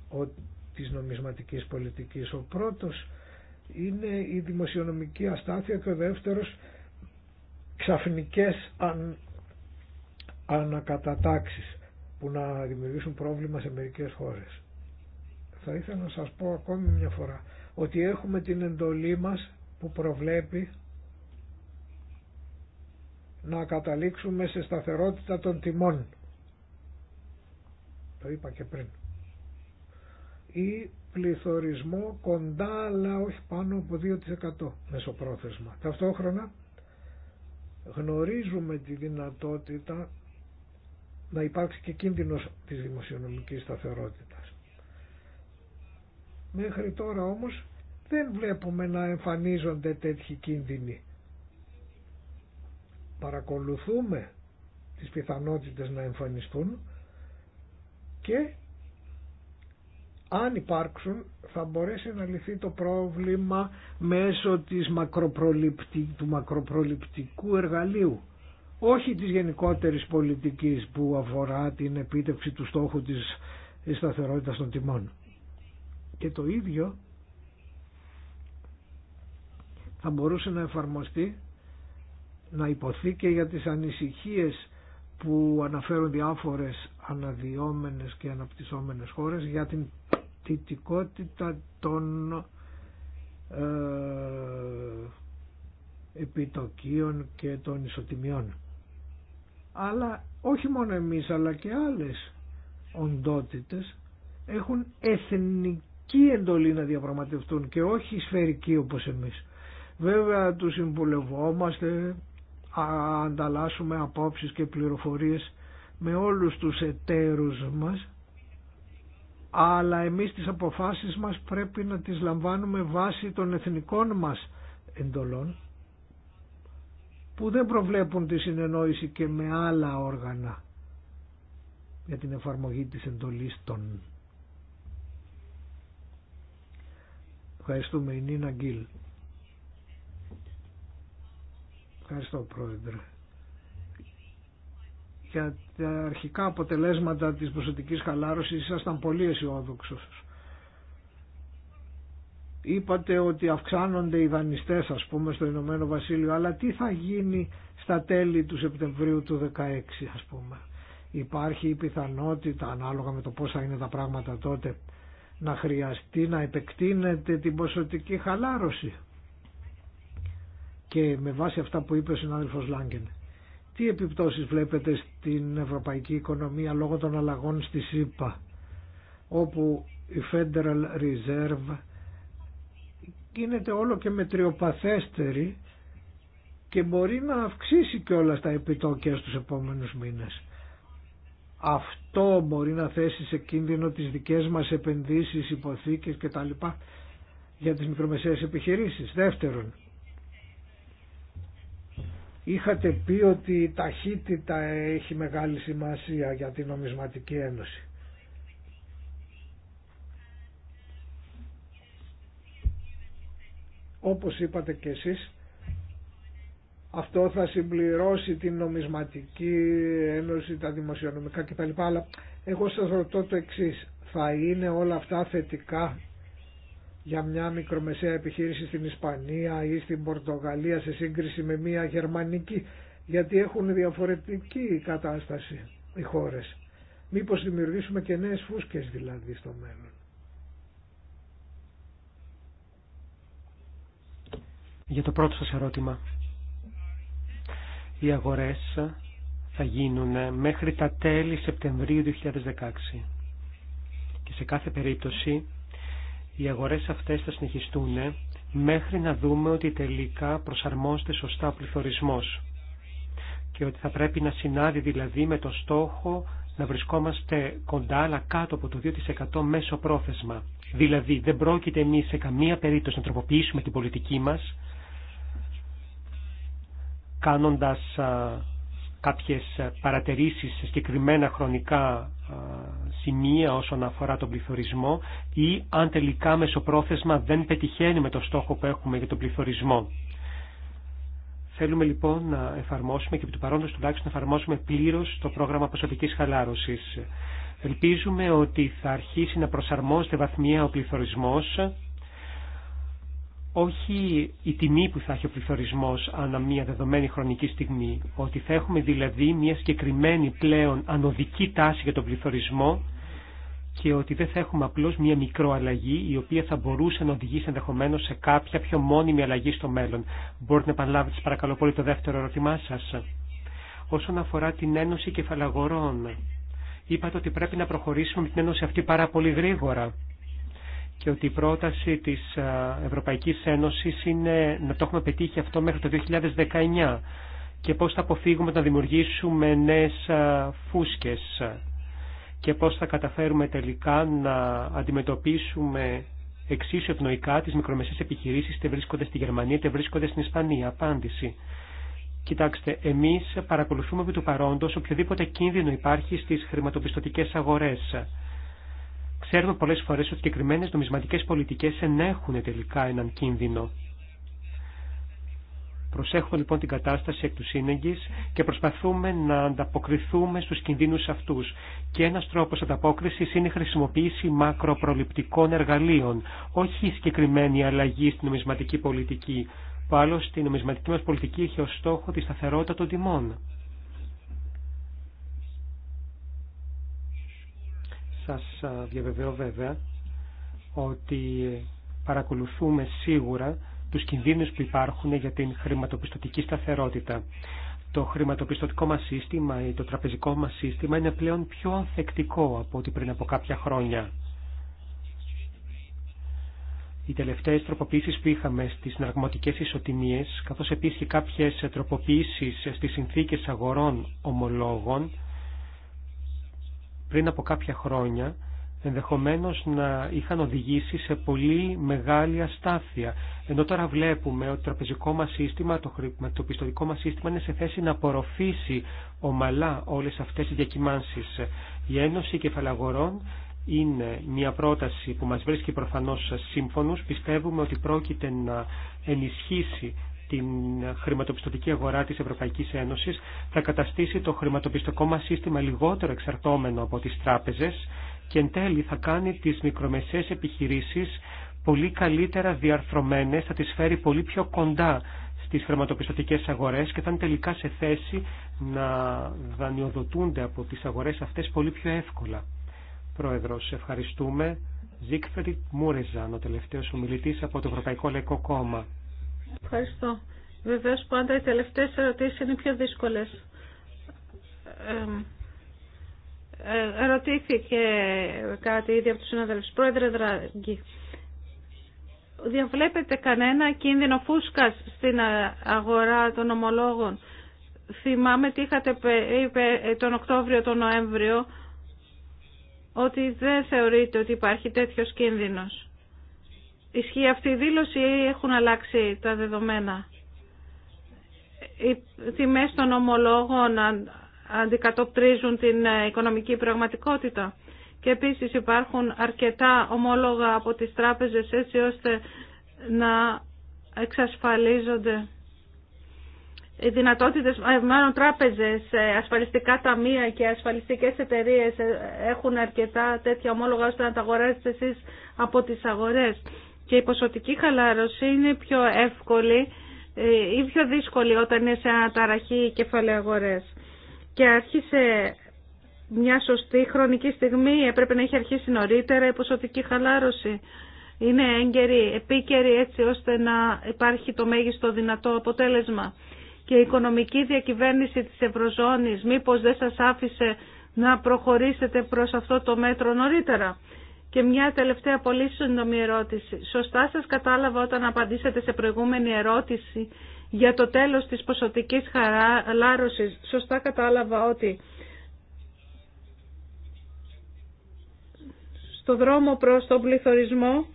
ο, της νομισματικής πολιτικής. Ο πρώτος είναι η δημοσιονομική αστάθεια και ο δεύτερος ξαφνικές αν, ανακατατάξεις που να δημιουργήσουν πρόβλημα σε μερικές χώρες. Θα ήθελα να σας πω ακόμη μια φορά ότι έχουμε την εντολή μας που προβλέπει να καταλήξουμε σε σταθερότητα των τιμών. Το είπα και πριν ή πληθωρισμό κοντά αλλά όχι πάνω από 2% μεσοπρόθεσμα. Ταυτόχρονα γνωρίζουμε τη δυνατότητα να υπάρξει και κίνδυνος της δημοσιονομικής σταθερότητας. Μέχρι τώρα όμως δεν βλέπουμε να εμφανίζονται τέτοιοι κίνδυνοι. Παρακολουθούμε τις πιθανότητες να εμφανιστούν και αν υπάρξουν θα μπορέσει να λυθεί το πρόβλημα μέσω της του μακροπροληπτικού εργαλείου όχι της γενικότερης πολιτικής που αφορά την επίτευξη του στόχου της σταθερότητας των τιμών. Και το ίδιο θα μπορούσε να εφαρμοστεί να υποθεί και για τις ανησυχίες που αναφέρουν διάφορες αναδυόμενες και αναπτυσσόμενες χώρες για την πτυτικότητα των ε, επιτοκίων και των ισοτιμιών. Αλλά όχι μόνο εμείς αλλά και άλλες οντότητες έχουν εθνική εντολή να διαπραγματευτούν και όχι σφαιρική όπως εμείς. Βέβαια τους συμβουλευόμαστε ανταλλάσσουμε απόψεις και πληροφορίες με όλους τους εταίρους μας αλλά εμείς τις αποφάσεις μας πρέπει να τις λαμβάνουμε βάσει των εθνικών μας εντολών που δεν προβλέπουν τη συνεννόηση και με άλλα όργανα για την εφαρμογή της εντολής των. Ευχαριστούμε η Νίνα Γκίλ. Ευχαριστώ Πρόεδρε. Για τα αρχικά αποτελέσματα της προσωπικής χαλάρωσης ήσασταν πολύ αισιόδοξο. Είπατε ότι αυξάνονται οι δανειστές ας πούμε στο Ηνωμένο Βασίλειο αλλά τι θα γίνει στα τέλη του Σεπτεμβρίου του 2016 ας πούμε. Υπάρχει η πιθανότητα ανάλογα με το πώς θα είναι τα πράγματα τότε να χρειαστεί να επεκτείνεται την ποσοτική χαλάρωση και με βάση αυτά που είπε ο συνάδελφος Λάγκεν. Τι επιπτώσεις βλέπετε στην ευρωπαϊκή οικονομία λόγω των αλλαγών στη ΣΥΠΑ όπου η Federal Reserve γίνεται όλο και μετριοπαθέστερη και μπορεί να αυξήσει και όλα τα επιτόκια στους επόμενους μήνες. Αυτό μπορεί να θέσει σε κίνδυνο τις δικές μας επενδύσεις, υποθήκες κτλ. για τις μικρομεσαίες επιχειρήσεις. Δεύτερον, Είχατε πει ότι η ταχύτητα έχει μεγάλη σημασία για την νομισματική ένωση. Όπως είπατε και εσείς, αυτό θα συμπληρώσει την νομισματική ένωση, τα δημοσιονομικά κτλ. εγώ σας ρωτώ το εξής, θα είναι όλα αυτά θετικά για μια μικρομεσαία επιχείρηση στην Ισπανία ή στην Πορτογαλία σε σύγκριση με μια γερμανική γιατί έχουν διαφορετική κατάσταση οι χώρες. Μήπως δημιουργήσουμε και νέες φούσκες δηλαδή στο μέλλον. Για το πρώτο σας ερώτημα. Οι αγορές θα γίνουν μέχρι τα τέλη Σεπτεμβρίου 2016. Και σε κάθε περίπτωση οι αγορές αυτές θα συνεχιστούν μέχρι να δούμε ότι τελικά προσαρμόζεται σωστά ο πληθωρισμός και ότι θα πρέπει να συνάδει δηλαδή με το στόχο να βρισκόμαστε κοντά αλλά κάτω από το 2% μέσο πρόθεσμα. Δηλαδή δεν πρόκειται εμεί σε καμία περίπτωση να τροποποιήσουμε την πολιτική μας κάνοντας κάποιες παρατερήσεις σε συγκεκριμένα χρονικά σημεία όσον αφορά τον πληθωρισμό ή αν τελικά μεσοπρόθεσμα δεν πετυχαίνει με το στόχο που έχουμε για τον πληθωρισμό. Θέλουμε λοιπόν να εφαρμόσουμε και επί του παρόντος τουλάχιστον να εφαρμόσουμε πλήρως το πρόγραμμα προσωπικής χαλάρωσης. Ελπίζουμε ότι θα αρχίσει να προσαρμόζεται βαθμιαία ο πληθωρισμός, όχι η τιμή που θα έχει ο πληθωρισμός ανά μια δεδομένη χρονική στιγμή, ότι θα έχουμε δηλαδή μια συγκεκριμένη πλέον ανωδική τάση για τον πληθωρισμό, και ότι δεν θα έχουμε απλώ μία μικρό αλλαγή η οποία θα μπορούσε να οδηγήσει ενδεχομένω σε κάποια πιο μόνιμη αλλαγή στο μέλλον. Μπορείτε να επαναλάβετε παρακαλώ πολύ το δεύτερο ερώτημά σα. Όσον αφορά την Ένωση Κεφαλαγορών, είπατε ότι πρέπει να προχωρήσουμε με την Ένωση αυτή πάρα πολύ γρήγορα και ότι η πρόταση της Ευρωπαϊκής Ένωσης είναι να το έχουμε πετύχει αυτό μέχρι το 2019 και πώς θα αποφύγουμε να δημιουργήσουμε νέες φούσκες και πώς θα καταφέρουμε τελικά να αντιμετωπίσουμε εξίσου ευνοϊκά τις μικρομεσαίες επιχειρήσεις είτε βρίσκονται στη Γερμανία είτε βρίσκονται στην Ισπανία. Απάντηση. Κοιτάξτε, εμείς παρακολουθούμε από το παρόντος οποιοδήποτε κίνδυνο υπάρχει στις χρηματοπιστωτικές αγορές. Ξέρουμε πολλές φορές ότι συγκεκριμένε νομισματικές πολιτικές ενέχουν τελικά έναν κίνδυνο. Προσέχουμε λοιπόν την κατάσταση εκ του σύνεγγυς και προσπαθούμε να ανταποκριθούμε στους κινδύνους αυτούς. Και ένας τρόπος ανταπόκρισης είναι η χρησιμοποίηση μακροπροληπτικών εργαλείων, όχι η συγκεκριμένη αλλαγή στην νομισματική πολιτική, που άλλωστε η νομισματική μας πολιτική έχει ως στόχο τη σταθερότητα των τιμών. Σας διαβεβαιώ βέβαια ότι παρακολουθούμε σίγουρα τους κινδύνους που υπάρχουν για την χρηματοπιστωτική σταθερότητα. Το χρηματοπιστωτικό μας σύστημα ή το τραπεζικό μας σύστημα είναι πλέον πιο ανθεκτικό από ό,τι πριν από κάποια χρόνια. Οι τελευταίες τροποποίησεις που είχαμε στις ναρκωτικές ισοτιμίες, καθώς επίσης και κάποιες τροποποίησεις στις συνθήκες αγορών ομολόγων, πριν από κάποια χρόνια ενδεχομένως να είχαν οδηγήσει σε πολύ μεγάλη αστάθεια. Ενώ τώρα βλέπουμε ότι το τραπεζικό μας σύστημα, το χρηματοπιστωτικό μας σύστημα είναι σε θέση να απορροφήσει ομαλά όλες αυτές τις διακυμάνσεις. Η Ένωση Κεφαλαγορών είναι μια πρόταση που μας βρίσκει προφανώς σύμφωνους. Πιστεύουμε ότι πρόκειται να ενισχύσει την χρηματοπιστωτική αγορά της Ευρωπαϊκής Ένωσης θα καταστήσει το χρηματοπιστωτικό μας σύστημα λιγότερο εξαρτώμενο από τις τράπεζες και εν τέλει θα κάνει τις μικρομεσαίες επιχειρήσεις πολύ καλύτερα διαρθρωμένες, θα τις φέρει πολύ πιο κοντά στις χρηματοπιστωτικές αγορές και θα είναι τελικά σε θέση να δανειοδοτούνται από τις αγορές αυτές πολύ πιο εύκολα. Πρόεδρος, ευχαριστούμε. Ζίκφερη Μούρεζαν, ο τελευταίος ομιλητής από το Ευρωπαϊκό Λαϊκό Κόμμα. Ευχαριστώ. Βεβαίως πάντα οι τελευταίες ερωτήσεις είναι πιο δύσκολες. Ε, ε, ρωτήθηκε κάτι ήδη από τους συναδελφούς. Πρόεδρε Δραγκή, διαβλέπετε κανένα κίνδυνο φούσκας στην αγορά των ομολόγων. Θυμάμαι τι είχατε είπε τον Οκτώβριο, τον Νοέμβριο, ότι δεν θεωρείτε ότι υπάρχει τέτοιος κίνδυνος. Ισχύει αυτή η δήλωση ή έχουν αλλάξει τα δεδομένα. Οι τιμές των ομολόγων αντικατοπτρίζουν την ε, οικονομική πραγματικότητα. Και επίσης υπάρχουν αρκετά ομόλογα από τις τράπεζες έτσι ώστε να εξασφαλίζονται οι δυνατότητες, ε, μάλλον τράπεζες, ε, ασφαλιστικά ταμεία και ασφαλιστικές εταιρείες έχουν αρκετά τέτοια ομόλογα ώστε να τα αγοράσετε εσείς από τις αγορές. Και η ποσοτική χαλάρωση είναι πιο εύκολη ή πιο δύσκολη όταν είναι σε αναταραχή κεφαλαίου αγορές και άρχισε μια σωστή χρονική στιγμή, έπρεπε να έχει αρχίσει νωρίτερα η ποσοτική χαλάρωση. Είναι έγκαιρη, επίκαιρη έτσι ώστε να υπάρχει το μέγιστο δυνατό αποτέλεσμα. Και η οικονομική διακυβέρνηση της Ευρωζώνης μήπως δεν σας άφησε να προχωρήσετε προς αυτό το μέτρο νωρίτερα. Και μια τελευταία πολύ σύντομη ερώτηση. Σωστά σας κατάλαβα όταν απαντήσατε σε προηγούμενη ερώτηση για το τέλος της ποσοτικής χαλάρωσης. Σωστά κατάλαβα ότι στο δρόμο προς τον πληθωρισμό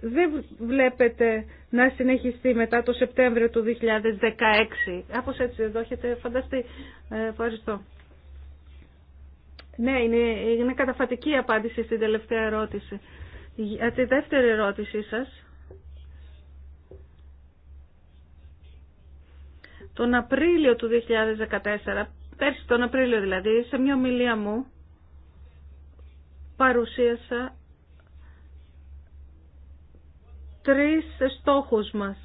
δεν βλέπετε να συνεχιστεί μετά το Σεπτέμβριο του 2016. απός έτσι εδώ έχετε φανταστεί. Ε, ευχαριστώ. Ναι, είναι, είναι καταφατική απάντηση στην τελευταία ερώτηση. Για τη δεύτερη ερώτησή σας, τον Απρίλιο του 2014, πέρσι τον Απρίλιο δηλαδή, σε μια ομιλία μου παρουσίασα τρεις στόχους μας.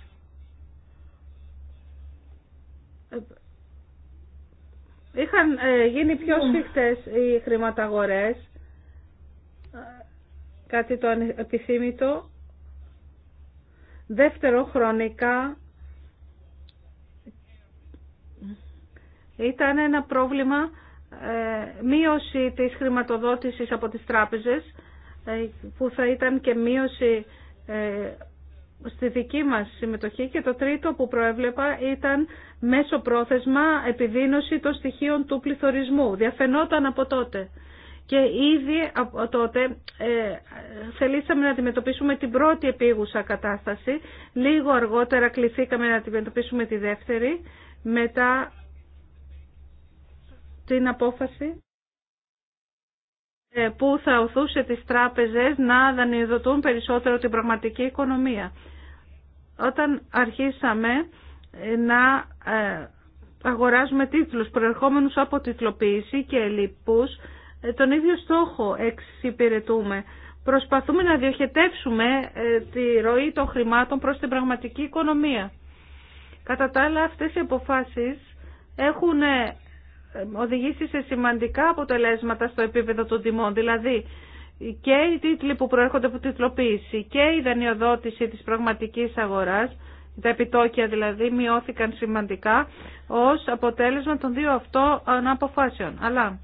Είχαν ε, γίνει πιο λοιπόν. σφιχτές οι χρηματαγορές, κάτι το επιθύμητο. Δεύτερο, χρονικά ήταν ένα πρόβλημα ε, μείωση της χρηματοδότησης από τις τράπεζες ε, που θα ήταν και μείωση ε, στη δική μας συμμετοχή και το τρίτο που προέβλεπα ήταν μέσω πρόθεσμα επιδείνωση των στοιχείων του πληθωρισμού. Διαφαινόταν από τότε. Και ήδη από τότε θελήσαμε να αντιμετωπίσουμε την πρώτη επίγουσα κατάσταση. Λίγο αργότερα κληθήκαμε να αντιμετωπίσουμε τη δεύτερη. Μετά την απόφαση ε, που θα οθούσε τις τράπεζες να δανειοδοτούν περισσότερο την πραγματική οικονομία. Όταν αρχίσαμε ε, να ε, αγοράζουμε τίτλους προερχόμενους από τιτλοποίηση και λοιπούς, τον ίδιο στόχο εξυπηρετούμε. Προσπαθούμε να διοχετεύσουμε τη ροή των χρημάτων προς την πραγματική οικονομία. Κατά τα άλλα, αυτές οι αποφάσεις έχουν ε, οδηγήσει σε σημαντικά αποτελέσματα στο επίπεδο των τιμών. Δηλαδή και οι τίτλοι που προέρχονται από τιτλοποίηση και η δανειοδότηση της πραγματικής αγοράς, τα επιτόκια δηλαδή μειώθηκαν σημαντικά ως αποτέλεσμα των δύο αυτών ε, αποφάσεων. Αλλά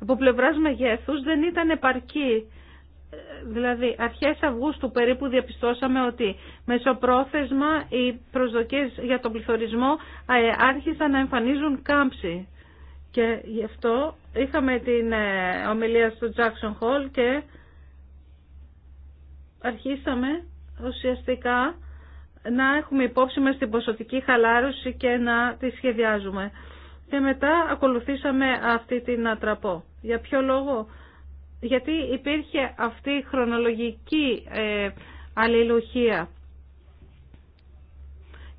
από πλευράς μεγέθους δεν ήταν επαρκή Δηλαδή, αρχές Αυγούστου περίπου διαπιστώσαμε ότι μεσοπρόθεσμα οι προσδοκίες για τον πληθωρισμό ε, άρχισαν να εμφανίζουν κάμψη. Και γι' αυτό είχαμε την ε, ομιλία στο Jackson Hall και αρχίσαμε ουσιαστικά να έχουμε υπόψη μας την ποσοτική χαλάρωση και να τη σχεδιάζουμε. Και μετά ακολουθήσαμε αυτή την ατραπό. Για ποιο λόγο γιατί υπήρχε αυτή η χρονολογική ε, αλληλουχία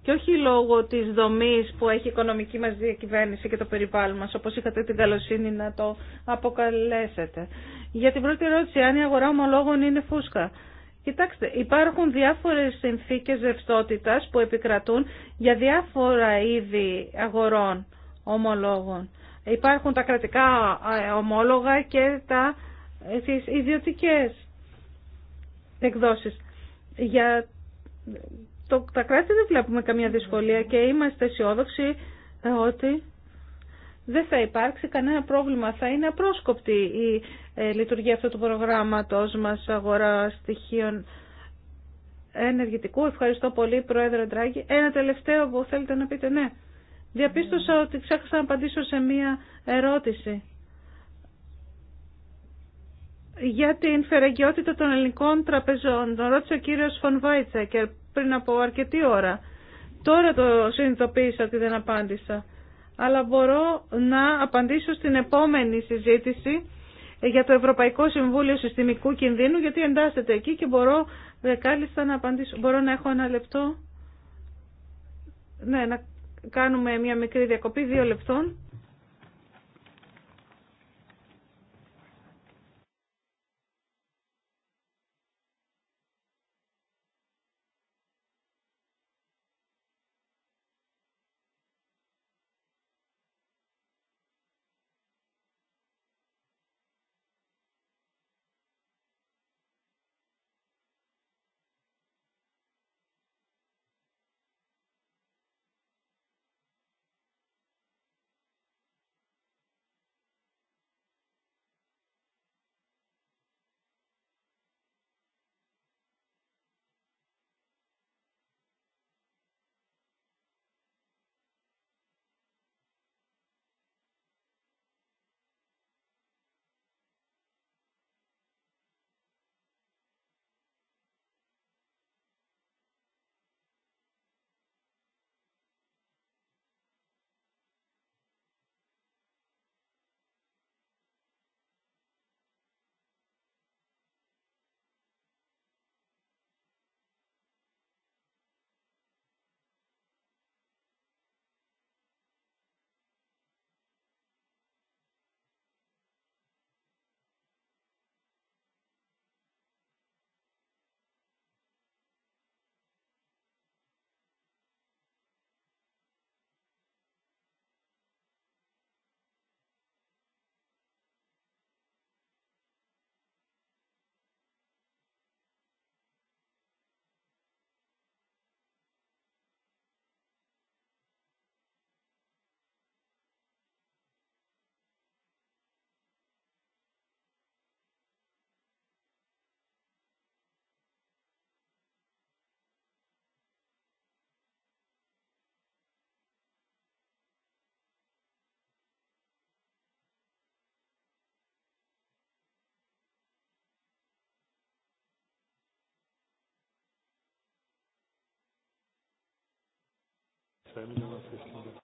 και όχι λόγω της δομής που έχει η οικονομική μας διακυβέρνηση και το περιβάλλον μας, όπως είχατε την καλοσύνη να το αποκαλέσετε. Για την πρώτη ερώτηση, αν η αγορά ομολόγων είναι φούσκα. Κοιτάξτε, υπάρχουν διάφορες συνθήκες ρευστότητας που επικρατούν για διάφορα είδη αγορών ομολόγων. Υπάρχουν τα κρατικά ε, ομόλογα και τα τις ιδιωτικές εκδόσεις. Για το, τα κράτη δεν βλέπουμε καμία δυσκολία και είμαστε αισιόδοξοι ε, ότι δεν θα υπάρξει κανένα πρόβλημα. Θα είναι απρόσκοπτη η ε, λειτουργία αυτού του προγράμματος μας αγορά στοιχείων ενεργητικού. Ευχαριστώ πολύ, Πρόεδρε Ντράγκη. Ένα τελευταίο που θέλετε να πείτε, ναι. Διαπίστωσα ότι ξέχασα να απαντήσω σε μία ερώτηση για την φεραγγιότητα των ελληνικών τραπεζών. Τον ρώτησε ο κύριος Φον και πριν από αρκετή ώρα. Τώρα το συνειδητοποίησα ότι δεν απάντησα. Αλλά μπορώ να απαντήσω στην επόμενη συζήτηση για το Ευρωπαϊκό Συμβούλιο Συστημικού Κινδύνου, γιατί εντάσσεται εκεί και μπορώ δεκάλιστα να απαντήσω. Μπορώ να έχω ένα λεπτό. Ναι, να κάνουμε μια μικρή διακοπή δύο λεπτών. family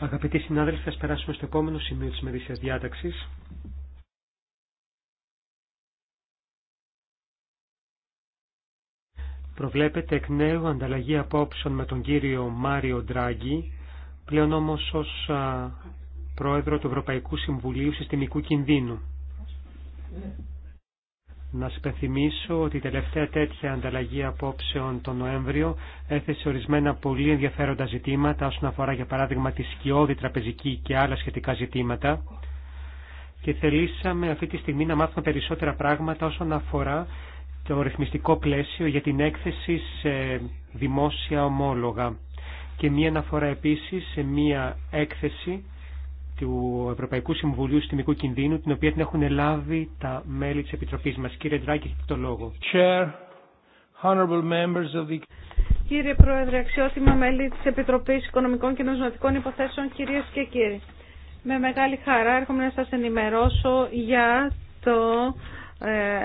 Αγαπητοί συνάδελφοι, θα περάσουμε στο επόμενο σημείο της μερίσιας διάταξης. Προβλέπεται εκ νέου ανταλλαγή απόψεων με τον κύριο Μάριο Ντράγκη, πλέον όμως ως πρόεδρο του Ευρωπαϊκού Συμβουλίου Συστημικού Κινδύνου. Να σας πενθυμίσω ότι η τελευταία τέτοια ανταλλαγή απόψεων τον Νοέμβριο έθεσε ορισμένα πολύ ενδιαφέροντα ζητήματα όσον αφορά για παράδειγμα τη σκιώδη τραπεζική και άλλα σχετικά ζητήματα και θελήσαμε αυτή τη στιγμή να μάθουμε περισσότερα πράγματα όσον αφορά το ρυθμιστικό πλαίσιο για την έκθεση σε δημόσια ομόλογα και μία αναφορά επίσης σε μία έκθεση του Ευρωπαϊκού Συμβουλίου Συστημικού Κινδύνου, την οποία την έχουν λάβει τα μέλη της Επιτροπής μας. Κύριε Ντράκη, έχετε το λόγο. Chair, honorable members of the... Κύριε Πρόεδρε, αξιότιμα μέλη της Επιτροπής Οικονομικών και Νοσηματικών Υποθέσεων, κυρίες και κύριοι. Με μεγάλη χαρά έρχομαι να σας ενημερώσω για το ε,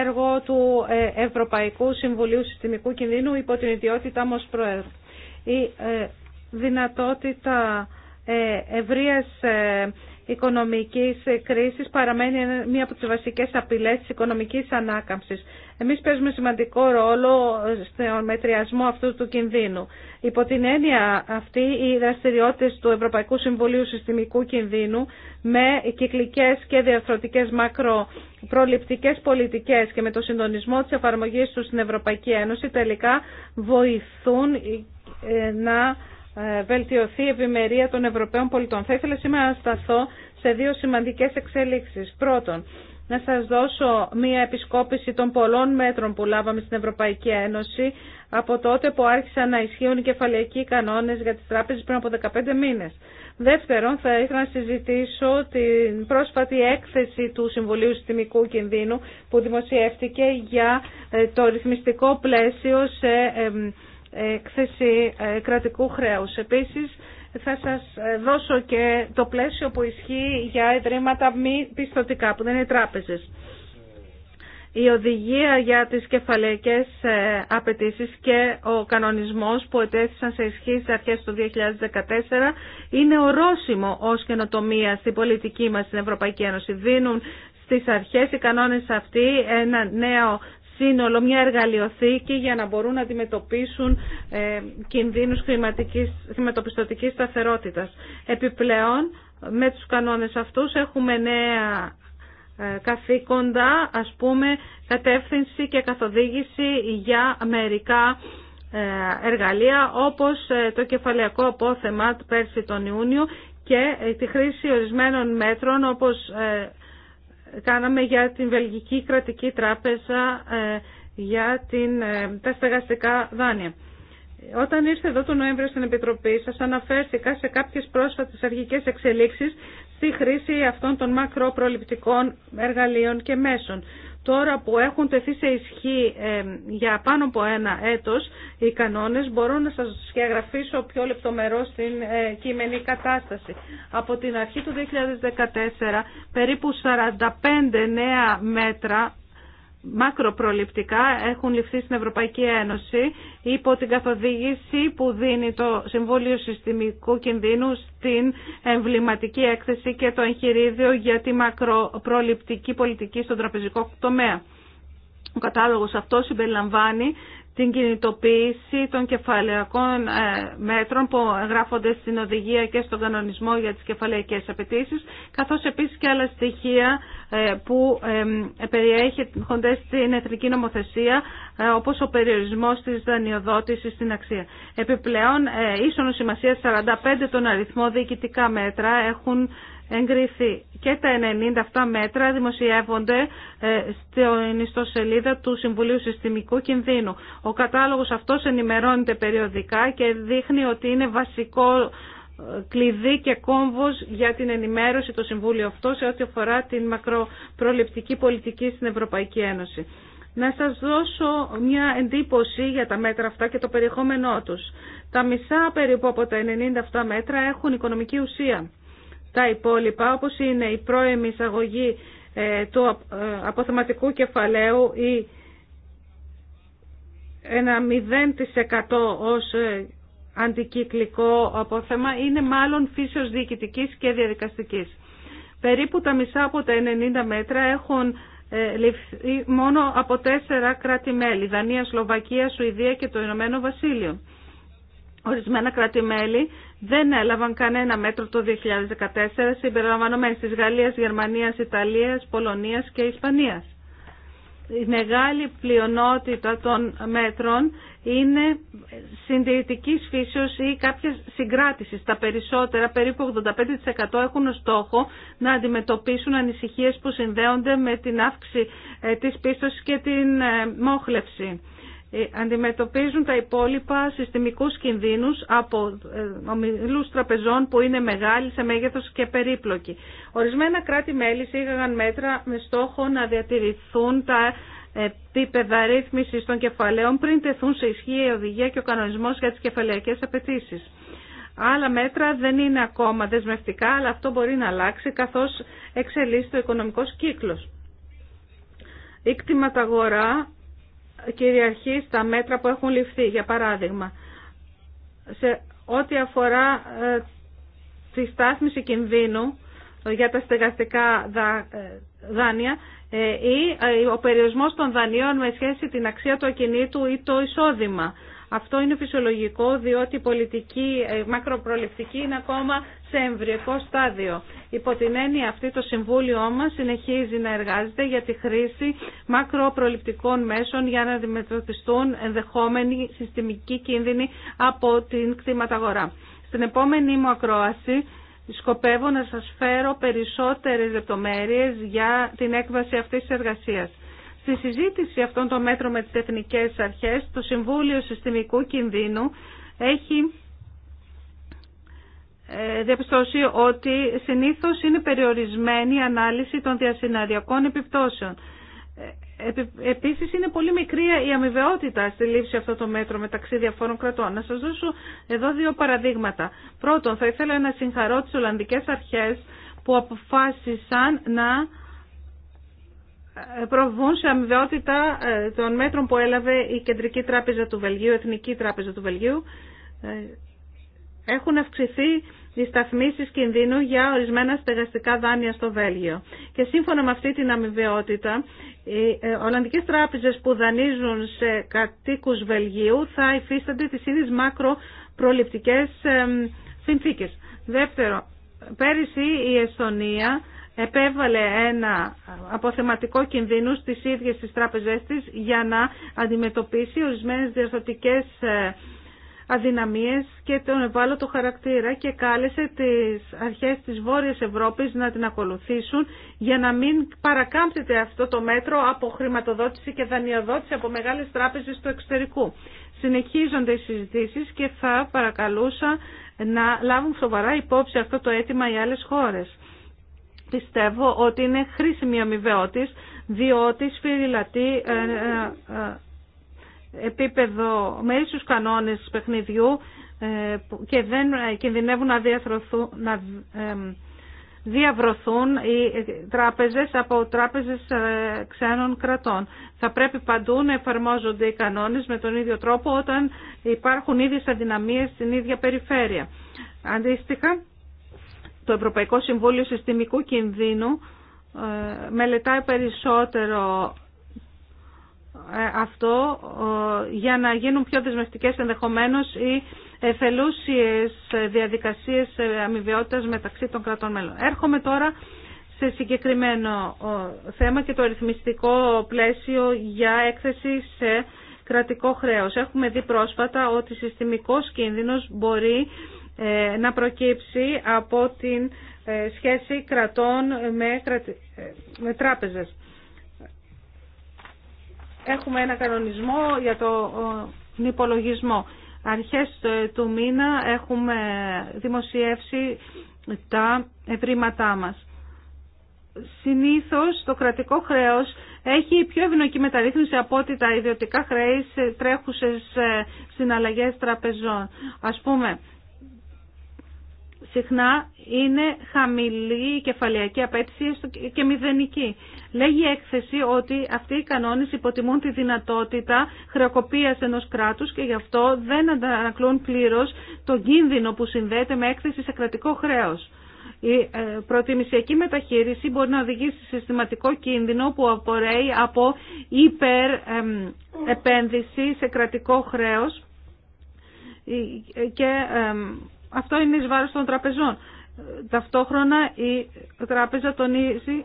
έργο του ε, Ευρωπαϊκού Συμβουλίου Συστημικού Κινδύνου υπό την ιδιότητά μου ως Πρόεδρο. Ε, δυνατότητα ε, ευρείας ε, οικονομικής κρίσης παραμένει μία από τις βασικές απειλές της οικονομικής ανάκαμψης. Εμείς παίζουμε σημαντικό ρόλο στον μετριασμό αυτού του κινδύνου. Υπό την έννοια αυτή, οι δραστηριότητες του Ευρωπαϊκού Συμβουλίου Συστημικού Κινδύνου με κυκλικές και διαφορετικές μακροπροληπτικές πολιτικές και με το συντονισμό της εφαρμογής του στην Ευρωπαϊκή Ένωση τελικά βοηθούν ε, να ε, βελτιωθεί η ευημερία των Ευρωπαίων πολιτών. Θα ήθελα σήμερα να σταθώ σε δύο σημαντικές εξέλιξεις. Πρώτον, να σας δώσω μία επισκόπηση των πολλών μέτρων που λάβαμε στην Ευρωπαϊκή Ένωση από τότε που άρχισαν να ισχύουν οι κεφαλαιακοί κανόνες για τις τράπεζες πριν από 15 μήνες. Δεύτερον, θα ήθελα να συζητήσω την πρόσφατη έκθεση του Συμβουλίου Συστημικού Κινδύνου που δημοσιεύτηκε για ε, το ρυθμιστικό πλαίσιο σε έκθεση ε, κρατικού χρέους. Επίσης, θα σας ε, δώσω και το πλαίσιο που ισχύει για ιδρύματα μη πιστοτικά, που δεν είναι τράπεζες. Η οδηγία για τις κεφαλαϊκές ε, απαιτήσεις και ο κανονισμός που ετέθησαν σε ισχύ στις αρχές του 2014 είναι ορόσημο ως καινοτομία στην πολιτική μας στην Ευρωπαϊκή Ένωση. Δίνουν στις αρχές οι κανόνες αυτοί ένα νέο σύνολο, μια εργαλειοθήκη για να μπορούν να αντιμετωπίσουν ε, κινδύνους χρηματοπιστωτικής σταθερότητας. Επιπλέον, με τους κανόνες αυτούς έχουμε νέα ε, καθήκοντα, ας πούμε, κατεύθυνση και καθοδήγηση για μερικά ε, εργαλεία όπως ε, το κεφαλαιακό απόθεμα πέρσι τον Ιούνιο και τη χρήση ορισμένων μέτρων όπως κάναμε για την Βελγική Κρατική Τράπεζα ε, για την, ε, τα στεγαστικά δάνεια. Όταν ήρθε εδώ τον Νοέμβριο στην Επιτροπή σας αναφέρθηκα σε κάποιες πρόσφατες αρχικές εξελίξεις στη χρήση αυτών των μακροπροληπτικών εργαλείων και μέσων. Τώρα που έχουν τεθεί σε ισχύ ε, για πάνω από ένα έτος οι κανόνες, μπορώ να σας διαγραφήσω πιο λεπτομερώς στην ε, κείμενη κατάσταση. Από την αρχή του 2014, περίπου 45 νέα μέτρα μακροπροληπτικά έχουν ληφθεί στην Ευρωπαϊκή Ένωση υπό την καθοδήγηση που δίνει το Συμβούλιο Συστημικού Κινδύνου στην εμβληματική έκθεση και το εγχειρίδιο για τη μακροπροληπτική πολιτική στον τραπεζικό τομέα. Ο κατάλογος αυτό συμπεριλαμβάνει την κινητοποίηση των κεφαλαιακών ε, μέτρων που γράφονται στην οδηγία και στον κανονισμό για τις κεφαλαιακές απαιτήσει, καθώς επίσης και άλλα στοιχεία ε, που περιέχονται στην εθνική νομοθεσία, ε, όπως ο περιορισμός της δανειοδότησης στην αξία. Επιπλέον, ίσονο σημασία 45 των αριθμών διοικητικά μέτρα έχουν εγκριθεί. Και τα 90 αυτά μέτρα δημοσιεύονται ε, στην ιστοσελίδα του Συμβουλίου Συστημικού Κινδύνου. Ο κατάλογος αυτός ενημερώνεται περιοδικά και δείχνει ότι είναι βασικό ε, κλειδί και κόμβος για την ενημέρωση το Συμβούλιο αυτό σε ό,τι αφορά την μακροπροληπτική πολιτική στην Ευρωπαϊκή Ένωση. Να σας δώσω μια εντύπωση για τα μέτρα αυτά και το περιεχόμενό τους. Τα μισά περίπου από τα 97 αυτά μέτρα έχουν οικονομική ουσία τα υπόλοιπα, όπως είναι η πρώιμη εισαγωγή ε, του ε, αποθεματικού κεφαλαίου ή ένα 0% ως ε, αντικυκλικό απόθεμα, είναι μάλλον φύσεως διοικητικής και διαδικαστικής. Περίπου τα μισά από τα 90 μέτρα έχουν ληφθεί μόνο από τέσσερα κράτη-μέλη, Δανία, Σλοβακία, Σουηδία και το Ηνωμένο Βασίλειο. Ορισμένα κράτη-μέλη δεν έλαβαν κανένα μέτρο το 2014 συμπεριλαμβανομένες της Γαλλίας, Γερμανίας, Ιταλίας, Πολωνίας και Ισπανίας. Η μεγάλη πλειονότητα των μέτρων είναι συντηρητικής φύσεως ή κάποια συγκράτησης. Τα περισσότερα, περίπου 85% έχουν στόχο να αντιμετωπίσουν ανησυχίες που συνδέονται με την αύξηση ε, της πίστοσης και την ε, μόχλευση. Ε, αντιμετωπίζουν τα υπόλοιπα συστημικούς κινδύνους από ε, ομιλούς τραπεζών που είναι μεγάλοι σε μέγεθος και περίπλοκοι. Ορισμένα κράτη-μέλη σήγαγαν μέτρα με στόχο να διατηρηθούν τα επίπεδα ρύθμισης των κεφαλαίων πριν τεθούν σε ισχύ η οδηγία και ο κανονισμός για τις κεφαλαιακές απαιτήσει. Άλλα μέτρα δεν είναι ακόμα δεσμευτικά, αλλά αυτό μπορεί να αλλάξει καθώς εξελίσσεται ο οικονομικός κύκλος. τα κτηματαγορά κυριαρχεί στα μέτρα που έχουν ληφθεί. Για παράδειγμα, σε ό,τι αφορά ε, τη στάθμιση κινδύνου ε, για τα στεγαστικά ε, δάνεια ή ο περιορισμός των δανείων με σχέση την αξία του ακινήτου ή το εισόδημα. Αυτό είναι φυσιολογικό διότι η πολιτική ε, μακροπροληπτική είναι ακόμα σε εμβριακό στάδιο. Υπό την έννοια αυτή το Συμβούλιο μας συνεχίζει να εργάζεται για τη χρήση μακροπροληπτικών μέσων για να αντιμετωπιστούν ενδεχόμενοι συστημικοί κίνδυνοι από την κτηματαγορά. Στην επόμενη μου ακρόαση σκοπεύω να σας φέρω περισσότερες λεπτομέρειες για την έκβαση αυτής της εργασίας. Στη συζήτηση αυτών των μέτρων με τις εθνικές αρχές, το Συμβούλιο Συστημικού Κινδύνου έχει ε, διαπιστώσει ότι συνήθως είναι περιορισμένη η ανάλυση των διασυναριακών επιπτώσεων. Ε, επίσης είναι πολύ μικρή η αμοιβαιότητα στη λήψη αυτό το μέτρο μεταξύ διαφόρων κρατών. Να σας δώσω εδώ δύο παραδείγματα. Πρώτον, θα ήθελα να συγχαρώ τις Ολλανδικές Αρχές που αποφάσισαν να προβούν σε αμοιβαιότητα ε, των μέτρων που έλαβε η Κεντρική Τράπεζα του Βελγίου, η Εθνική Τράπεζα του Βελγίου. Ε, έχουν αυξηθεί οι σταθμίσεις κινδύνου για ορισμένα στεγαστικά δάνεια στο Βέλγιο. Και σύμφωνα με αυτή την αμοιβαιότητα, οι ε, Ολλανδικές τράπεζες που δανείζουν σε κατοίκους Βελγίου θα υφίστανται τις ίδιες μακροπροληπτικές συνθήκες. Δεύτερο, πέρυσι η Εστονία επέβαλε ένα αποθεματικό κινδύνου στις ίδιες τις τράπεζές της για να αντιμετωπίσει ορισμένες διαστατικές ε, αδυναμίες και τον ευάλωτο χαρακτήρα και κάλεσε τις αρχές της Βόρειας Ευρώπης να την ακολουθήσουν για να μην παρακάμπτεται αυτό το μέτρο από χρηματοδότηση και δανειοδότηση από μεγάλες τράπεζες του εξωτερικού. Συνεχίζονται οι συζητήσεις και θα παρακαλούσα να λάβουν σοβαρά υπόψη αυτό το αίτημα οι άλλες χώρες πιστεύω ότι είναι χρήσιμη αμοιβαιότης, διότι σφυριλατεί ε, ε, ε, επίπεδο με ίσους κανόνες παιχνιδιού και δεν κινδυνεύουν να, να διαβρωθούν οι τράπεζες από τράπεζες ξένων κρατών. Θα πρέπει παντού να εφαρμόζονται οι κανόνες με τον ίδιο τρόπο όταν υπάρχουν ίδιες αδυναμίες στην ίδια περιφέρεια. Αντίστοιχα, το Ευρωπαϊκό Συμβούλιο Συστημικού Κινδύνου ε, μελετάει περισσότερο ε, αυτό ε, για να γίνουν πιο δεσμευτικές ενδεχομένως οι εφελούσιες διαδικασίες αμοιβαιότητας μεταξύ των κρατών μέλων. Έρχομαι τώρα σε συγκεκριμένο θέμα και το αριθμιστικό πλαίσιο για έκθεση σε κρατικό χρέος. Έχουμε δει πρόσφατα ότι συστημικός κίνδυνος μπορεί ε, να προκύψει από την ε, σχέση κρατών με, ε, με τράπεζες. Έχουμε ένα κανονισμό για τον υπολογισμό. Αρχές του μήνα έχουμε δημοσιεύσει τα ευρήματά μας. Συνήθως το κρατικό χρέος έχει πιο ευνοϊκή μεταρρύθμιση από ό,τι τα ιδιωτικά χρέη σε τρέχουσες συναλλαγές τραπεζών. Ας πούμε, συχνά είναι χαμηλή η κεφαλιακή απέτηση και μηδενική. Λέγει η έκθεση ότι αυτοί οι κανόνες υποτιμούν τη δυνατότητα χρεοκοπίας ενός κράτους και γι' αυτό δεν ανακλούν πλήρως τον κίνδυνο που συνδέεται με έκθεση σε κρατικό χρέος. Η ε, προτιμησιακή μεταχείριση μπορεί να οδηγήσει σε συστηματικό κίνδυνο που απορρέει από υπερεπένδυση σε κρατικό χρέος ε, και αυτό είναι εις βάρος των τραπεζών. Ταυτόχρονα η τράπεζα τονίζει,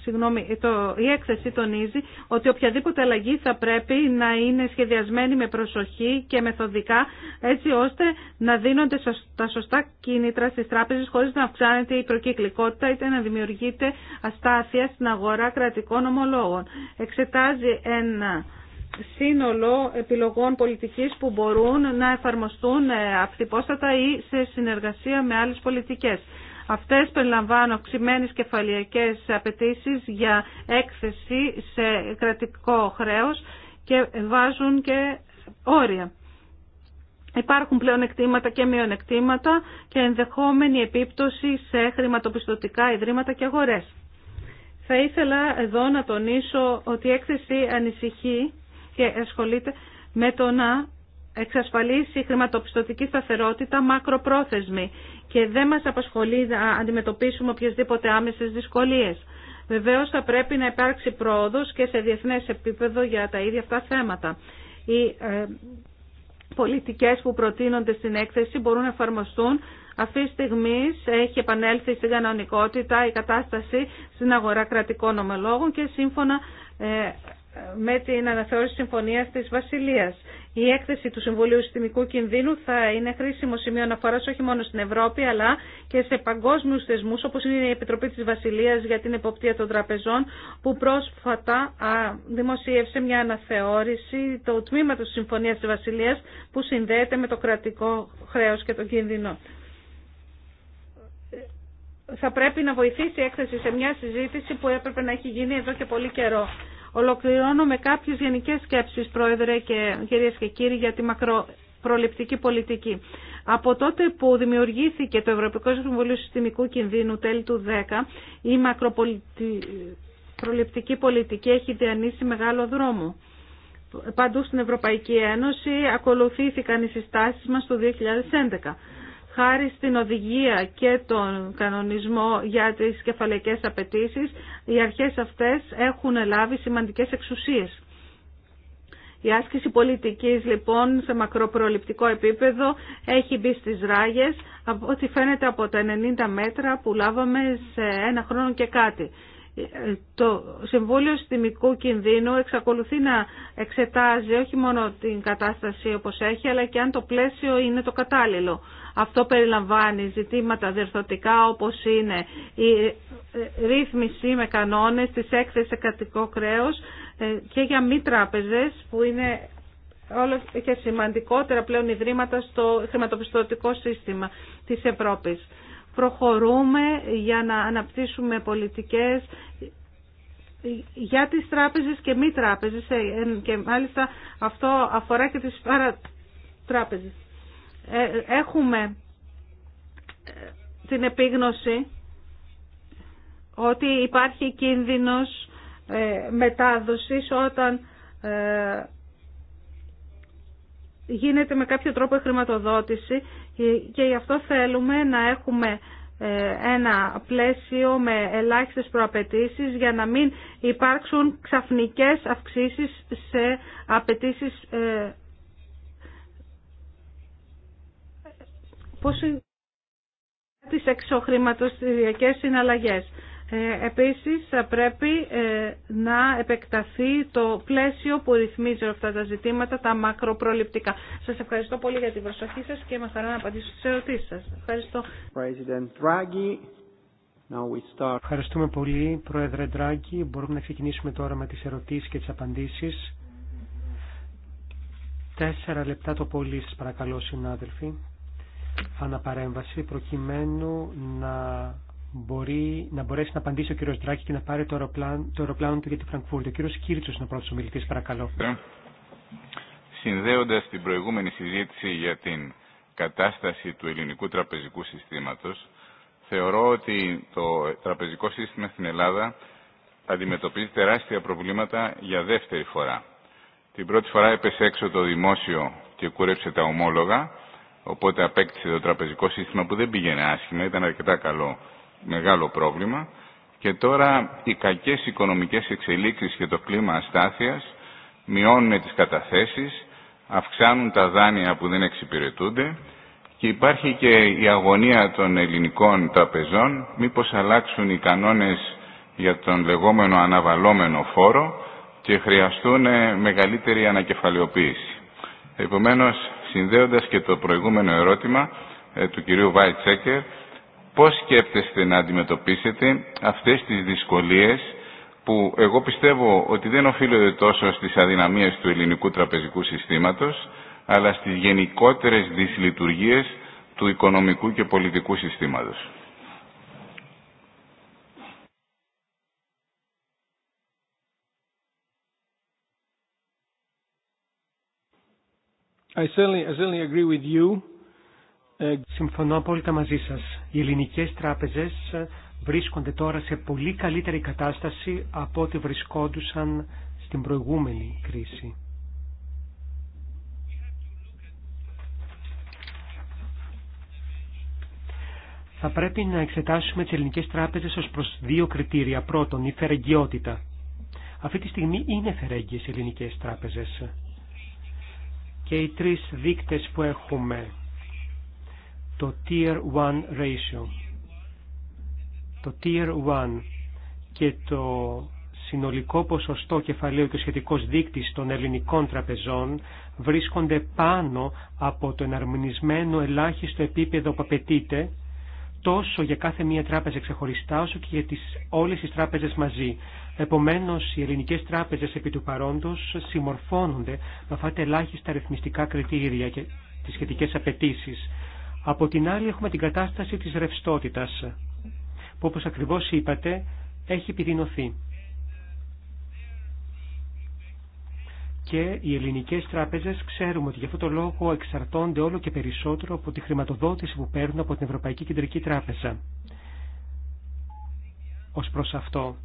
συγγνώμη, το, η έκθεση τονίζει ότι οποιαδήποτε αλλαγή θα πρέπει να είναι σχεδιασμένη με προσοχή και μεθοδικά έτσι ώστε να δίνονται τα σωστά κίνητρα στις τράπεζες χωρίς να αυξάνεται η προκυκλικότητα είτε να δημιουργείται αστάθεια στην αγορά κρατικών ομολόγων. Εξετάζει ένα σύνολο επιλογών πολιτικής που μπορούν να εφαρμοστούν ε, αυθυπόστατα ή σε συνεργασία με άλλες πολιτικές. Αυτές περιλαμβάνουν αυξημένε κεφαλιακές απαιτήσει για έκθεση σε κρατικό χρέος και βάζουν και όρια. Υπάρχουν πλέον εκτήματα και μειονεκτήματα και ενδεχόμενη επίπτωση σε χρηματοπιστωτικά ιδρύματα και αγορές. Θα ήθελα εδώ να τονίσω ότι η έκθεση ανησυχεί και ασχολείται με το να εξασφαλίσει η χρηματοπιστωτική σταθερότητα μακροπρόθεσμη και δεν μας απασχολεί να αντιμετωπίσουμε οποιασδήποτε άμεσες δυσκολίες. Βεβαίως θα πρέπει να υπάρξει πρόοδος και σε διεθνές επίπεδο για τα ίδια αυτά θέματα. Οι ε, πολιτικές που προτείνονται στην έκθεση μπορούν να εφαρμοστούν αυτή τη στιγμή έχει επανέλθει στην κανονικότητα η κατάσταση στην αγορά κρατικών ομολόγων και σύμφωνα ε, με την αναθεώρηση συμφωνίας της Βασιλείας. Η έκθεση του Συμβουλίου Συστημικού Κινδύνου θα είναι χρήσιμο σημείο αναφορά όχι μόνο στην Ευρώπη αλλά και σε παγκόσμιου θεσμού όπω είναι η Επιτροπή τη Βασιλεία για την Εποπτεία των Τραπεζών που πρόσφατα δημοσίευσε μια αναθεώρηση του τμήματο τη Συμφωνία τη Βασιλεία που συνδέεται με το κρατικό χρέο και τον κίνδυνο. Θα πρέπει να βοηθήσει η έκθεση σε μια συζήτηση που έπρεπε να έχει γίνει εδώ και πολύ καιρό. Ολοκληρώνω με κάποιες γενικές σκέψεις, Πρόεδρε και κυρίες και κύριοι, για τη μακροπροληπτική πολιτική. Από τότε που δημιουργήθηκε το Ευρωπαϊκό Συμβουλίο Συστημικού Κινδύνου τέλη του 10, η μακροπροληπτική πολιτική έχει διανύσει μεγάλο δρόμο. Παντού στην Ευρωπαϊκή Ένωση ακολουθήθηκαν οι συστάσεις μας το 2011 χάρη στην οδηγία και τον κανονισμό για τις κεφαλαϊκές απαιτήσει, οι αρχές αυτές έχουν λάβει σημαντικές εξουσίες. Η άσκηση πολιτικής λοιπόν σε μακροπροληπτικό επίπεδο έχει μπει στις ράγες, από ό,τι φαίνεται από τα 90 μέτρα που λάβαμε σε ένα χρόνο και κάτι. Το Συμβούλιο Συστημικού Κινδύνου εξακολουθεί να εξετάζει όχι μόνο την κατάσταση όπως έχει, αλλά και αν το πλαίσιο είναι το κατάλληλο. Αυτό περιλαμβάνει ζητήματα διορθωτικά όπως είναι η ε, ε, ρύθμιση με κανόνες της έκθεσης σε κατοικό κρέος ε, και για μη τράπεζες που είναι όλο και σημαντικότερα πλέον ιδρύματα στο χρηματοπιστωτικό σύστημα της Ευρώπης. Προχωρούμε για να αναπτύσσουμε πολιτικές για τις τράπεζες και μη τράπεζες και μάλιστα αυτό αφορά και τις παρατράπεζες. Ε, έχουμε ε, την επίγνωση ότι υπάρχει κίνδυνος ε, μετάδοσης όταν γίνεται με κάποιο τρόπο χρηματοδότηση και γι' αυτό θέλουμε να έχουμε ένα πλαίσιο με ελάχιστες προαπαιτήσεις για να μην υπάρξουν ξαφνικές αυξήσεις σε απαιτήσεις Πώς είναι τις εξωχρηματοστηριακές συναλλαγές. Ε, επίσης θα πρέπει ε, να επεκταθεί το πλαίσιο που ρυθμίζει αυτά τα ζητήματα, τα μακροπροληπτικά. Σας ευχαριστώ πολύ για την προσοχή σας και με χαρά να απαντήσω στις ερωτήσεις σας. Ευχαριστώ. Ευχαριστούμε πολύ, Πρόεδρε Ντράγκη. Μπορούμε να ξεκινήσουμε τώρα με τις ερωτήσεις και τις απαντήσεις. Τέσσερα λεπτά το πολύ σας παρακαλώ, συνάδελφοι αναπαρέμβαση προκειμένου να, μπορεί, να μπορέσει να απαντήσει ο κύριος Δράκη και να πάρει το αεροπλάνο, το αεροπλάνο του για τη Φραγκφούρτη. Ο κύριος Κίρτσος είναι ο πρώτος ομιλητής, παρακαλώ. Συνδέοντας την προηγούμενη συζήτηση για την κατάσταση του ελληνικού τραπεζικού συστήματος, θεωρώ ότι το τραπεζικό σύστημα στην Ελλάδα αντιμετωπίζει τεράστια προβλήματα για δεύτερη φορά. Την πρώτη φορά έπεσε έξω το δημόσιο και κούρεψε τα ομόλογα Οπότε απέκτησε το τραπεζικό σύστημα που δεν πήγαινε άσχημα, ήταν αρκετά καλό, μεγάλο πρόβλημα. Και τώρα οι κακές οικονομικές εξελίξεις και το κλίμα αστάθειας μειώνουν τις καταθέσεις, αυξάνουν τα δάνεια που δεν εξυπηρετούνται και υπάρχει και η αγωνία των ελληνικών τραπεζών μήπως αλλάξουν οι κανόνες για τον λεγόμενο αναβαλόμενο φόρο και χρειαστούν μεγαλύτερη ανακεφαλαιοποίηση. Επομένως, συνδέοντας και το προηγούμενο ερώτημα ε, του κυρίου Βάιτσέκερ, πώς σκέπτεστε να αντιμετωπίσετε αυτές τις δυσκολίες που εγώ πιστεύω ότι δεν οφείλονται τόσο στις αδυναμίες του ελληνικού τραπεζικού συστήματος, αλλά στις γενικότερες δυσλειτουργίες του οικονομικού και πολιτικού συστήματος. I certainly, I certainly agree with you. Ε, Συμφωνώ απόλυτα μαζί σας. Οι ελληνικές τράπεζες ε, βρίσκονται τώρα σε πολύ καλύτερη κατάσταση από ό,τι βρισκόντουσαν στην προηγούμενη κρίση. Θα πρέπει να εξετάσουμε τις ελληνικές τράπεζες ως προς δύο κριτήρια. Πρώτον, η φερεγγιότητα. Αυτή τη στιγμή είναι φερέγγιες οι ελληνικές τράπεζες και οι τρεις δείκτες που έχουμε. Το Tier 1 Ratio, το Tier 1 και το συνολικό ποσοστό κεφαλαίου και ο σχετικός δείκτης των ελληνικών τραπεζών βρίσκονται πάνω από το εναρμονισμένο ελάχιστο επίπεδο που απαιτείται τόσο για κάθε μία τράπεζα ξεχωριστά όσο και για τις, όλες τις τράπεζες μαζί. Επομένως, οι ελληνικές τράπεζες επί του παρόντος συμμορφώνονται με αυτά τα ελάχιστα ρυθμιστικά κριτήρια και τις σχετικές απαιτήσει. Από την άλλη έχουμε την κατάσταση της ρευστότητας, που όπως ακριβώς είπατε έχει επιδεινωθεί. και οι ελληνικές τράπεζες ξέρουμε ότι γι' αυτό το λόγο εξαρτώνται όλο και περισσότερο από τη χρηματοδότηση που παίρνουν από την Ευρωπαϊκή Κεντρική Τράπεζα. Ως προς αυτό,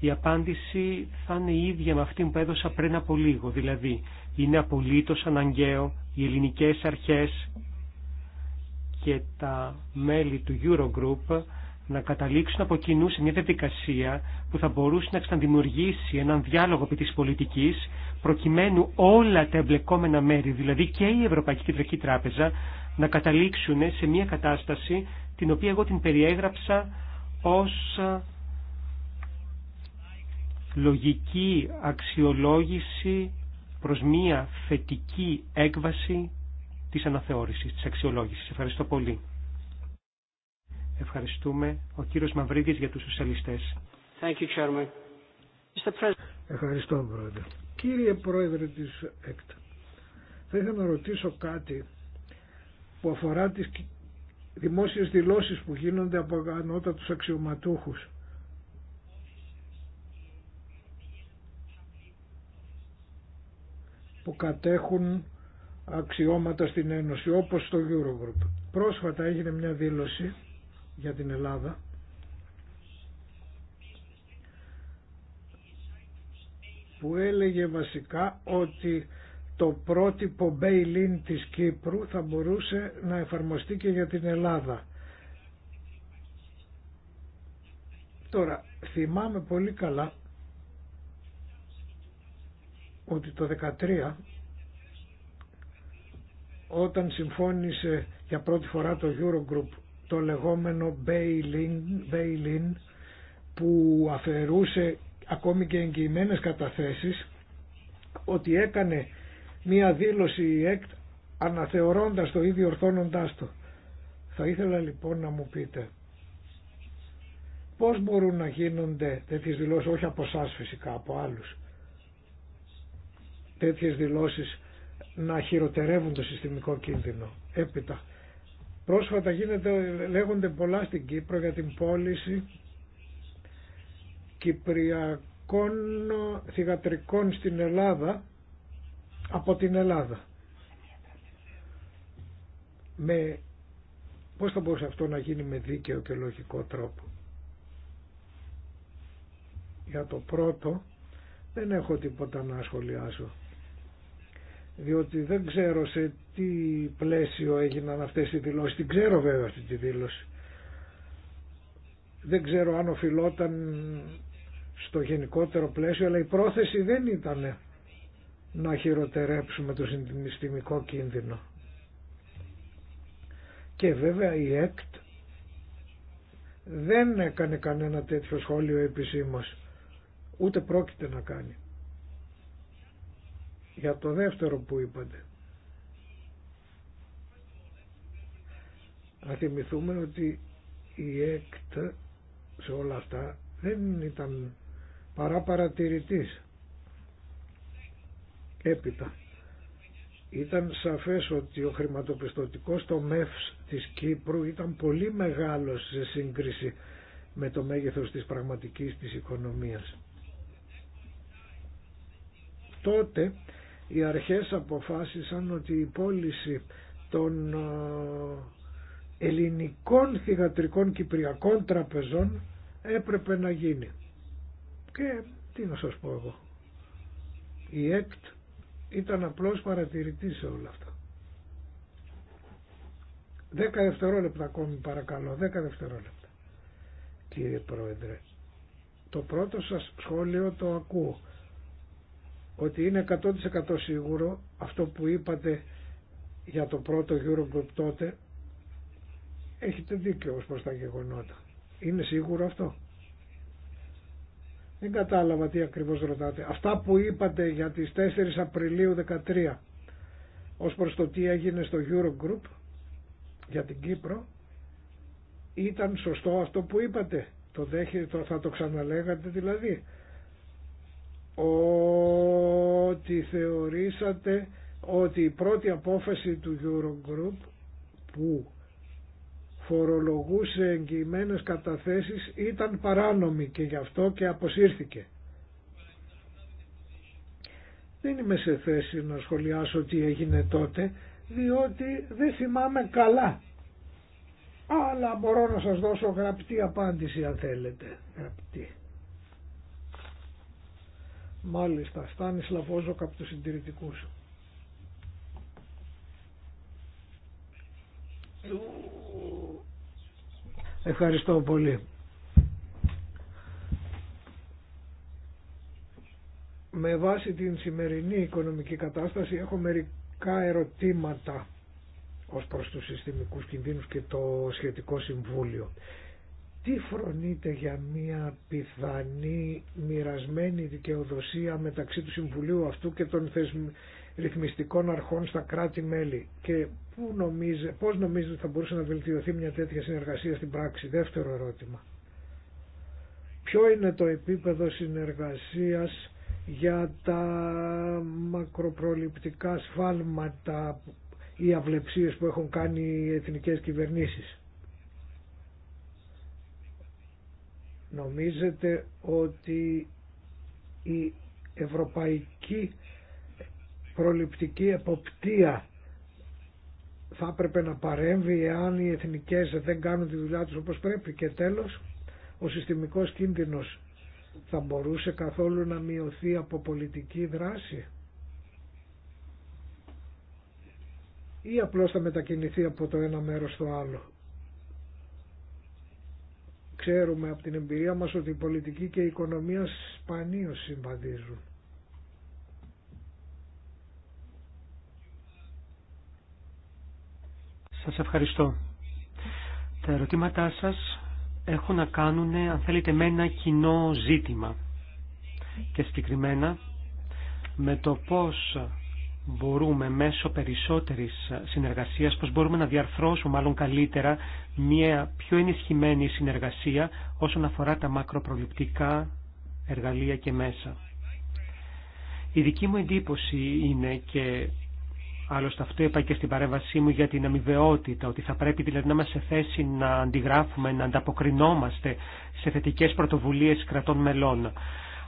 η απάντηση θα είναι η ίδια με αυτή που έδωσα πριν από λίγο, δηλαδή είναι απολύτως αναγκαίο οι ελληνικές αρχές και τα μέλη του Eurogroup να καταλήξουν από κοινού σε μια διαδικασία που θα μπορούσε να ξαναδημιουργήσει έναν διάλογο επί της πολιτικής προκειμένου όλα τα εμπλεκόμενα μέρη, δηλαδή και η Ευρωπαϊκή Κεντρική Τράπεζα, να καταλήξουν σε μια κατάσταση την οποία εγώ την περιέγραψα ως ε, λογική αξιολόγηση προς μια θετική έκβαση της αναθεώρησης, της αξιολόγησης. Ευχαριστώ πολύ. Ευχαριστούμε. Ο κύριος Μαυρίδης για τους σοσιαλιστές. Thank you, Chairman. Ευχαριστώ, Πρόεδρε. Κύριε Πρόεδρε της ΕΚΤ, θα ήθελα να ρωτήσω κάτι που αφορά τις δημόσιες δηλώσεις που γίνονται από ανώτατους αξιωματούχους. που κατέχουν αξιώματα στην Ένωση όπως στο Eurogroup. Πρόσφατα έγινε μια δήλωση για την Ελλάδα που έλεγε βασικά ότι το προτυπο Μπέιλιν της Κύπρου θα μπορούσε να εφαρμοστεί και για την Ελλάδα. Τώρα, θυμάμαι πολύ καλά ότι το 2013 όταν συμφώνησε για πρώτη φορά το Eurogroup το λεγόμενο bail-in που αφαιρούσε ακόμη και εγγυημένε καταθέσεις ότι έκανε μία δήλωση η ΕΚΤ αναθεωρώντας το ή διορθώνοντάς το. Θα ήθελα λοιπόν να μου πείτε πώς μπορούν να γίνονται τέτοιες δηλώσεις, όχι από εσά φυσικά, από άλλους, τέτοιες δηλώσεις να χειροτερεύουν το συστημικό κίνδυνο. Έπειτα, Πρόσφατα γίνεται, λέγονται πολλά στην Κύπρο για την πώληση κυπριακών θυγατρικών στην Ελλάδα από την Ελλάδα. Με, πώς θα μπορούσε αυτό να γίνει με δίκαιο και λογικό τρόπο. Για το πρώτο δεν έχω τίποτα να σχολιάσω διότι δεν ξέρω σε τι πλαίσιο έγιναν αυτές οι δηλώσεις. Την ξέρω βέβαια αυτή τη δήλωση. Δεν ξέρω αν οφειλόταν στο γενικότερο πλαίσιο, αλλά η πρόθεση δεν ήταν να χειροτερέψουμε το συντημιστημικό κίνδυνο. Και βέβαια η ΕΚΤ δεν έκανε κανένα τέτοιο σχόλιο επισήμως, ούτε πρόκειται να κάνει για το δεύτερο που είπατε. Να θυμηθούμε ότι η ΕΚΤ σε όλα αυτά δεν ήταν παρά παρατηρητής. Έπειτα. Ήταν σαφές ότι ο χρηματοπιστωτικός το ΜΕΦΣ της Κύπρου ήταν πολύ μεγάλος σε σύγκριση με το μέγεθος της πραγματικής της οικονομίας. Τότε οι αρχές αποφάσισαν ότι η πώληση των ε, ελληνικών θηγατρικών κυπριακών τραπεζών έπρεπε να γίνει. Και τι να σας πω εγώ. Η ΕΚΤ ήταν απλώς παρατηρητή σε όλα αυτά. Δέκα δευτερόλεπτα ακόμη παρακαλώ, δέκα δευτερόλεπτα. Κύριε Πρόεδρε, το πρώτο σας σχόλιο το ακούω ότι είναι 100% σίγουρο αυτό που είπατε για το πρώτο Eurogroup τότε έχετε δίκιο ως προς τα γεγονότα. Είναι σίγουρο αυτό. Δεν κατάλαβα τι ακριβώς ρωτάτε. Αυτά που είπατε για τις 4 Απριλίου 13 ως προς το τι έγινε στο Eurogroup για την Κύπρο ήταν σωστό αυτό που είπατε. Το θα το ξαναλέγατε δηλαδή. Ο ότι θεωρήσατε ότι η πρώτη απόφαση του Eurogroup που φορολογούσε εγγυημένες καταθέσεις ήταν παράνομη και γι' αυτό και αποσύρθηκε. Δεν είμαι σε θέση να σχολιάσω τι έγινε τότε, διότι δεν θυμάμαι καλά. Αλλά μπορώ να σας δώσω γραπτή απάντηση αν θέλετε. Γραπτή. Μάλιστα, στάνει λαβόζο από τους συντηρητικού. Ευχαριστώ πολύ. Με βάση την σημερινή οικονομική κατάσταση έχω μερικά ερωτήματα ως προς τους συστημικούς κινδύνους και το σχετικό συμβούλιο τι φρονείτε για μια πιθανή μοιρασμένη δικαιοδοσία μεταξύ του Συμβουλίου αυτού και των θεσμ... ρυθμιστικών αρχών στα κράτη-μέλη και πού νομίζε, πώς νομίζετε ότι θα μπορούσε να βελτιωθεί μια τέτοια συνεργασία στην πράξη. Δεύτερο ερώτημα. Ποιο είναι το επίπεδο συνεργασίας για τα μακροπροληπτικά σφάλματα ή αυλεψίες που έχουν κάνει οι εθνικές κυβερνήσεις. Νομίζετε ότι η ευρωπαϊκή προληπτική εποπτεία θα έπρεπε να παρέμβει εάν οι εθνικές δεν κάνουν τη δουλειά τους όπως πρέπει και τέλος ο συστημικός κίνδυνος θα μπορούσε καθόλου να μειωθεί από πολιτική δράση ή απλώς θα μετακινηθεί από το ένα μέρος στο άλλο. Ξέρουμε από την εμπειρία μας ότι η πολιτική και η οικονομία σπανίως συμβαδίζουν. Σας ευχαριστώ. Τα ερωτήματά σας έχουν να κάνουν, αν θέλετε, με ένα κοινό ζήτημα και συγκεκριμένα με το πώς μπορούμε μέσω περισσότερης συνεργασίας, πώς μπορούμε να διαρθρώσουμε μάλλον καλύτερα μια πιο ενισχυμένη συνεργασία όσον αφορά τα μακροπροληπτικά εργαλεία και μέσα. Η δική μου εντύπωση είναι και άλλωστε αυτό είπα και στην παρέμβασή μου για την αμοιβαιότητα, ότι θα πρέπει δηλαδή να είμαστε σε θέση να αντιγράφουμε, να ανταποκρινόμαστε σε θετικές πρωτοβουλίες κρατών μελών.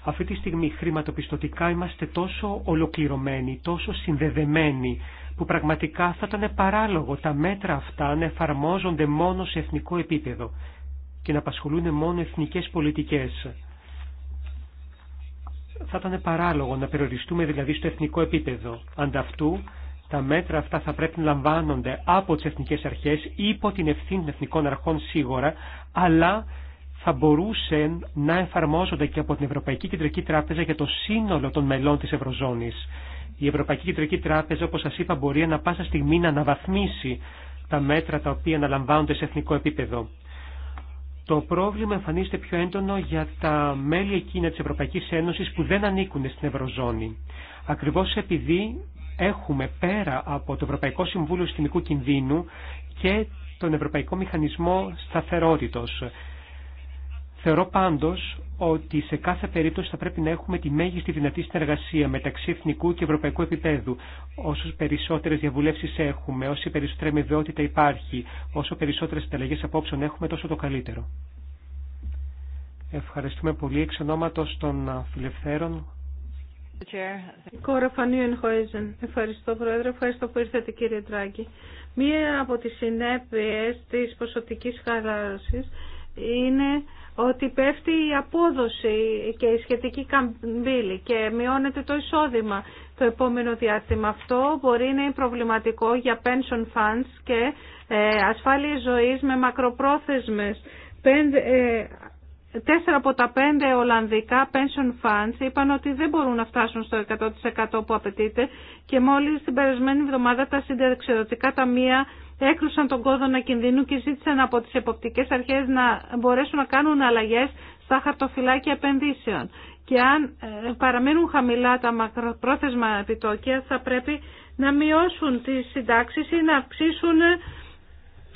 Αυτή τη στιγμή χρηματοπιστωτικά είμαστε τόσο ολοκληρωμένοι, τόσο συνδεδεμένοι, που πραγματικά θα ήταν παράλογο τα μέτρα αυτά να εφαρμόζονται μόνο σε εθνικό επίπεδο και να απασχολούν μόνο εθνικές πολιτικές. Θα ήταν παράλογο να περιοριστούμε δηλαδή στο εθνικό επίπεδο. Ανταυτού, τα μέτρα αυτά θα πρέπει να λαμβάνονται από τις εθνικές αρχές, υπό την ευθύνη των εθνικών αρχών σίγουρα, αλλά θα μπορούσε να εφαρμόζονται και από την Ευρωπαϊκή Κεντρική Τράπεζα για το σύνολο των μελών της Ευρωζώνης. Η Ευρωπαϊκή Κεντρική Τράπεζα, όπως σας είπα, μπορεί ανα πάσα στιγμή να αναβαθμίσει τα μέτρα τα οποία αναλαμβάνονται σε εθνικό επίπεδο. Το πρόβλημα εμφανίζεται πιο έντονο για τα μέλη εκείνα της Ευρωπαϊκής Ένωσης που δεν ανήκουν στην Ευρωζώνη. Ακριβώς επειδή έχουμε πέρα από το Ευρωπαϊκό Συμβούλιο Συστημικού Κινδύνου και τον Ευρωπαϊκό Μηχανισμό Σταθερότητος. Θεωρώ πάντως ότι σε κάθε περίπτωση θα πρέπει να έχουμε τη μέγιστη δυνατή συνεργασία μεταξύ εθνικού και ευρωπαϊκού επίπεδου. Όσε περισσότερε διαβουλεύσει έχουμε, όση περισσότερη αμοιβαιότητα υπάρχει, όσο περισσότερε συνταλλαγέ απόψεων έχουμε, τόσο το καλύτερο. Ευχαριστούμε πολύ. Εξ ονόματο των φιλευθέρων. Ευχαριστώ, Πρόεδρε. Ευχαριστώ που ήρθατε, κύριε Τράγκη. Μία από τι συνέπειε τη ποσοτική χαλάρωση είναι ότι πέφτει η απόδοση και η σχετική καμπύλη και μειώνεται το εισόδημα το επόμενο διάστημα. Αυτό μπορεί να είναι προβληματικό για pension funds και ε, ασφάλειες ζωής με μακροπρόθεσμες. Ε, τέσσερα από τα πέντε Ολλανδικά pension funds είπαν ότι δεν μπορούν να φτάσουν στο 100% που απαιτείται και μόλις την περασμένη εβδομάδα τα συνταξιδοτικά ταμεία έκρουσαν τον κόδωνα κινδύνου και ζήτησαν από τις εποπτικές αρχές να μπορέσουν να κάνουν αλλαγές στα χαρτοφυλάκια επενδύσεων. Και αν ε, παραμένουν χαμηλά τα μακροπρόθεσμα επιτόκια θα πρέπει να μειώσουν τις συντάξεις ή να αυξήσουν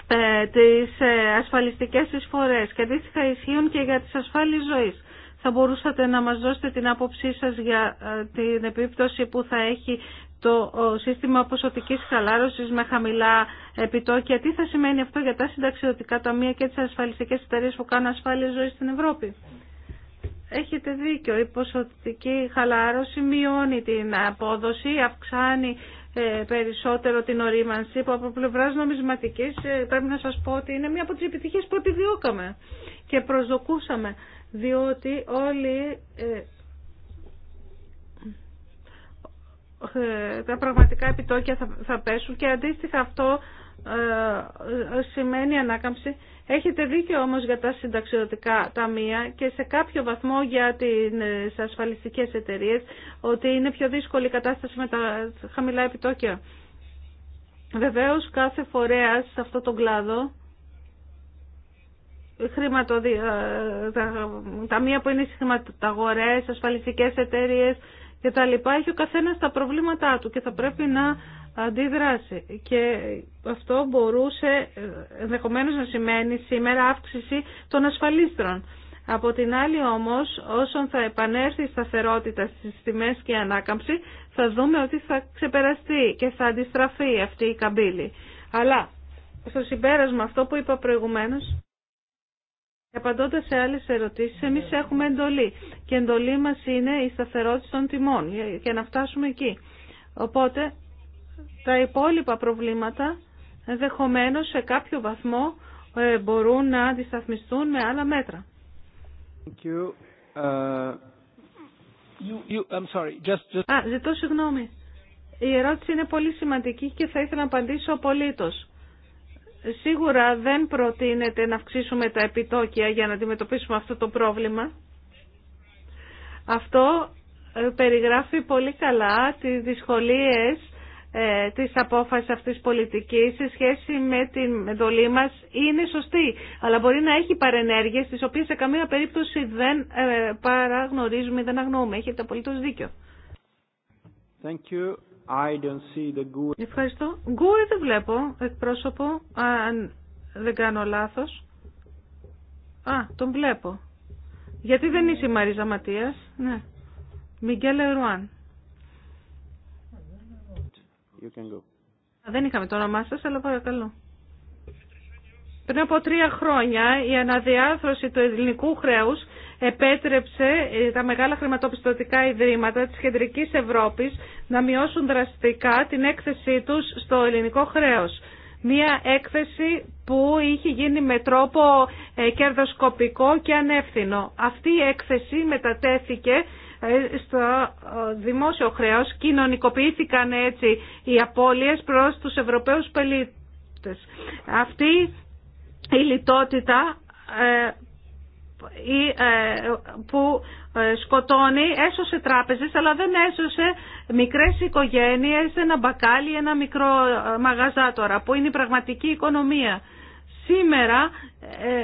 ε, τις ε, ασφαλιστικές εισφορές και αντίστοιχα ισχύουν και για τις ασφάλειες ζωής. Θα μπορούσατε να μας δώσετε την άποψή σας για την επίπτωση που θα έχει το σύστημα ποσοτικής χαλάρωσης με χαμηλά επιτόκια. Τι θα σημαίνει αυτό για τα συνταξιδοτικά ταμεία και τις ασφαλιστικές εταιρείε που κάνουν ασφάλεια ζωή στην Ευρώπη. Έχετε δίκιο, η ποσοτική χαλάρωση μειώνει την απόδοση, αυξάνει ε, περισσότερο την ορίμανση που από πλευρά νομισματικής ε, πρέπει να σας πω ότι είναι μία από τις επιτυχίες που επιδιώκαμε και προσδοκούσαμε διότι όλοι ε, Ε, τα πραγματικά επιτόκια θα πέσουν και αντίστοιχα αυτό ε, σημαίνει ανάκαμψη. Έχετε δίκιο όμως για τα συνταξιδοτικά ταμεία και σε κάποιο βαθμό για τις ασφαλιστικές εταιρείες ότι είναι πιο δύσκολη η κατάσταση με τα χαμηλά επιτόκια. Βεβαίως κάθε φορέας σε αυτό τον κλάδο χρηματοδι... Ε, τα ταμεία που είναι στις ασφαλιστικέ ασφαλιστικές εταιρείες, και τα λοιπά, έχει ο καθένας τα προβλήματά του και θα πρέπει να αντιδράσει. Και αυτό μπορούσε ε, ενδεχομένω να σημαίνει σήμερα αύξηση των ασφαλίστρων. Από την άλλη όμως, όσον θα επανέλθει η σταθερότητα στις τιμές και η ανάκαμψη, θα δούμε ότι θα ξεπεραστεί και θα αντιστραφεί αυτή η καμπύλη. Αλλά στο συμπέρασμα αυτό που είπα προηγουμένως, Απαντώντα σε άλλε ερωτήσει, εμεί έχουμε εντολή. Και εντολή μα είναι η σταθερότητα των τιμών και να φτάσουμε εκεί. Οπότε τα υπόλοιπα προβλήματα ενδεχομένω σε κάποιο βαθμό ε, μπορούν να αντισταθμιστούν με άλλα μέτρα. Thank uh, you. I'm sorry. Just, just... Α, ζητώ συγγνώμη. Η ερώτηση είναι πολύ σημαντική και θα ήθελα να απαντήσω απολύτως. Σίγουρα δεν προτείνεται να αυξήσουμε τα επιτόκια για να αντιμετωπίσουμε αυτό το πρόβλημα. Αυτό ε, περιγράφει πολύ καλά τις δυσκολίες ε, της απόφασης αυτής πολιτικής σε σχέση με την εντολή μας είναι σωστή, αλλά μπορεί να έχει παρενέργειες τις οποίες σε καμία περίπτωση δεν ε, παραγνωρίζουμε ή δεν αγνοούμε. Έχετε απολύτως δίκιο. Thank I don't see the Ευχαριστώ. Γκουε δεν βλέπω εκπρόσωπο, αν δεν κάνω λάθος. Α, τον βλέπω. Γιατί δεν είσαι η Μαρίζα Ματίας. Ναι. Μιγγέλ Ερουάν. Δεν είχαμε το όνομά σας, αλλά παρακαλώ. Πριν από τρία χρόνια η αναδιάθρωση του ελληνικού χρέους επέτρεψε ε, τα μεγάλα χρηματοπιστωτικά ιδρύματα της κεντρικής Ευρώπης να μειώσουν δραστικά την έκθεσή τους στο ελληνικό χρέος. Μία έκθεση που είχε γίνει με τρόπο ε, κερδοσκοπικό και ανεύθυνο. Αυτή η έκθεση μετατέθηκε ε, στο δημόσιο χρέος, κοινωνικοποιήθηκαν έτσι οι απώλειες προς τους Ευρωπαίους πελίτες. Αυτή η λιτότητα ή ε, που ε, σκοτώνει έσωσε τράπεζες αλλά δεν έσωσε μικρές οικογένειες, ένα μπακάλι, ένα μικρό ε, μαγαζά τώρα που είναι η πραγματική μπακαλι ενα μικρο μαγαζάτορα που ειναι η πραγματικη οικονομια Σήμερα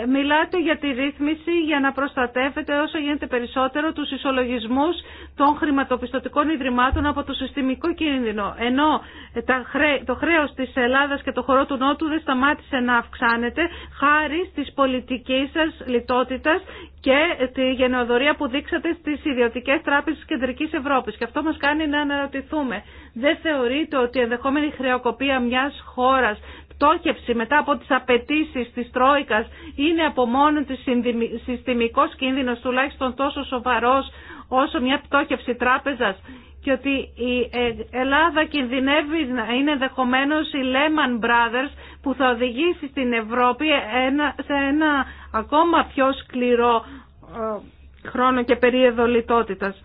ε, μιλάτε για τη ρύθμιση για να προστατεύετε όσο γίνεται περισσότερο τους ισολογισμούς των χρηματοπιστωτικών ιδρυμάτων από το συστημικό κίνδυνο. Ενώ ε, το χρέος της Ελλάδας και το χωρό του Νότου δεν σταμάτησε να αυξάνεται χάρη στις πολιτική σας λιτότητας και τη γενεοδορία που δείξατε στις ιδιωτικές τράπεζες της Κεντρικής Ευρώπης. Και αυτό μας κάνει να αναρωτηθούμε. Δεν θεωρείτε ότι η ενδεχόμενη χρεοκοπία μιας χώρας μετά από τις απαιτήσει της Τρόικας είναι από μόνο της συστημικός κίνδυνος τουλάχιστον τόσο σοβαρός όσο μια πτώχευση τράπεζας και ότι η ε- Ελλάδα κινδυνεύει να είναι ενδεχομένω η Lehman Brothers που θα οδηγήσει στην Ευρώπη σε ένα ακόμα πιο σκληρό ε, χρόνο και περίοδο λιτότητας.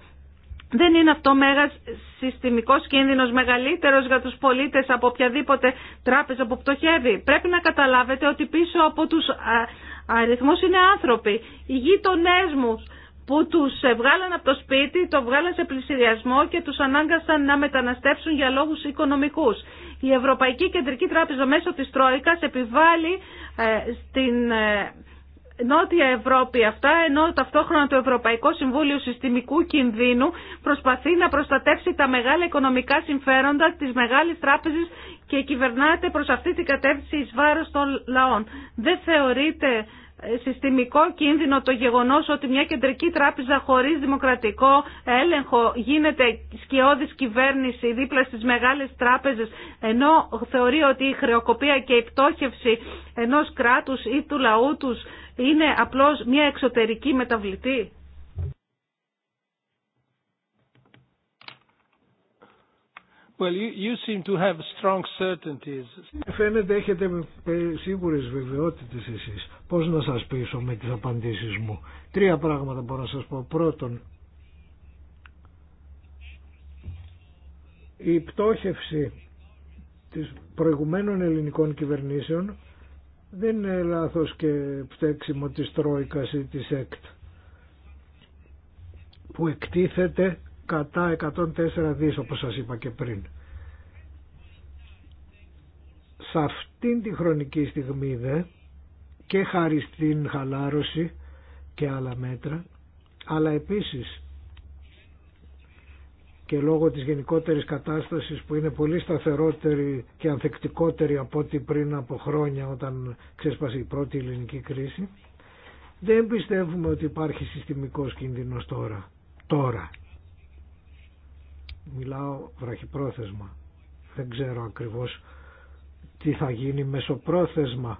Δεν είναι αυτό μέγας συστημικός κίνδυνος μεγαλύτερος για τους πολίτες από οποιαδήποτε τράπεζα που πτωχεύει. Πρέπει να καταλάβετε ότι πίσω από τους αριθμούς είναι άνθρωποι. Οι γείτονέ μου που τους βγάλαν από το σπίτι, το βγάλαν σε πλησιδιασμό και τους ανάγκασαν να μεταναστεύσουν για λόγους οικονομικούς. Η Ευρωπαϊκή Κεντρική Τράπεζα μέσω της Τρόικας επιβάλλει ε, στην ε, Νότια Ευρώπη αυτά, ενώ ταυτόχρονα το Ευρωπαϊκό Συμβούλιο Συστημικού Κινδύνου προσπαθεί να προστατεύσει τα μεγάλα οικονομικά συμφέροντα της μεγάλης τράπεζης και κυβερνάται προς αυτή την κατεύθυνση εις βάρος των λαών. Δεν θεωρείται ε, συστημικό κίνδυνο το γεγονός ότι μια κεντρική τράπεζα χωρίς δημοκρατικό έλεγχο γίνεται σκιώδης κυβέρνηση δίπλα στις μεγάλες τράπεζες ενώ θεωρεί ότι η χρεοκοπία και η πτώχευση ενός κράτους ή του λαού τους είναι απλώς μια εξωτερική μεταβλητή. you, seem to have strong certainties. Ε, φαίνεται έχετε ε, σίγουρες βεβαιότητες εσείς. Πώς να σας πείσω με τις απαντήσεις μου. Τρία πράγματα μπορώ να σας πω. Πρώτον, η πτώχευση της προηγουμένων ελληνικών κυβερνήσεων δεν είναι λάθος και φταίξιμο της Τρόικας ή της ΕΚΤ που εκτίθεται κατά 104 δις όπως σας είπα και πριν. Σε αυτήν τη χρονική στιγμή δε και χάρη στην χαλάρωση και άλλα μέτρα αλλά επίσης και λόγω της γενικότερης κατάστασης που είναι πολύ σταθερότερη και ανθεκτικότερη από ό,τι πριν από χρόνια όταν ξέσπασε η πρώτη ελληνική κρίση, δεν πιστεύουμε ότι υπάρχει συστημικός κίνδυνος τώρα. Τώρα. Μιλάω βραχυπρόθεσμα. Δεν ξέρω ακριβώς τι θα γίνει μεσοπρόθεσμα.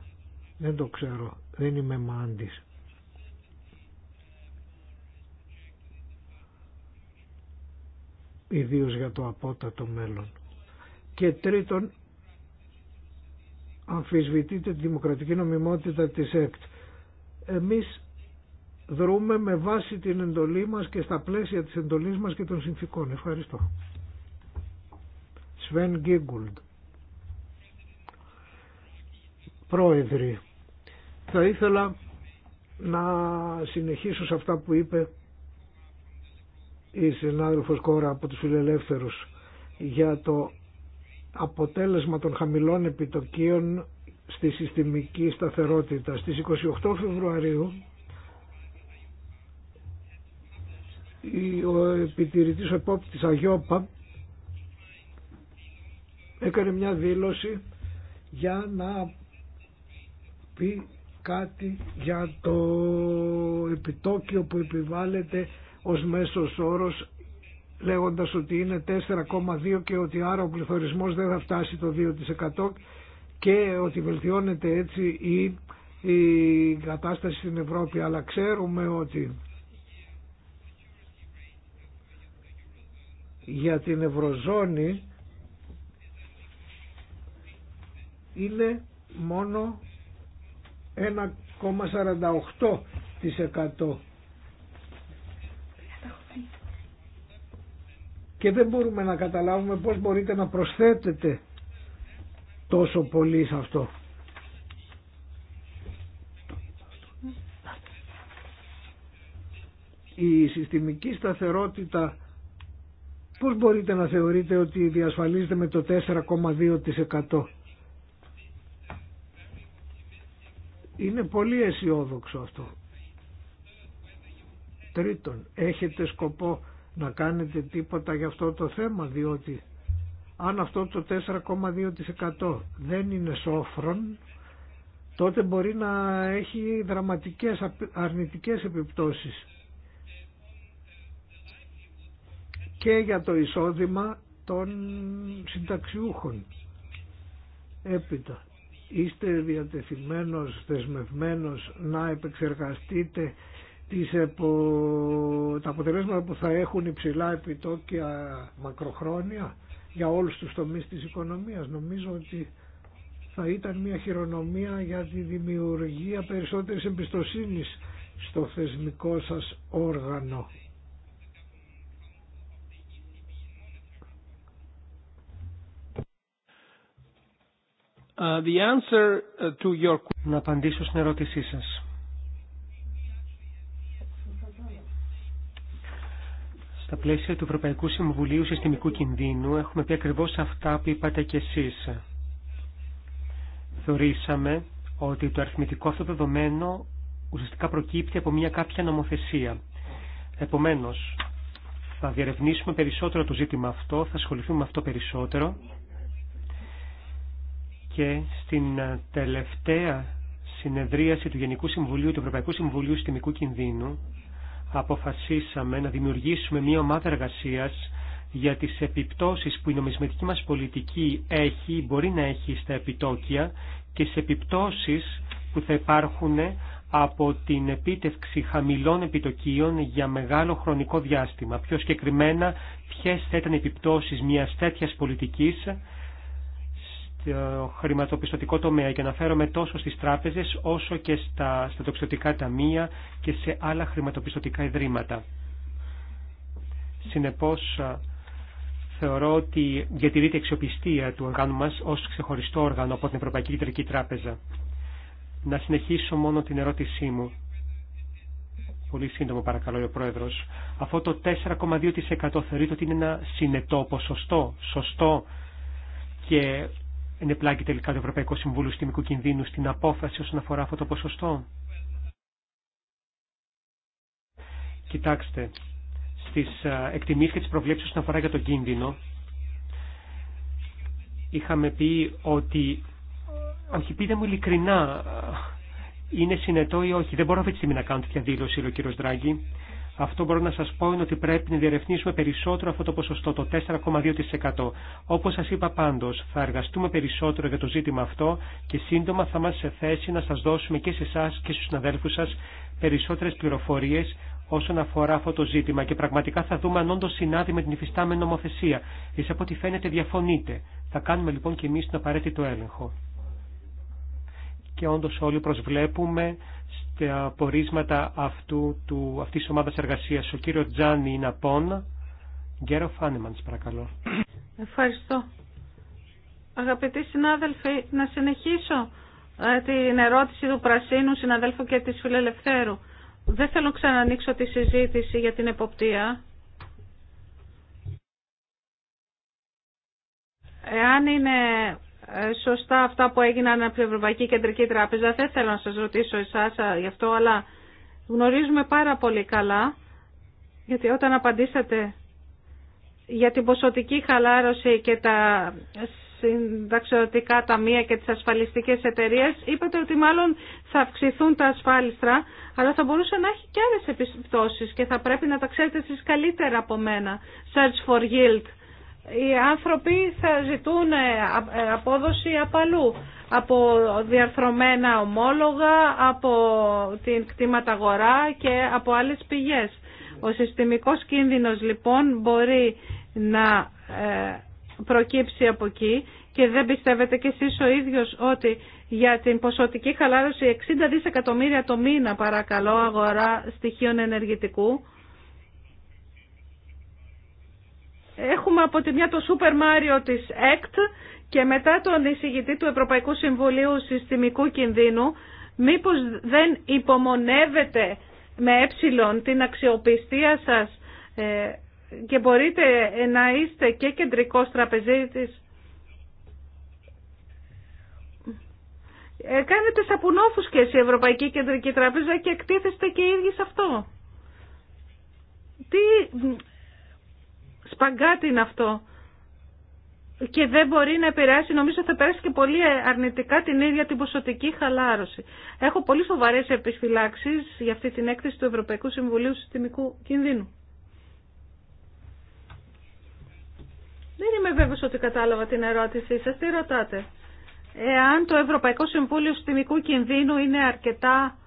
Δεν το ξέρω. Δεν είμαι μάντης. ιδίως για το απότατο μέλλον. Και τρίτον, αμφισβητείτε τη δημοκρατική νομιμότητα της ΕΚΤ. Εμείς δρούμε με βάση την εντολή μας και στα πλαίσια της εντολής μας και των συνθήκων. Ευχαριστώ. Σβέν Γκίγκουλντ. Πρόεδρε, θα ήθελα να συνεχίσω σε αυτά που είπε η συνάδελφος Κόρα από τους φιλελεύθερους για το αποτέλεσμα των χαμηλών επιτοκίων στη συστημική σταθερότητα. Στις 28 Φεβρουαρίου ο επιτηρητής ο επόπτης Αγιώπα έκανε μια δήλωση για να πει κάτι για το επιτόκιο που επιβάλλεται ως μέσος όρος λέγοντας ότι είναι 4,2 και ότι άρα ο πληθωρισμός δεν θα φτάσει το 2% και ότι βελτιώνεται έτσι η, η κατάσταση στην Ευρώπη. Αλλά ξέρουμε ότι για την Ευρωζώνη είναι μόνο 1,48% και δεν μπορούμε να καταλάβουμε πώς μπορείτε να προσθέτετε τόσο πολύ σε αυτό. Η συστημική σταθερότητα πώς μπορείτε να θεωρείτε ότι διασφαλίζεται με το 4,2%. Είναι πολύ αισιόδοξο αυτό. Τρίτον, έχετε σκοπό να κάνετε τίποτα για αυτό το θέμα διότι αν αυτό το 4,2% δεν είναι σόφρον τότε μπορεί να έχει δραματικές αρνητικές επιπτώσεις και για το εισόδημα των συνταξιούχων. Έπειτα, είστε διατεθειμένος, δεσμευμένος να επεξεργαστείτε τις τα αποτελέσματα που θα έχουν υψηλά επιτόκια μακροχρόνια για όλους τους τομείς της οικονομίας. Νομίζω ότι θα ήταν μια χειρονομία για τη δημιουργία περισσότερης εμπιστοσύνης στο θεσμικό σας όργανο. Uh, the answer uh, to Να απαντήσω στην ερώτησή σας. Στα πλαίσια του Ευρωπαϊκού Συμβουλίου Συστημικού Κινδύνου έχουμε πει ακριβώ αυτά που είπατε κι εσείς. Θεωρήσαμε ότι το αριθμητικό αυτό δεδομένο ουσιαστικά προκύπτει από μια κάποια νομοθεσία. Επομένως, θα διερευνήσουμε περισσότερο το ζήτημα αυτό, θα ασχοληθούμε με αυτό περισσότερο και στην τελευταία συνεδρίαση του Γενικού Συμβουλίου, του Ευρωπαϊκού Συμβουλίου Συστημικού Κινδύνου αποφασίσαμε να δημιουργήσουμε μια ομάδα εργασίας για τις επιπτώσεις που η νομισματική μας πολιτική έχει, μπορεί να έχει στα επιτόκια και σε επιπτώσεις που θα υπάρχουν από την επίτευξη χαμηλών επιτοκίων για μεγάλο χρονικό διάστημα. Πιο συγκεκριμένα, ποιες θα ήταν οι επιπτώσεις μιας τέτοιας πολιτικής το χρηματοπιστωτικό τομέα και αναφέρομαι τόσο στις τράπεζες όσο και στα, στα τοξιωτικά ταμεία και σε άλλα χρηματοπιστωτικά ιδρύματα. Συνεπώς θεωρώ ότι διατηρείται η αξιοπιστία του οργάνου μας ως ξεχωριστό όργανο από την Ευρωπαϊκή Κεντρική Τράπεζα. Να συνεχίσω μόνο την ερώτησή μου. Πολύ σύντομο παρακαλώ ο Πρόεδρος. Αυτό το 4,2% θεωρείται ότι είναι ένα συνετό ποσοστό, σωστό και ενεπλάγει τελικά το Ευρωπαϊκό Συμβούλιο Συστημικού Κινδύνου στην απόφαση όσον αφορά αυτό το ποσοστό. Κοιτάξτε, στις ε, εκτιμήσεις και τις προβλέψεις όσον αφορά για τον κίνδυνο, είχαμε πει ότι, όχι πείτε μου ειλικρινά, ε, είναι συνετό ή όχι. Δεν μπορώ αυτή τη στιγμή να κάνω τέτοια δήλωση, λέει ο κύριο Δράγκη. Αυτό μπορώ να σας πω είναι ότι πρέπει να διερευνήσουμε περισσότερο αυτό το ποσοστό, το 4,2%. Όπως σας είπα πάντως, θα εργαστούμε περισσότερο για το ζήτημα αυτό και σύντομα θα είμαστε σε θέση να σας δώσουμε και σε εσά και στους συναδέλφους σας περισσότερες πληροφορίες όσον αφορά αυτό το ζήτημα και πραγματικά θα δούμε αν όντως συνάδει με την υφιστάμενη νομοθεσία. Εις από ό,τι φαίνεται διαφωνείτε. Θα κάνουμε λοιπόν και εμείς τον απαραίτητο έλεγχο και όντως όλοι προσβλέπουμε στα πορίσματα αυτού, του, αυτής της ομάδας εργασίας. Ο κύριο Τζάνι Ιναπών, Γκέρο Φάνιμαντς, παρακαλώ. Ευχαριστώ. Αγαπητοί συνάδελφοι, να συνεχίσω ε, την ερώτηση του Πρασίνου συναδέλφου και της Φιλελευθέρου. Δεν θέλω ξανανοίξω τη συζήτηση για την εποπτεία. Εάν είναι ε, σωστά αυτά που έγιναν από την Ευρωπαϊκή Κεντρική Τράπεζα. Δεν θέλω να σας ρωτήσω εσάς γι' αυτό, αλλά γνωρίζουμε πάρα πολύ καλά, γιατί όταν απαντήσατε για την ποσοτική χαλάρωση και τα συνταξιωτικά ταμεία και τις ασφαλιστικές εταιρείες, είπατε ότι μάλλον θα αυξηθούν τα ασφάλιστρα, αλλά θα μπορούσε να έχει και άλλες επιπτώσεις και θα πρέπει να τα ξέρετε εσείς καλύτερα από μένα. Search for yield οι άνθρωποι θα ζητούν ε, ε, απόδοση απαλού από διαρθρωμένα ομόλογα, από την αγορά και από άλλες πηγές. Ο συστημικός κίνδυνος λοιπόν μπορεί να ε, προκύψει από εκεί και δεν πιστεύετε κι εσείς ο ίδιος ότι για την ποσοτική χαλάρωση 60 δισεκατομμύρια το μήνα παρακαλώ αγορά στοιχείων ενεργητικού έχουμε από τη μια το Super Mario της ΕΚΤ και μετά τον εισηγητή του Ευρωπαϊκού Συμβουλίου Συστημικού Κινδύνου, μήπως δεν υπομονεύετε με ε την αξιοπιστία σας ε, και μπορείτε να είστε και κεντρικός τραπεζίτης. Ε, κάνετε σαπουνόφουσκες η Ευρωπαϊκή Κεντρική Τράπεζα και εκτίθεστε και οι ίδιοι σε αυτό. Τι Σπαγκάτι είναι αυτό. Και δεν μπορεί να επηρεάσει, νομίζω θα περάσει και πολύ αρνητικά την ίδια την ποσοτική χαλάρωση. Έχω πολύ σοβαρέ επιφυλάξει για αυτή την έκθεση του Ευρωπαϊκού Συμβουλίου Συστημικού Κινδύνου. Δεν είμαι βέβαιος ότι κατάλαβα την ερώτησή σας. Τι ρωτάτε. Εάν το Ευρωπαϊκό Συμβούλιο Συστημικού Κινδύνου είναι αρκετά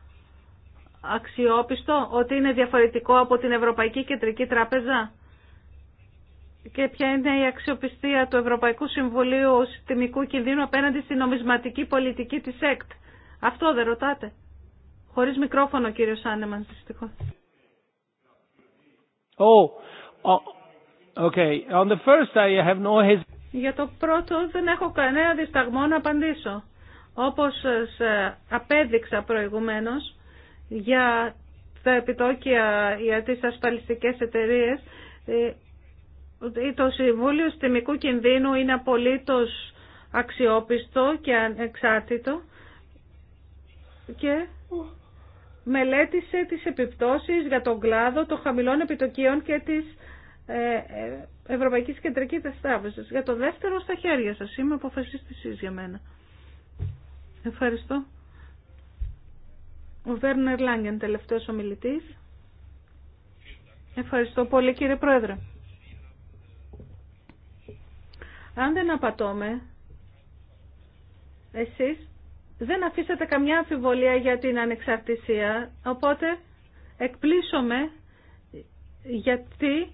αξιόπιστο, ότι είναι διαφορετικό από την Ευρωπαϊκή Κεντρική Τράπεζα και ποια είναι η αξιοπιστία του Ευρωπαϊκού Συμβουλίου Συστημικού Κινδύνου απέναντι στην νομισματική πολιτική της ΕΚΤ. Αυτό δεν ρωτάτε. Χωρίς μικρόφωνο, κύριο Σάνεμαν, δυστυχώς. Oh, oh okay. On the first, I have no... Για το πρώτο δεν έχω κανένα δισταγμό να απαντήσω. Όπως ε, απέδειξα προηγουμένως, για τα επιτόκια για τις ασφαλιστικές εταιρείες, ε, το Συμβούλιο Συστημικού Κινδύνου είναι απολύτως αξιόπιστο και ανεξάρτητο και μελέτησε τις επιπτώσεις για τον κλάδο των χαμηλών επιτοκίων και της ε, ε, Ευρωπαϊκής Κεντρικής Τράπεζας. Για το δεύτερο στα χέρια σας είμαι αποφασίστησης για μένα. Ευχαριστώ. Ο Βέρνερ Λάγκεν, τελευταίος ομιλητής. Ευχαριστώ πολύ κύριε Πρόεδρε. Αν δεν απατώμε, εσείς δεν αφήσατε καμιά αμφιβολία για την ανεξαρτησία, οπότε εκπλήσωμε γιατί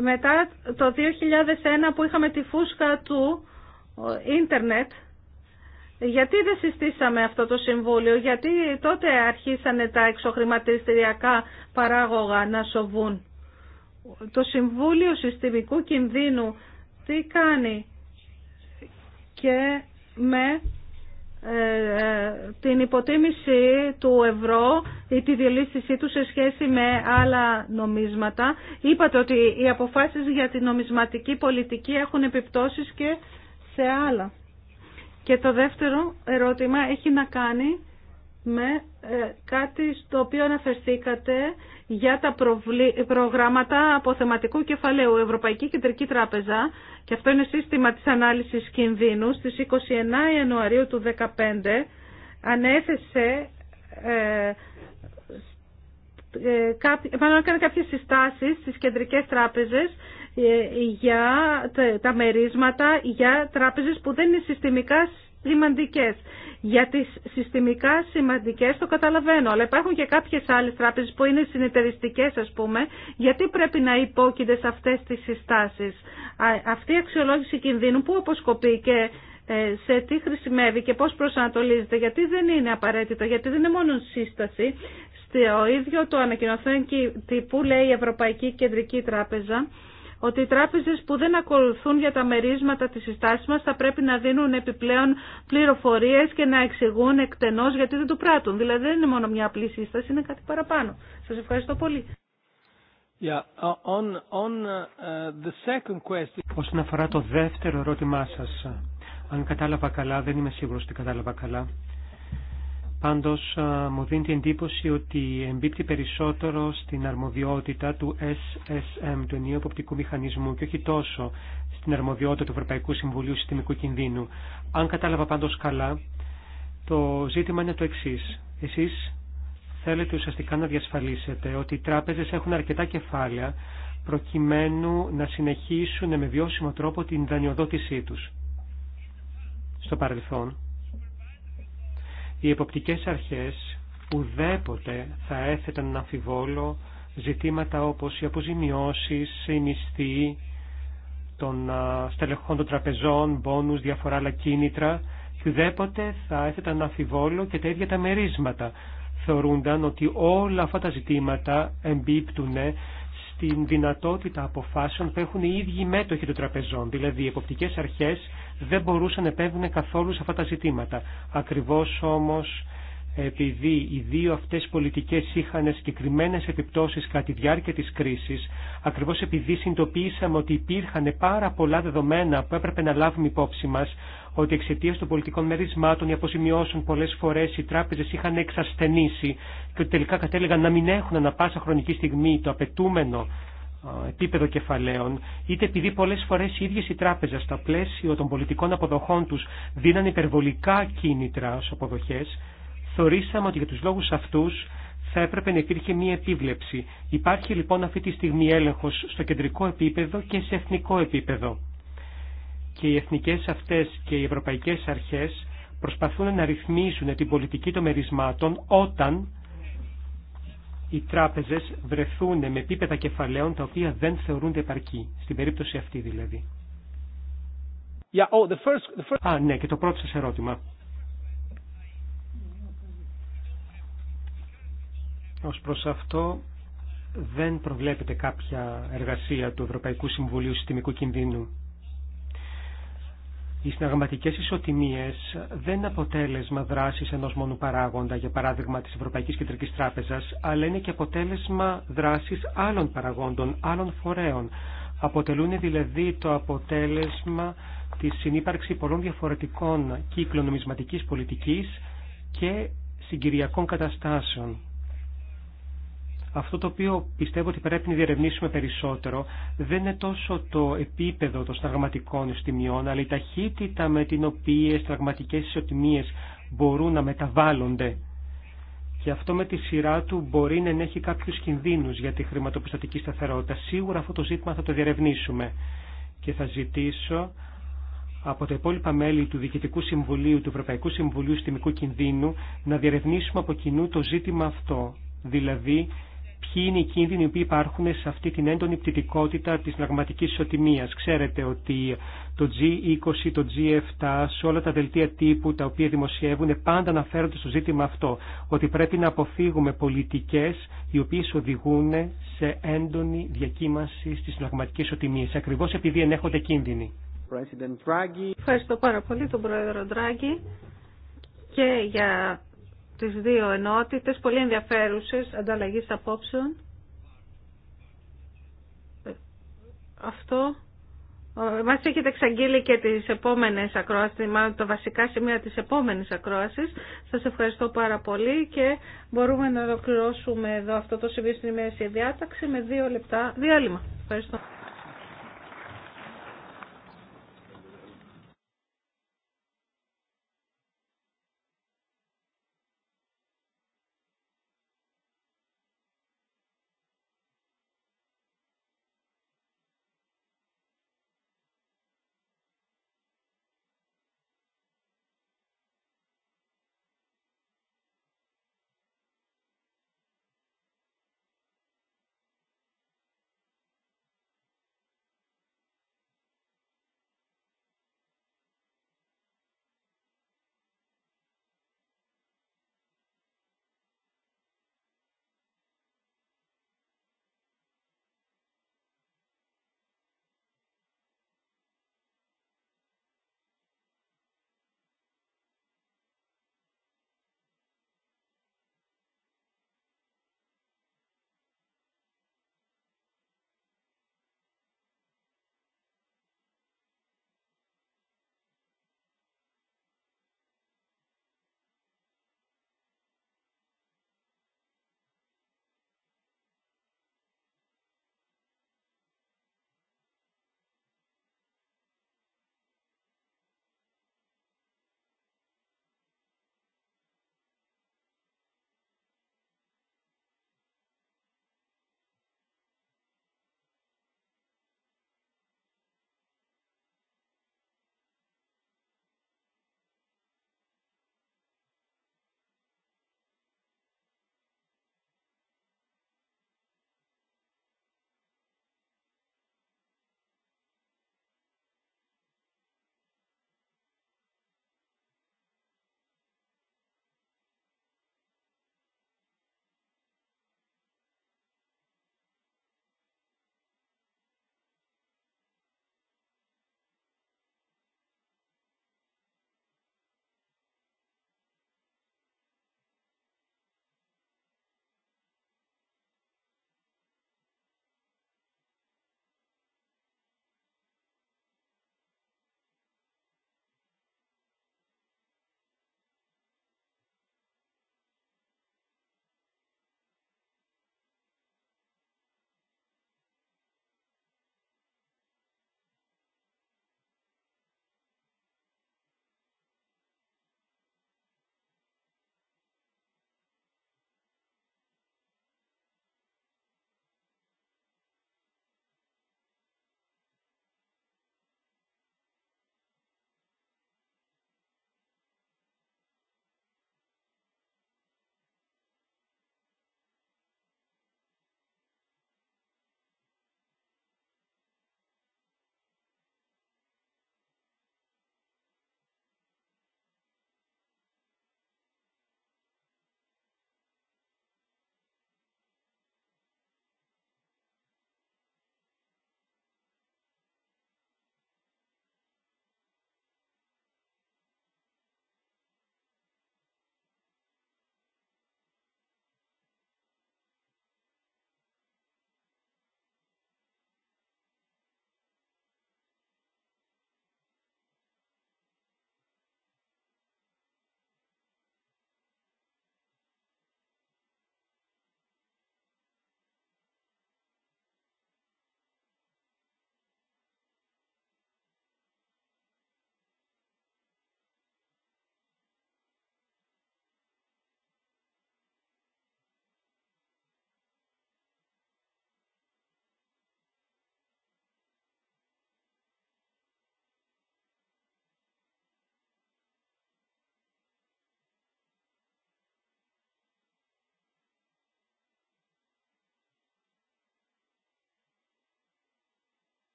μετά το 2001 που είχαμε τη φούσκα του ίντερνετ, γιατί δεν συστήσαμε αυτό το συμβούλιο, γιατί τότε αρχίσανε τα εξοχρηματιστηριακά παράγωγα να σοβούν. Το Συμβούλιο Συστημικού Κινδύνου τι κάνει και με ε, ε, την υποτίμηση του ευρώ ή τη διελίστησή του σε σχέση με άλλα νομίσματα. Είπατε ότι οι αποφάσεις για την νομισματική πολιτική έχουν επιπτώσεις και σε άλλα. Και το δεύτερο ερώτημα έχει να κάνει με ε, κάτι στο οποίο αναφερθήκατε για τα προγράμματα αποθεματικού κεφαλαίου Ευρωπαϊκή Κεντρική Τράπεζα και αυτό είναι σύστημα της ανάλυσης κινδύνου στις 29 Ιανουαρίου του 2015 ανέθεσε ε, συστάσει ε, έκανε κάποιες συστάσεις στις κεντρικές τράπεζες ε, για τα μερίσματα για τράπεζες που δεν είναι συστημικά σημαντικές. Για τις συστημικά σημαντικές το καταλαβαίνω, αλλά υπάρχουν και κάποιες άλλες τράπεζες που είναι συνεταιριστικές ας πούμε, γιατί πρέπει να υπόκεινται σε αυτές τις συστάσεις. Αυτή η αξιολόγηση κινδύνου που αποσκοπεί και ε, σε τι χρησιμεύει και πώς προσανατολίζεται, γιατί δεν είναι απαραίτητο, γιατί δεν είναι μόνο σύσταση. Στο ίδιο το ανακοινωθέν που λέει η Ευρωπαϊκή Κεντρική Τράπεζα, ότι οι τράπεζε που δεν ακολουθούν για τα μερίσματα τη συστάση μα θα πρέπει να δίνουν επιπλέον πληροφορίε και να εξηγούν εκτενώς γιατί δεν το πράττουν. Δηλαδή δεν είναι μόνο μια απλή σύσταση, είναι κάτι παραπάνω. Σας ευχαριστώ πολύ. Uh, on, on, uh, the Όσον αφορά το δεύτερο ερώτημά σας, αν κατάλαβα καλά, δεν είμαι σίγουρο ότι κατάλαβα καλά. Πάντως μου δίνει την εντύπωση ότι εμπίπτει περισσότερο στην αρμοδιότητα του SSM, του ενίου αποπτικού μηχανισμού και όχι τόσο στην αρμοδιότητα του Ευρωπαϊκού Συμβουλίου Συστημικού Κινδύνου. Αν κατάλαβα πάντως καλά, το ζήτημα είναι το εξής. Εσείς θέλετε ουσιαστικά να διασφαλίσετε ότι οι τράπεζες έχουν αρκετά κεφάλαια προκειμένου να συνεχίσουν με βιώσιμο τρόπο την δανειοδότησή τους. Στο παρελθόν, οι εποπτικές αρχές ουδέποτε θα έθεταν να αμφιβόλω ζητήματα όπως οι αποζημιώσεις, οι μισθοί των στελεχών των τραπεζών, μπόνους, διαφορά άλλα κίνητρα και ουδέποτε θα έθεταν να αμφιβόλω και τα ίδια τα μερίσματα. Θεωρούνταν ότι όλα αυτά τα ζητήματα εμπίπτουνε την δυνατότητα αποφάσεων που έχουν οι ίδιοι μέτοχοι των τραπεζών. Δηλαδή, οι εποπτικέ αρχέ δεν μπορούσαν να επέμβουν καθόλου σε αυτά τα ζητήματα. Ακριβώ όμω επειδή οι δύο αυτές πολιτικές είχαν συγκεκριμένε επιπτώσεις κατά τη διάρκεια της κρίσης, ακριβώς επειδή συνειδητοποιήσαμε ότι υπήρχαν πάρα πολλά δεδομένα που έπρεπε να λάβουμε υπόψη μας, ότι εξαιτία των πολιτικών μερισμάτων οι αποζημιώσεων πολλές φορές οι τράπεζες είχαν εξασθενήσει και ότι τελικά κατέλεγαν να μην έχουν ανα πάσα χρονική στιγμή το απαιτούμενο επίπεδο κεφαλαίων, είτε επειδή πολλέ φορέ οι ίδιε οι τράπεζε στα πλαίσιο των πολιτικών αποδοχών του δίναν υπερβολικά κίνητρα ω αποδοχέ, θεωρήσαμε ότι για τους λόγους αυτούς θα έπρεπε να υπήρχε μία επίβλεψη. Υπάρχει λοιπόν αυτή τη στιγμή έλεγχος στο κεντρικό επίπεδο και σε εθνικό επίπεδο. Και οι εθνικές αυτές και οι ευρωπαϊκές αρχές προσπαθούν να ρυθμίσουν την πολιτική των μερισμάτων όταν οι τράπεζες βρεθούν με επίπεδα κεφαλαίων τα οποία δεν θεωρούνται επαρκή, στην περίπτωση αυτή δηλαδή. oh, the first, the first... Α, ναι, και το πρώτο σας ερώτημα. Ως προς αυτό δεν προβλέπεται κάποια εργασία του Ευρωπαϊκού Συμβουλίου Συστημικού Κινδύνου. Οι συναγματικές ισοτιμίες δεν είναι αποτέλεσμα δράσης ενός μόνο παράγοντα, για παράδειγμα της Ευρωπαϊκής Κεντρικής Τράπεζας, αλλά είναι και αποτέλεσμα δράσης άλλων παραγόντων, άλλων φορέων. Αποτελούν δηλαδή το αποτέλεσμα της συνύπαρξης πολλών διαφορετικών κύκλων νομισματικής πολιτικής και συγκυριακών καταστάσεων. Αυτό το οποίο πιστεύω ότι πρέπει να διερευνήσουμε περισσότερο δεν είναι τόσο το επίπεδο των στραγματικών ιστιμιών, αλλά η ταχύτητα με την οποία οι στραγματικές ισοτιμίες μπορούν να μεταβάλλονται. Και αυτό με τη σειρά του μπορεί να έχει κάποιους κινδύνους για τη χρηματοπιστωτική σταθερότητα. Σίγουρα αυτό το ζήτημα θα το διερευνήσουμε. Και θα ζητήσω από τα υπόλοιπα μέλη του Διοικητικού Συμβουλίου, του Ευρωπαϊκού Συμβουλίου Στιμικού Κινδύνου, να διερευνήσουμε από κοινού το ζήτημα αυτό. Δηλαδή, ποιοι είναι οι κίνδυνοι που υπάρχουν σε αυτή την έντονη πτυτικότητα της πραγματικής ισοτιμίας. Ξέρετε ότι το G20, το G7, σε όλα τα δελτία τύπου τα οποία δημοσιεύουν πάντα αναφέρονται στο ζήτημα αυτό, ότι πρέπει να αποφύγουμε πολιτικές οι οποίες οδηγούν σε έντονη διακύμαση στις λαγματικές ισοτιμίες, ακριβώς επειδή ενέχονται κίνδυνοι. Ευχαριστώ πάρα πολύ τον Πρόεδρο Ντράγκη και για τις δύο ενότητες, πολύ ενδιαφέρουσες ανταλλαγής απόψεων. Αυτό ε, μας έχετε εξαγγείλει και τις επόμενες ακρόασεις, μάλλον τα βασικά σημεία της επόμενης ακρόασης. Σας ευχαριστώ πάρα πολύ και μπορούμε να ολοκληρώσουμε εδώ αυτό το σημείο στην ημέρα διάταξη με δύο λεπτά διάλειμμα. Ευχαριστώ.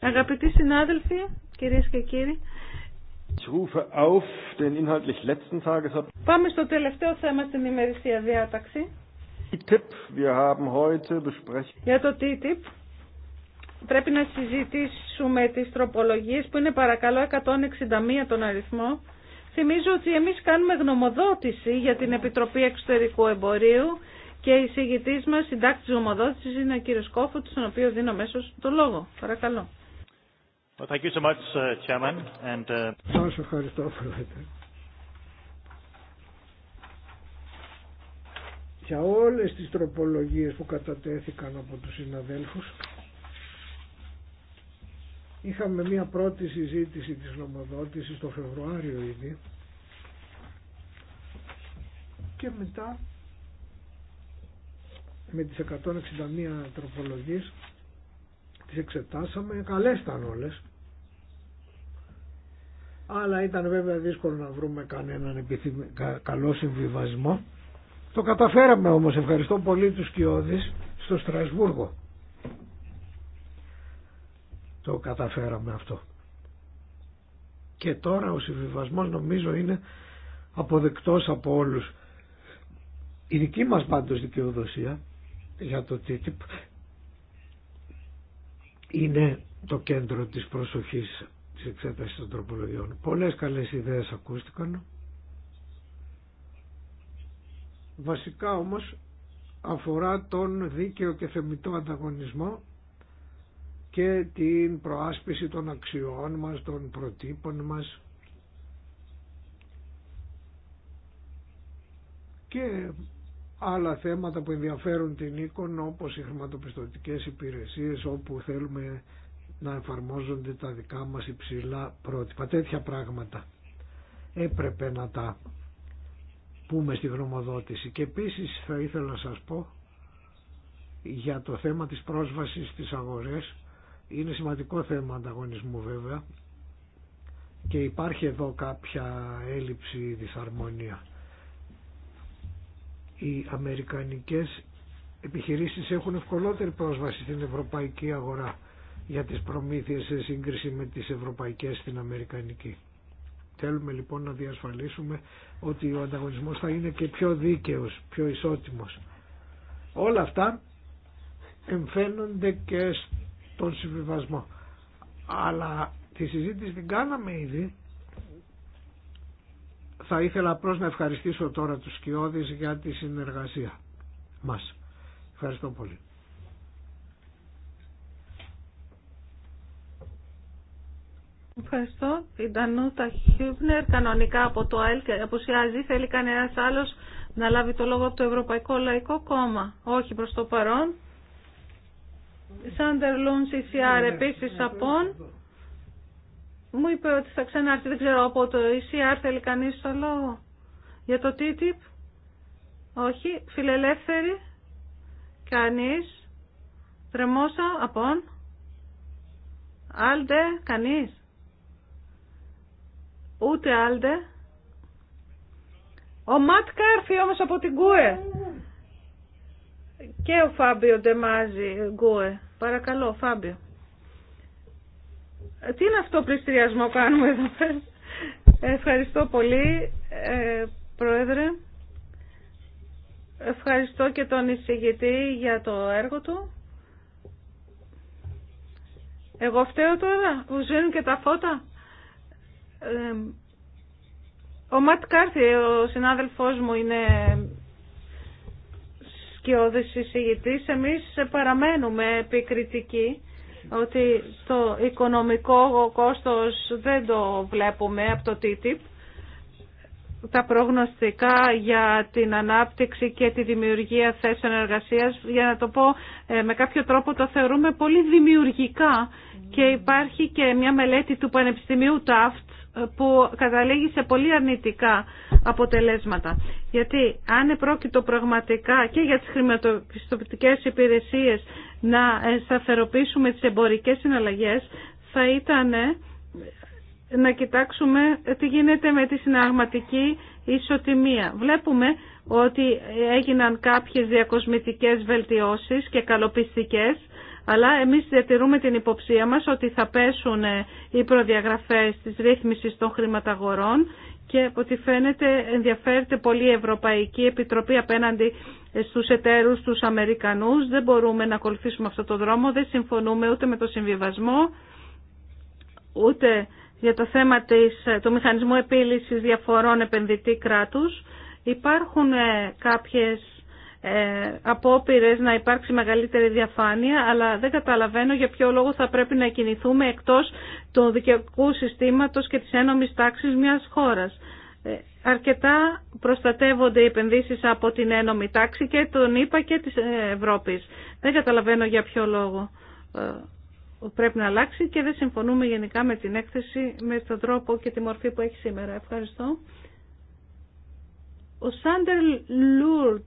Αγαπητοί συνάδελφοι, κυρίες και κύριοι. Πάμε στο τελευταίο θέμα στην ημερησία διάταξη. Για το TTIP πρέπει να συζητήσουμε τις τροπολογίες που είναι παρακαλώ 161 τον αριθμό. Θυμίζω ότι εμείς κάνουμε γνωμοδότηση για την Επιτροπή Εξωτερικού Εμπορίου και η συγγητή μα συντάκτη είναι ο κύριο Κόφου, τον οποίο δίνω μέσω το λόγο. Παρακαλώ. Well, uh, uh, Σας ευχαριστώ, Πρόεδρε. Για όλε τις τροπολογίες που κατατέθηκαν από τους συναδέλφου. είχαμε μία πρώτη συζήτηση της νομοδότησης το Φεβρουάριο ήδη και μετά με τις 161 τροπολογίες τις εξετάσαμε, καλές ήταν όλες αλλά ήταν βέβαια δύσκολο να βρούμε κανέναν επιθυμη... καλό συμβιβασμό το καταφέραμε όμως ευχαριστώ πολύ τους Κιώδης στο Στρασβούργο το καταφέραμε αυτό και τώρα ο συμβιβασμός νομίζω είναι αποδεκτός από όλους η δική μας πάντως δικαιοδοσία για το TTIP είναι το κέντρο της προσοχής της εξέτασης των τροπολογιών. Πολλές καλές ιδέες ακούστηκαν. Βασικά όμως αφορά τον δίκαιο και θεμητό ανταγωνισμό και την προάσπιση των αξιών μας, των προτύπων μας και άλλα θέματα που ενδιαφέρουν την οίκον όπως οι χρηματοπιστωτικές υπηρεσίες όπου θέλουμε να εφαρμόζονται τα δικά μας υψηλά πρότυπα. Τέτοια πράγματα έπρεπε να τα πούμε στη γνωμοδότηση. Και επίσης θα ήθελα να σας πω για το θέμα της πρόσβασης στις αγορές. Είναι σημαντικό θέμα ανταγωνισμού βέβαια και υπάρχει εδώ κάποια έλλειψη δυσαρμονία. Οι αμερικανικές επιχειρήσεις έχουν ευκολότερη πρόσβαση στην ευρωπαϊκή αγορά για τις προμήθειες σε σύγκριση με τις ευρωπαϊκές στην αμερικανική. Θέλουμε λοιπόν να διασφαλίσουμε ότι ο ανταγωνισμός θα είναι και πιο δίκαιος, πιο ισότιμος. Όλα αυτά εμφαίνονται και στον συμβιβασμό. Αλλά τη συζήτηση την κάναμε ήδη θα ήθελα απλώς να ευχαριστήσω τώρα τους Σκιώδης για τη συνεργασία μας. Ευχαριστώ πολύ. Ευχαριστώ. Η Ντανούτα Χιούμπνερ κανονικά από το ΑΕΛ και αποσιάζει. Θέλει κανένα άλλος να λάβει το λόγο από το Ευρωπαϊκό Λαϊκό Κόμμα. Όχι προς το παρόν. Σάντερ Λούν, CCR, επίσης απόν. Μου είπε ότι θα ξανάρθει, δεν ξέρω από το ECR θέλει κανεί το λόγο. Για το TTIP, όχι, φιλελεύθερη, κανείς, τρεμόσα, απόν, άλντε, κανείς, ούτε άλτε. Ο Ματ Κάρφι όμως από την ΚΟΕ και ο Φάμπιο Ντεμάζι, ΚΟΕ. Παρακαλώ, Φάμπιο. Τι είναι αυτό πληστηριασμό κάνουμε εδώ πέρα. Ευχαριστώ πολύ, ε, Πρόεδρε. Ευχαριστώ και τον εισηγητή για το έργο του. Εγώ φταίω τώρα που ζουν και τα φώτα. Ε, ο Ματ Κάρθι, ο συνάδελφός μου, είναι σκιώδης εισηγητής. Εμείς παραμένουμε επικριτικοί ότι το οικονομικό κόστος δεν το βλέπουμε από το TTIP. Τα προγνωστικά για την ανάπτυξη και τη δημιουργία θέσεων εργασίας, για να το πω ε, με κάποιο τρόπο το θεωρούμε πολύ δημιουργικά και υπάρχει και μια μελέτη του Πανεπιστημίου ΤΑΦΤ που καταλήγει σε πολύ αρνητικά αποτελέσματα. Γιατί αν επρόκειτο πραγματικά και για τις χρηματοπιστωτικές υπηρεσίες να σταθεροποιήσουμε τις εμπορικές συναλλαγές, θα ήταν ε, να κοιτάξουμε τι γίνεται με τη συναγματική ισοτιμία. Βλέπουμε ότι έγιναν κάποιες διακοσμητικές βελτιώσεις και καλοπιστικές αλλά εμείς διατηρούμε την υποψία μας ότι θα πέσουν ε, οι προδιαγραφές της ρύθμισης των χρηματαγορών και ό,τι φαίνεται ενδιαφέρεται πολύ η Ευρωπαϊκή Επιτροπή απέναντι στους εταίρους, τους Αμερικανούς. Δεν μπορούμε να ακολουθήσουμε αυτό το δρόμο, δεν συμφωνούμε ούτε με το συμβιβασμό, ούτε για το θέμα της, του μηχανισμού επίλυσης διαφορών επενδυτή κράτους. Υπάρχουν ε, κάποιες ε, απόπειρες να υπάρξει μεγαλύτερη διαφάνεια, αλλά δεν καταλαβαίνω για ποιο λόγο θα πρέπει να κινηθούμε εκτός του δικαιωτικού συστήματος και της ένωμη τάξη μιας χώρας. Ε, αρκετά προστατεύονται οι επενδύσει από την ένομη τάξη και τον ΗΠΑ και της Ευρώπης. Δεν καταλαβαίνω για ποιο λόγο ε, πρέπει να αλλάξει και δεν συμφωνούμε γενικά με την έκθεση, με τον τρόπο και τη μορφή που έχει σήμερα. Ευχαριστώ. Ο Σάντερ Λούρτ,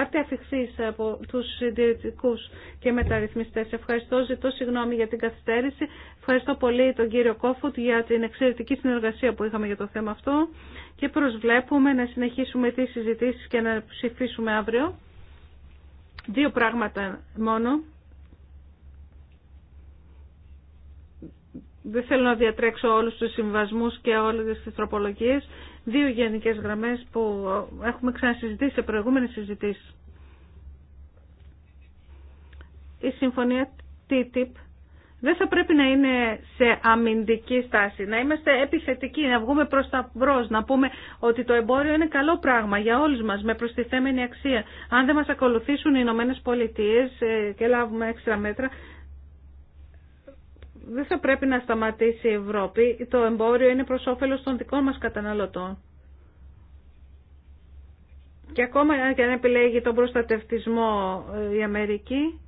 άρτη αφιχθή από τους συντηρητικού και μεταρρυθμιστέ. Ευχαριστώ, ζητώ συγγνώμη για την καθυστέρηση. Ευχαριστώ πολύ τον κύριο Κόφουτ για την εξαιρετική συνεργασία που είχαμε για το θέμα αυτό και προσβλέπουμε να συνεχίσουμε τις συζητήσει και να ψηφίσουμε αύριο. Δύο πράγματα μόνο. Δεν θέλω να διατρέξω όλους τους συμβασμούς και όλες τις τροπολογίες δύο γενικές γραμμές που έχουμε ξανασυζητήσει σε προηγούμενες συζητήσεις. Η συμφωνία TTIP δεν θα πρέπει να είναι σε αμυντική στάση, να είμαστε επιθετικοί, να βγούμε προς τα μπρος, να πούμε ότι το εμπόριο είναι καλό πράγμα για όλους μας με προστιθέμενη αξία. Αν δεν μας ακολουθήσουν οι Ηνωμένε Πολιτείε ε, και λάβουμε έξτρα μέτρα, δεν θα πρέπει να σταματήσει η Ευρώπη. Το εμπόριο είναι προς όφελος των δικών μας καταναλωτών. Και ακόμα και αν επιλέγει τον προστατευτισμό ε, η Αμερική,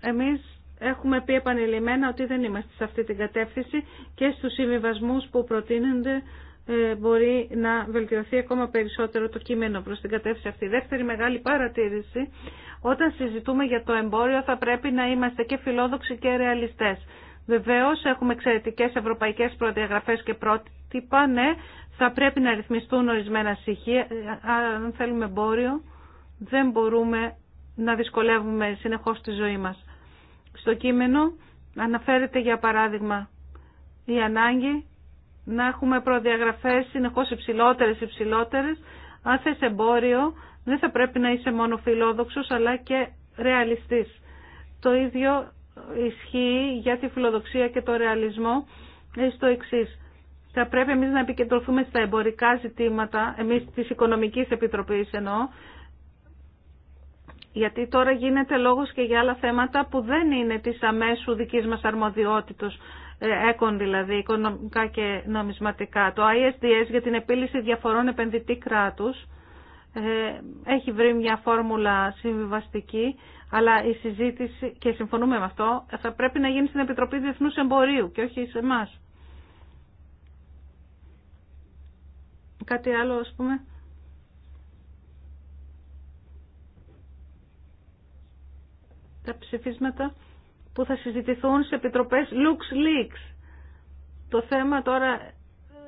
εμείς έχουμε πει επανειλημμένα ότι δεν είμαστε σε αυτή την κατεύθυνση και στους συμβιβασμού που προτείνονται ε, μπορεί να βελτιωθεί ακόμα περισσότερο το κείμενο προς την κατεύθυνση αυτή. Δεύτερη μεγάλη παρατήρηση, όταν συζητούμε για το εμπόριο θα πρέπει να είμαστε και φιλόδοξοι και ρεαλιστές. Βεβαίως έχουμε εξαιρετικέ ευρωπαϊκές προδιαγραφές και πρότυπα, ναι, θα πρέπει να ρυθμιστούν ορισμένα στοιχεία, αν θέλουμε εμπόριο δεν μπορούμε να δυσκολεύουμε συνεχώς τη ζωή μας. Στο κείμενο αναφέρεται για παράδειγμα η ανάγκη να έχουμε προδιαγραφές συνεχώς υψηλότερες, υψηλότερες. Αν θες εμπόριο, δεν θα πρέπει να είσαι μόνο φιλόδοξος, αλλά και ρεαλιστής. Το ίδιο ισχύει για τη φιλοδοξία και το ρεαλισμό ε, στο εξή. Θα πρέπει εμείς να επικεντρωθούμε στα εμπορικά ζητήματα, εμείς της Οικονομικής Επιτροπής εννοώ, γιατί τώρα γίνεται λόγος και για άλλα θέματα που δεν είναι της αμέσου δικής μας αρμοδιότητος έκον δηλαδή, οικονομικά και νομισματικά. Το ISDS για την επίλυση διαφορών επενδυτή κράτους έχει βρει μια φόρμουλα συμβιβαστική, αλλά η συζήτηση, και συμφωνούμε με αυτό, θα πρέπει να γίνει στην Επιτροπή Διεθνούς Εμπορίου και όχι σε εμά. Κάτι άλλο, ας πούμε. Τα ψηφίσματα που θα συζητηθούν σε επιτροπές LuxLeaks. Το θέμα τώρα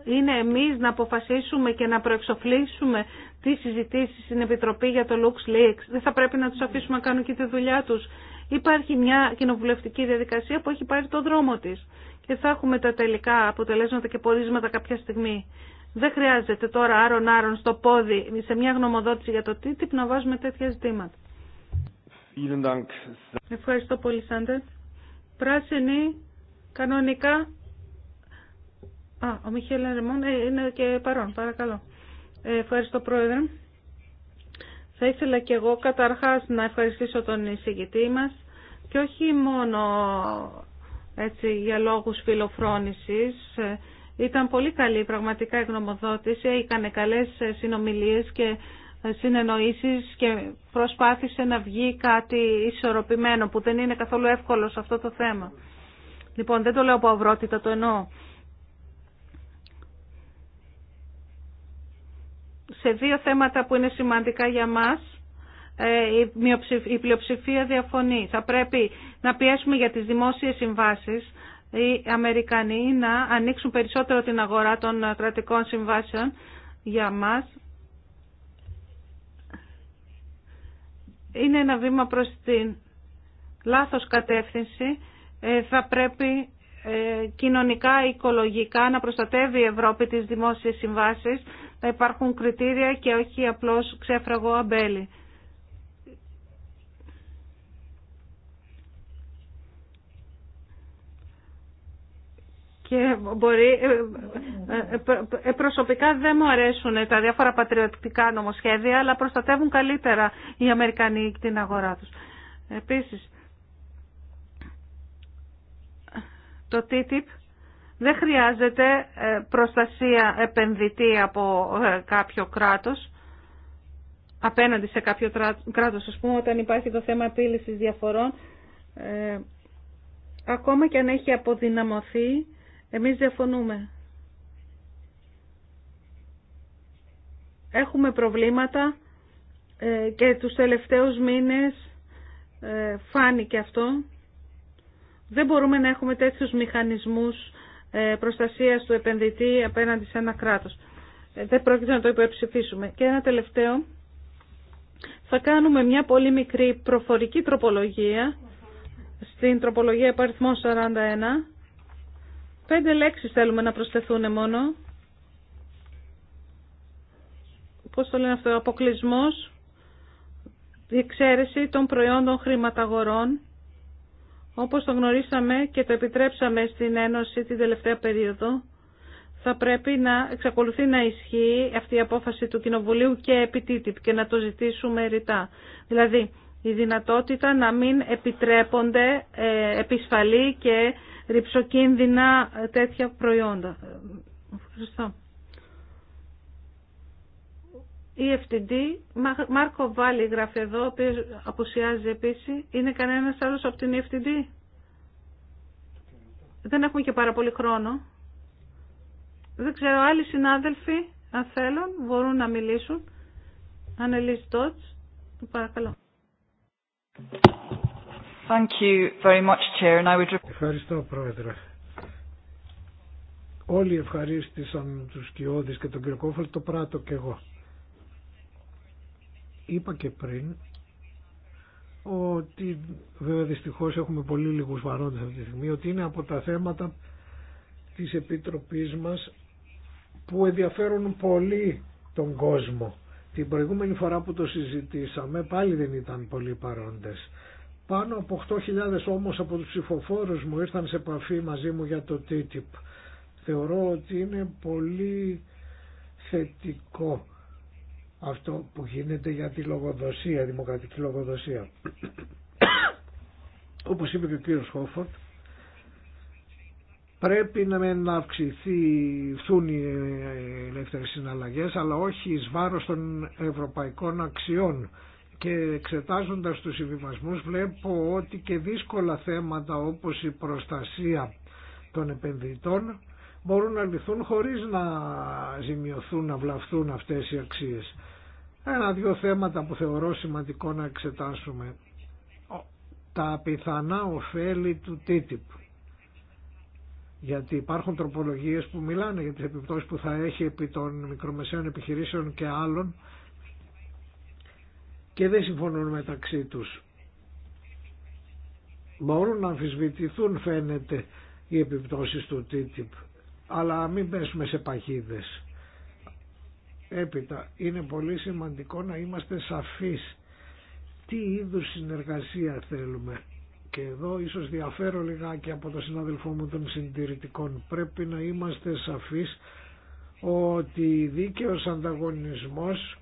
είναι εμείς να αποφασίσουμε και να προεξοφλήσουμε τι συζητήσεις στην Επιτροπή για το LuxLeaks. Δεν θα πρέπει να τους αφήσουμε να κάνουν και τη δουλειά τους. Υπάρχει μια κοινοβουλευτική διαδικασία που έχει πάρει το δρόμο της και θα έχουμε τα τελικά αποτελέσματα και πορίσματα κάποια στιγμή. Δεν χρειάζεται τώρα άρον-άρον στο πόδι σε μια γνωμοδότηση για το τι να βάζουμε τέτοια ζητήματα. Ευχαριστώ πολύ, Σάντερ πράσινη κανονικά. Α, ο Μιχαήλ Ρεμόν ε, είναι και παρόν, παρακαλώ. Ε, ευχαριστώ Πρόεδρε. Θα ήθελα και εγώ καταρχάς να ευχαριστήσω τον εισηγητή μας και όχι μόνο έτσι, για λόγους φιλοφρόνησης. Ε, ήταν πολύ καλή πραγματικά η γνωμοδότηση, έκανε καλές συνομιλίες και συνεννοήσεις και προσπάθησε να βγει κάτι ισορροπημένο που δεν είναι καθόλου εύκολο σε αυτό το θέμα. Λοιπόν, δεν το λέω από αυρότητα, το εννοώ. Σε δύο θέματα που είναι σημαντικά για μας, ε, η πλειοψηφία διαφωνεί. Θα πρέπει να πιέσουμε για τις δημόσιες συμβάσεις οι Αμερικανοί να ανοίξουν περισσότερο την αγορά των κρατικών συμβάσεων για μας είναι ένα βήμα προς την λάθος κατεύθυνση. Ε, θα πρέπει ε, κοινωνικά, οικολογικά να προστατεύει η Ευρώπη τις δημόσιες συμβάσεις, να υπάρχουν κριτήρια και όχι απλώς ξέφραγο αμπέλι. και μπορεί, ε, ε, ε, προσωπικά δεν μου αρέσουν τα διάφορα πατριωτικά νομοσχέδια, αλλά προστατεύουν καλύτερα οι Αμερικανοί την αγορά τους. Επίσης, το TTIP δεν χρειάζεται προστασία επενδυτή από κάποιο κράτος, απέναντι σε κάποιο κράτος, ας πούμε, όταν υπάρχει το θέμα επίλυσης διαφορών, ακόμα και αν έχει αποδυναμωθεί, εμείς διαφωνούμε. Έχουμε προβλήματα ε, και τους τελευταίους μήνες ε, φάνηκε αυτό. Δεν μπορούμε να έχουμε τέτοιους μηχανισμούς ε, προστασίας του επενδυτή απέναντι σε ένα κράτος. Δεν πρόκειται να το υποεψηφίσουμε. Και ένα τελευταίο. Θα κάνουμε μια πολύ μικρή προφορική τροπολογία στην τροπολογία επαριθμό 41 Πέντε λέξεις θέλουμε να προσθεθούν μόνο. Πώς το λένε αυτό, αποκλεισμός, εξαίρεση των προϊόντων χρηματαγορών, όπως το γνωρίσαμε και το επιτρέψαμε στην Ένωση την τελευταία περίοδο, θα πρέπει να εξακολουθεί να ισχύει αυτή η απόφαση του Κοινοβουλίου και επί και να το ζητήσουμε ρητά. Δηλαδή, η δυνατότητα να μην επιτρέπονται ε, επισφαλή και ρηψοκίνδυνα ε, τέτοια προϊόντα. Ευχαριστώ. EFTD, Μάρκο Βάλι γράφει εδώ, ο οποίος απουσιάζει επίσης. Είναι κανένα άλλος από την EFTD? Δεν έχουμε και πάρα πολύ χρόνο. Δεν ξέρω, άλλοι συνάδελφοι, αν θέλουν, μπορούν να μιλήσουν. Ανελής Τότς. παρακαλώ. Thank you very much, Chair, and I would... Ευχαριστώ, Πρόεδρε. Όλοι ευχαρίστησαν τους Κιώδης και τον κύριο Κόφελ, το πράττω και εγώ. Είπα και πριν ότι βέβαια δυστυχώς έχουμε πολύ λίγους παρόντες. αυτή τη στιγμή, ότι είναι από τα θέματα της Επιτροπής μας που ενδιαφέρουν πολύ τον κόσμο. Την προηγούμενη φορά που το συζητήσαμε πάλι δεν ήταν πολύ παρόντες. Πάνω από 8.000 όμως από τους ψηφοφόρους μου ήρθαν σε επαφή μαζί μου για το TTIP. Θεωρώ ότι είναι πολύ θετικό αυτό που γίνεται για τη λογοδοσία, δημοκρατική λογοδοσία. *coughs* Όπως είπε και ο κύριος Χόφορτ, πρέπει να, να αυξηθούν οι ελεύθερες συναλλαγές, αλλά όχι εις βάρος των ευρωπαϊκών αξιών και εξετάζοντας τους συμβιβασμούς βλέπω ότι και δύσκολα θέματα όπως η προστασία των επενδυτών μπορούν να λυθούν χωρίς να ζημιωθούν, να βλαφθούν αυτές οι αξίες. Ένα-δυο θέματα που θεωρώ σημαντικό να εξετάσουμε. Τα πιθανά ωφέλη του TTIP. Γιατί υπάρχουν τροπολογίες που μιλάνε για τις επιπτώσεις που θα έχει επί των μικρομεσαίων επιχειρήσεων και άλλων και δεν συμφωνούν μεταξύ τους. Μπορούν να αμφισβητηθούν φαίνεται οι επιπτώσεις του TTIP, αλλά μην πέσουμε σε παχύδες. Έπειτα, είναι πολύ σημαντικό να είμαστε σαφείς τι είδους συνεργασία θέλουμε. Και εδώ ίσως διαφέρω λιγάκι από το συνάδελφό μου των συντηρητικών. Πρέπει να είμαστε σαφείς ότι δίκαιος ανταγωνισμός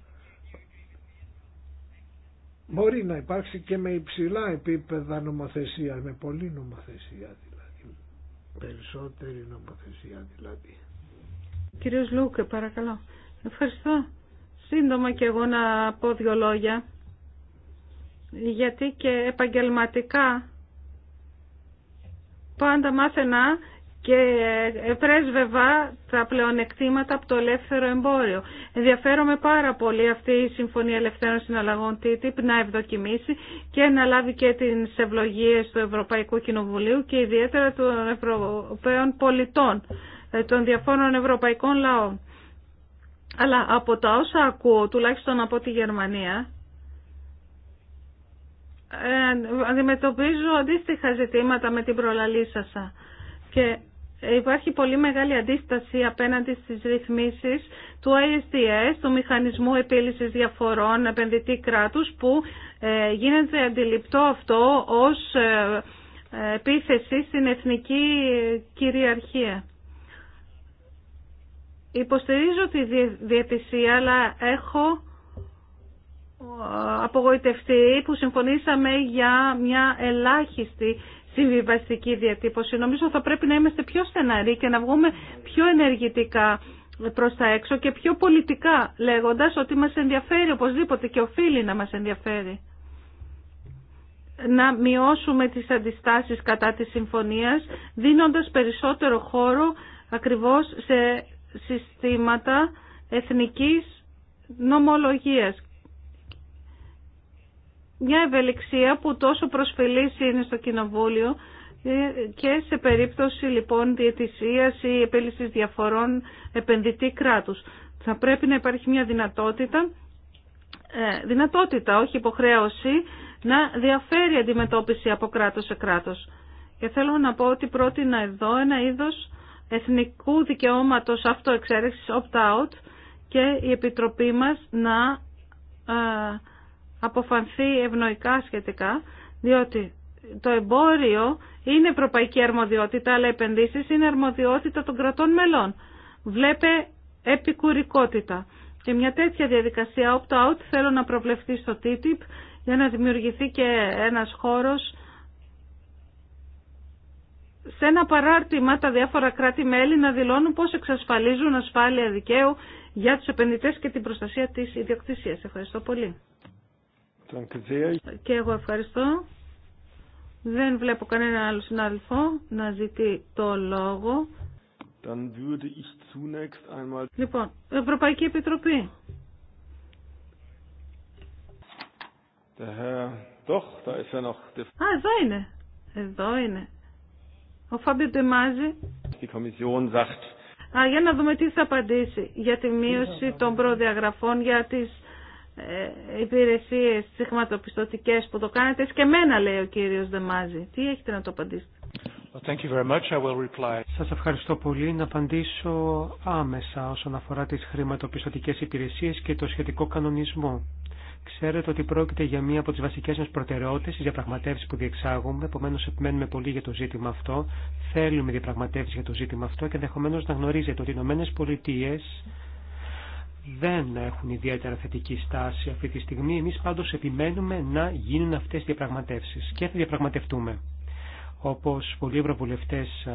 Μπορεί να υπάρξει και με υψηλά επίπεδα νομοθεσία, με πολλή νομοθεσία δηλαδή. Περισσότερη νομοθεσία δηλαδή. Κύριος Λούκε, παρακαλώ. Ευχαριστώ. Σύντομα και εγώ να πω δύο λόγια. Γιατί και επαγγελματικά πάντα μάθαινα και πρέσβευα τα πλεονεκτήματα από το ελεύθερο εμπόριο. Ενδιαφέρομαι πάρα πολύ αυτή η Συμφωνία Ελευθέρων Συναλλαγών TTIP να ευδοκιμήσει και να λάβει και τις ευλογίες του Ευρωπαϊκού Κοινοβουλίου και ιδιαίτερα των Ευρωπαίων πολιτών, ε, των διαφόρων ευρωπαϊκών λαών. Αλλά από τα όσα ακούω, τουλάχιστον από τη Γερμανία, ε, αντιμετωπίζω αντίστοιχα ζητήματα με την προλαλήσασα. Και Υπάρχει πολύ μεγάλη αντίσταση απέναντι στις ρυθμίσεις του ISDS, του Μηχανισμού Επίλυσης Διαφορών Επενδυτή Κράτους, που ε, γίνεται αντιληπτό αυτό ως ε, ε, επίθεση στην εθνική κυριαρχία. Υποστηρίζω τη διαιτησία, αλλά έχω απογοητευτεί που συμφωνήσαμε για μια ελάχιστη συμβιβαστική διατύπωση. Νομίζω θα πρέπει να είμαστε πιο στεναροί και να βγούμε πιο ενεργητικά προς τα έξω και πιο πολιτικά λέγοντας ότι μας ενδιαφέρει οπωσδήποτε και οφείλει να μας ενδιαφέρει να μειώσουμε τις αντιστάσεις κατά της συμφωνίας δίνοντας περισσότερο χώρο ακριβώς σε συστήματα εθνικής νομολογίας μια ευελιξία που τόσο προσφυλής είναι στο Κοινοβούλιο ε, και σε περίπτωση λοιπόν διαιτησίας ή επίλυσης διαφορών επενδυτή κράτους. Θα πρέπει να υπάρχει μια δυνατότητα, ε, δυνατότητα όχι υποχρέωση, να διαφέρει αντιμετώπιση από κράτος σε κράτος. Και θέλω να πω ότι πρότεινα εδώ ένα είδος εθνικού δικαιώματος αυτοεξαίρεσης opt-out και η Επιτροπή μας να ε, αποφανθεί ευνοϊκά σχετικά, διότι το εμπόριο είναι ευρωπαϊκή αρμοδιότητα, αλλά οι επενδύσεις είναι αρμοδιότητα των κρατών μελών. Βλέπε επικουρικότητα. Και μια τέτοια διαδικασία opt-out θέλω να προβλεφθεί στο TTIP για να δημιουργηθεί και ένας χώρος σε ένα παράρτημα τα διάφορα κράτη-μέλη να δηλώνουν πώς εξασφαλίζουν ασφάλεια δικαίου για τους επενδυτές και την προστασία της ιδιοκτησίας. Ευχαριστώ πολύ. Και εγώ ευχαριστώ. Δεν βλέπω κανένα άλλο συνάδελφο να ζητεί το λόγο. Λοιπόν, Ευρωπαϊκή Επιτροπή. Α, εδώ είναι. Εδώ είναι. Ο Φάμπιο Ντεμάζη. Α, για να δούμε τι θα απαντήσει για τη μείωση των προδιαγραφών για τις ε, υπηρεσίες χρηματοπιστωτικές που το κάνετε. και εμένα λέει ο κύριο Δεμάζη. Τι έχετε να το απαντήσετε. Thank you Σας ευχαριστώ πολύ. Να απαντήσω άμεσα όσον αφορά τις χρηματοπιστωτικές υπηρεσίες και το σχετικό κανονισμό. Ξέρετε ότι πρόκειται για μία από τις βασικές μας προτεραιότητες, τι διαπραγματεύσεις που διεξάγουμε, επομένω επιμένουμε πολύ για το ζήτημα αυτό, θέλουμε διαπραγματεύσεις για το ζήτημα αυτό και ενδεχομένω να γνωρίζετε ότι οι Ηνωμένε δεν έχουν ιδιαίτερα θετική στάση αυτή τη στιγμή. Εμείς πάντως επιμένουμε να γίνουν αυτές οι διαπραγματεύσεις και θα διαπραγματευτούμε. Όπως πολλοί ευρωβουλευτέ ε,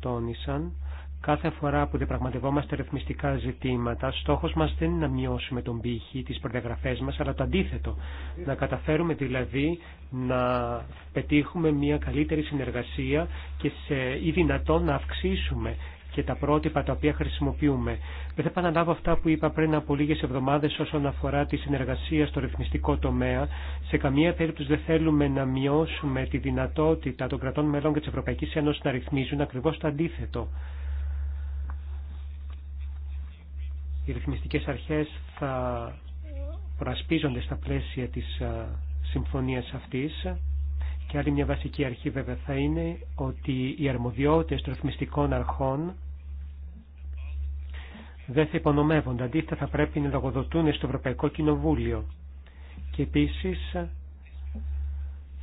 τόνισαν, κάθε φορά που διαπραγματευόμαστε ρυθμιστικά ζητήματα, στόχος μας δεν είναι να μειώσουμε τον πύχη, τις προδιαγραφές μας, αλλά το αντίθετο. Να καταφέρουμε δηλαδή να πετύχουμε μια καλύτερη συνεργασία και σε, ή δυνατόν να αυξήσουμε και τα πρότυπα τα οποία χρησιμοποιούμε. Δεν θα επαναλάβω αυτά που είπα πριν από λίγες εβδομάδες όσον αφορά τη συνεργασία στο ρυθμιστικό τομέα. Σε καμία περίπτωση δεν θέλουμε να μειώσουμε τη δυνατότητα των κρατών μελών και της Ευρωπαϊκής Ένωσης να ρυθμίζουν ακριβώς το αντίθετο. Οι ρυθμιστικές αρχές θα προασπίζονται στα πλαίσια της συμφωνίας αυτής και άλλη μια βασική αρχή βέβαια θα είναι ότι οι αρμοδιότητε των ρυθμιστικών αρχών δεν θα υπονομεύονται. Αντίθετα θα πρέπει να λογοδοτούν στο Ευρωπαϊκό Κοινοβούλιο. Και επίσης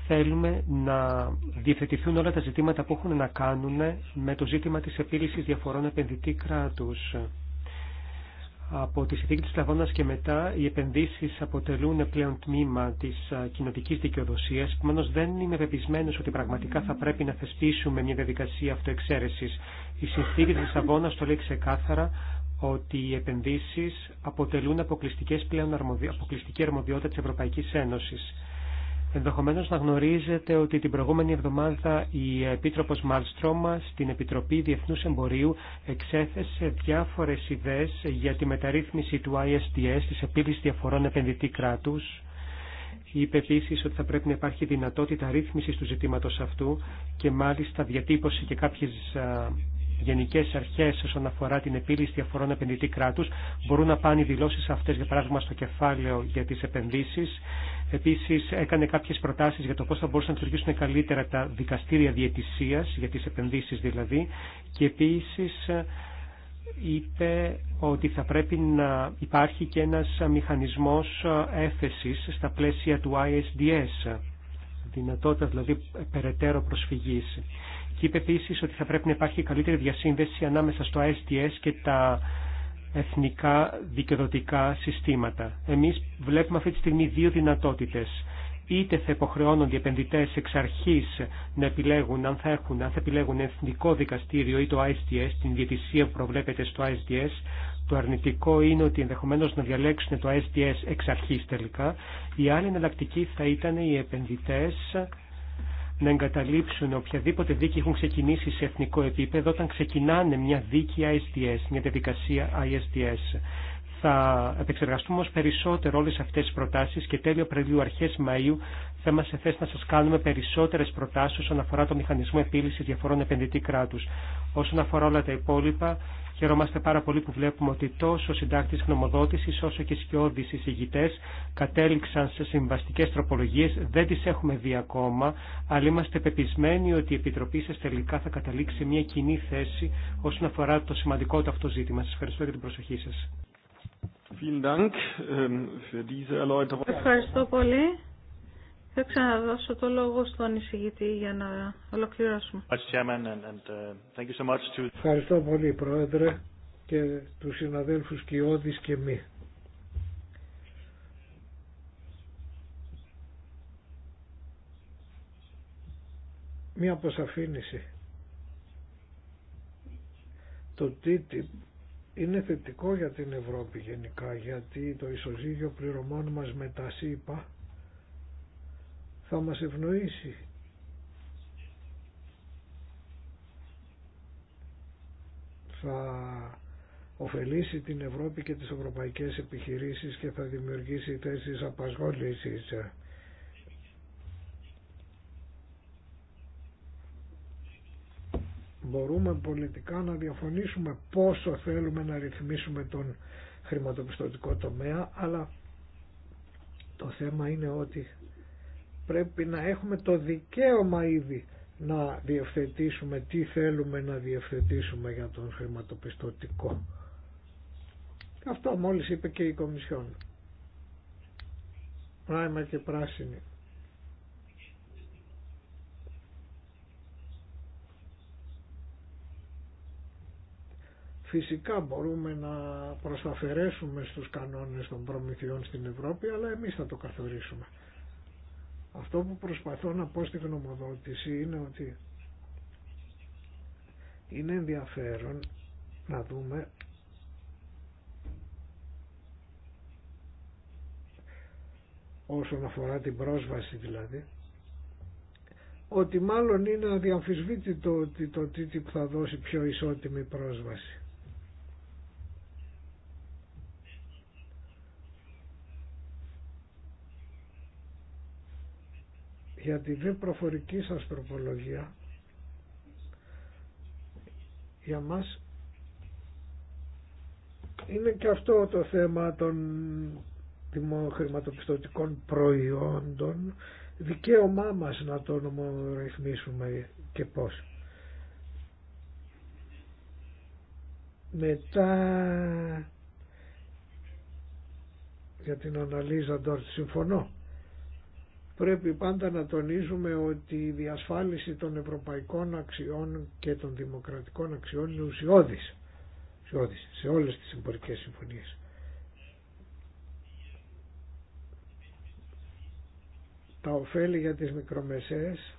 θέλουμε να διευθετηθούν όλα τα ζητήματα που έχουν να κάνουν με το ζήτημα της επίλυσης διαφορών επενδυτή κράτους. Από τη συνθήκη της Λαβώνας και μετά οι επενδύσεις αποτελούν πλέον τμήμα της κοινοτικής δικαιοδοσίας, επομένως δεν είμαι πεπισμένος ότι πραγματικά θα πρέπει να θεσπίσουμε μια διαδικασία αυτοεξαίρεσης. Η συνθήκη της Λαβώνας το λέει ξεκάθαρα ότι οι επενδύσεις αποτελούν αποκλειστικές πλέον αποκλειστική αρμοδιότητα της Ευρωπαϊκής Ένωσης. Ενδεχομένως να γνωρίζετε ότι την προηγούμενη εβδομάδα η Επίτροπος Μάλστρομα στην Επιτροπή Διεθνούς Εμπορίου εξέθεσε διάφορες ιδέες για τη μεταρρύθμιση του ISDS, της επίλυση διαφορών επενδυτή κράτους. Είπε επίση ότι θα πρέπει να υπάρχει δυνατότητα ρύθμισης του ζητήματος αυτού και μάλιστα διατύπωση και κάποιες γενικέ αρχέ όσον αφορά την επίλυση διαφορών επενδυτή κράτου. Μπορούν να πάνε οι δηλώσει αυτέ, για παράδειγμα, στο κεφάλαιο για τι επενδύσει. Επίση, έκανε κάποιε προτάσει για το πώ θα μπορούσαν να λειτουργήσουν καλύτερα τα δικαστήρια διαιτησία, για τι επενδύσει δηλαδή. Και επίση, είπε ότι θα πρέπει να υπάρχει και ένας μηχανισμός έφεσης στα πλαίσια του ISDS, δυνατότητα δηλαδή περαιτέρω προσφυγής. Και είπε επίση ότι θα πρέπει να υπάρχει καλύτερη διασύνδεση ανάμεσα στο ISDS και τα εθνικά δικαιοδοτικά συστήματα. Εμείς βλέπουμε αυτή τη στιγμή δύο δυνατότητες. Είτε θα υποχρεώνονται οι επενδυτές εξ αρχής να επιλέγουν αν θα, έχουν, αν θα επιλέγουν εθνικό δικαστήριο ή το ISDS, την διαιτησία που προβλέπεται στο ISDS. Το αρνητικό είναι ότι ενδεχομένως να διαλέξουν το ISDS εξ αρχής τελικά. Η άλλη εναλλακτική θα ήταν οι επενδυτές να εγκαταλείψουν οποιαδήποτε δίκη έχουν ξεκινήσει σε εθνικό επίπεδο όταν ξεκινάνε μια δίκη ISDS, μια διαδικασία ISDS. Θα επεξεργαστούμε όμως περισσότερο όλες αυτές τις προτάσεις και τέλειο Απριλίου αρχές Μαΐου θα είμαστε θέση να σας κάνουμε περισσότερες προτάσεις όσον αφορά το μηχανισμό επίλυσης διαφορών επενδυτή κράτους. Όσον αφορά όλα τα υπόλοιπα, Χαιρόμαστε πάρα πολύ που βλέπουμε ότι τόσο συντάκτη γνωμοδότηση όσο και σκιώδει εισηγητέ κατέληξαν σε συμβαστικέ τροπολογίε. Δεν τι έχουμε δει ακόμα, αλλά είμαστε πεπισμένοι ότι η Επιτροπή σα τελικά θα καταλήξει μια κοινή θέση όσον αφορά το σημαντικό του αυτό ζήτημα. Σα ευχαριστώ για την προσοχή σα. Ähm, ευχαριστώ πολύ. Θα ξαναδώσω το λόγο στον εισηγητή για να ολοκληρώσουμε. Uh, Ευχαριστώ πολύ Πρόεδρε και του συναδέλφους Κιώδης και μη. Μία αποσαφήνιση. Το TTIP είναι θετικό για την Ευρώπη γενικά γιατί το ισοζύγιο πληρωμών μας με τα ΣΥΠΑ θα μας ευνοήσει. Θα ωφελήσει την Ευρώπη και τις ευρωπαϊκές επιχειρήσεις και θα δημιουργήσει θέσεις απασχόλησης. Μπορούμε πολιτικά να διαφωνήσουμε πόσο θέλουμε να ρυθμίσουμε τον χρηματοπιστωτικό τομέα, αλλά το θέμα είναι ότι πρέπει να έχουμε το δικαίωμα ήδη να διευθετήσουμε τι θέλουμε να διευθετήσουμε για τον χρηματοπιστωτικό. Αυτό μόλις είπε και η Κομισιόν. Πράγμα και πράσινη. Φυσικά μπορούμε να προσαφαιρέσουμε στους κανόνες των προμηθειών στην Ευρώπη, αλλά εμείς θα το καθορίσουμε. Αυτό που προσπαθώ να πω στη γνωμοδότηση είναι ότι είναι ενδιαφέρον να δούμε όσον αφορά την πρόσβαση δηλαδή ότι μάλλον είναι αδιαμφισβήτητο ότι το TTIP θα δώσει πιο ισότιμη πρόσβαση. για τη δε προφορική σας τροπολογία για μας είναι και αυτό το θέμα των χρηματοπιστωτικών προϊόντων δικαίωμά μας να το νομορυθμίσουμε και πώς. Μετά για την αναλύζα Ντόρτ συμφωνώ πρέπει πάντα να τονίζουμε ότι η διασφάλιση των ευρωπαϊκών αξιών και των δημοκρατικών αξιών είναι ουσιώδης, ουσιώδης σε όλες τις εμπορικές συμφωνίες. Τα ωφέλη για τις μικρομεσαίες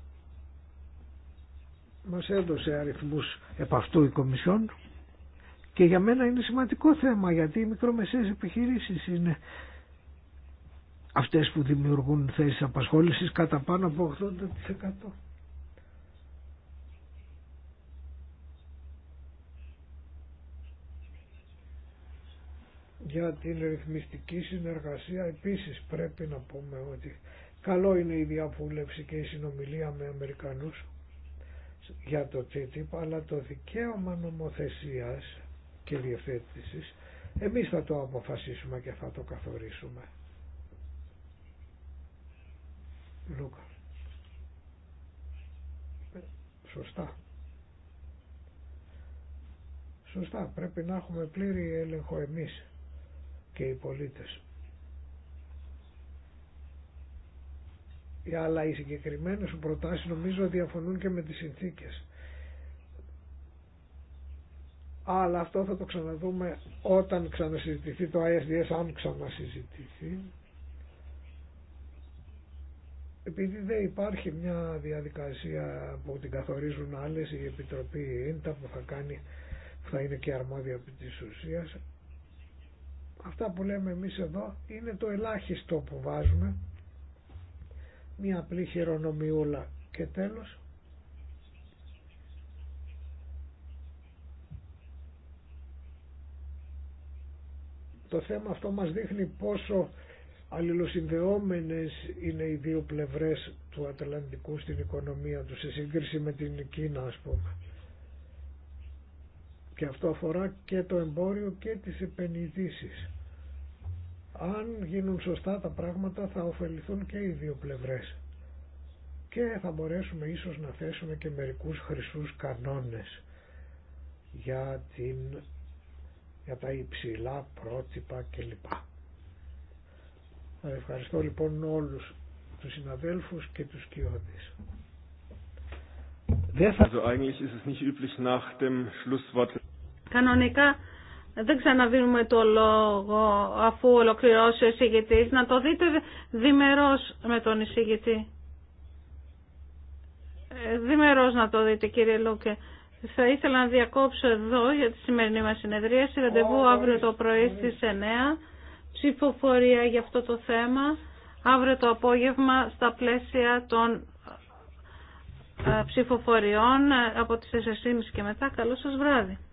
μας έδωσε αριθμούς επ' αυτού η Κομισιόν και για μένα είναι σημαντικό θέμα γιατί οι μικρομεσαίες επιχειρήσεις είναι αυτές που δημιουργούν θέσεις απασχόλησης κατά πάνω από 80%. Για την ρυθμιστική συνεργασία επίσης πρέπει να πούμε ότι καλό είναι η διαβούλευση και η συνομιλία με Αμερικανούς για το TTIP, αλλά το δικαίωμα νομοθεσίας και διευθέτησης εμείς θα το αποφασίσουμε και θα το καθορίσουμε. Σωστά. Σωστά, πρέπει να έχουμε πλήρη έλεγχο εμείς και οι πολίτες. Αλλά οι συγκεκριμένες σου προτάσεις νομίζω διαφωνούν και με τις συνθήκες. Αλλά αυτό θα το ξαναδούμε όταν ξανασυζητηθεί το ISDS, αν ξανασυζητηθεί επειδή δεν υπάρχει μια διαδικασία που την καθορίζουν άλλες, η Επιτροπή ΙΝΤΑ που θα κάνει, θα είναι και αρμόδια επί της ουσίας, αυτά που λέμε εμείς εδώ είναι το ελάχιστο που βάζουμε, μια απλή χειρονομιούλα και τέλος. Το θέμα αυτό μας δείχνει πόσο αλληλοσυνδεόμενες είναι οι δύο πλευρές του Ατλαντικού στην οικονομία του σε σύγκριση με την Κίνα ας πούμε. Και αυτό αφορά και το εμπόριο και τις επενδύσεις. Αν γίνουν σωστά τα πράγματα θα ωφεληθούν και οι δύο πλευρές και θα μπορέσουμε ίσως να θέσουμε και μερικούς χρυσούς κανόνες για, την, για τα υψηλά πρότυπα κλπ. Ευχαριστώ λοιπόν όλους τους συναδέλφους και τους κοιότης. Κανονικά δεν ξαναδίνουμε το λόγο αφού ολοκληρώσει ο εισηγητής. Να το δείτε διμερός με τον εισηγητή. Ε, διμερός να το δείτε κύριε Λούκε. Θα ήθελα να διακόψω εδώ για τη σημερινή μας συνεδρίαση. Ραντεβού αύριο το πρωί στις 9 ψηφοφορία για αυτό το θέμα αύριο το απόγευμα στα πλαίσια των ε, ψηφοφοριών ε, από τις 4.30 και μετά. Καλό σας βράδυ.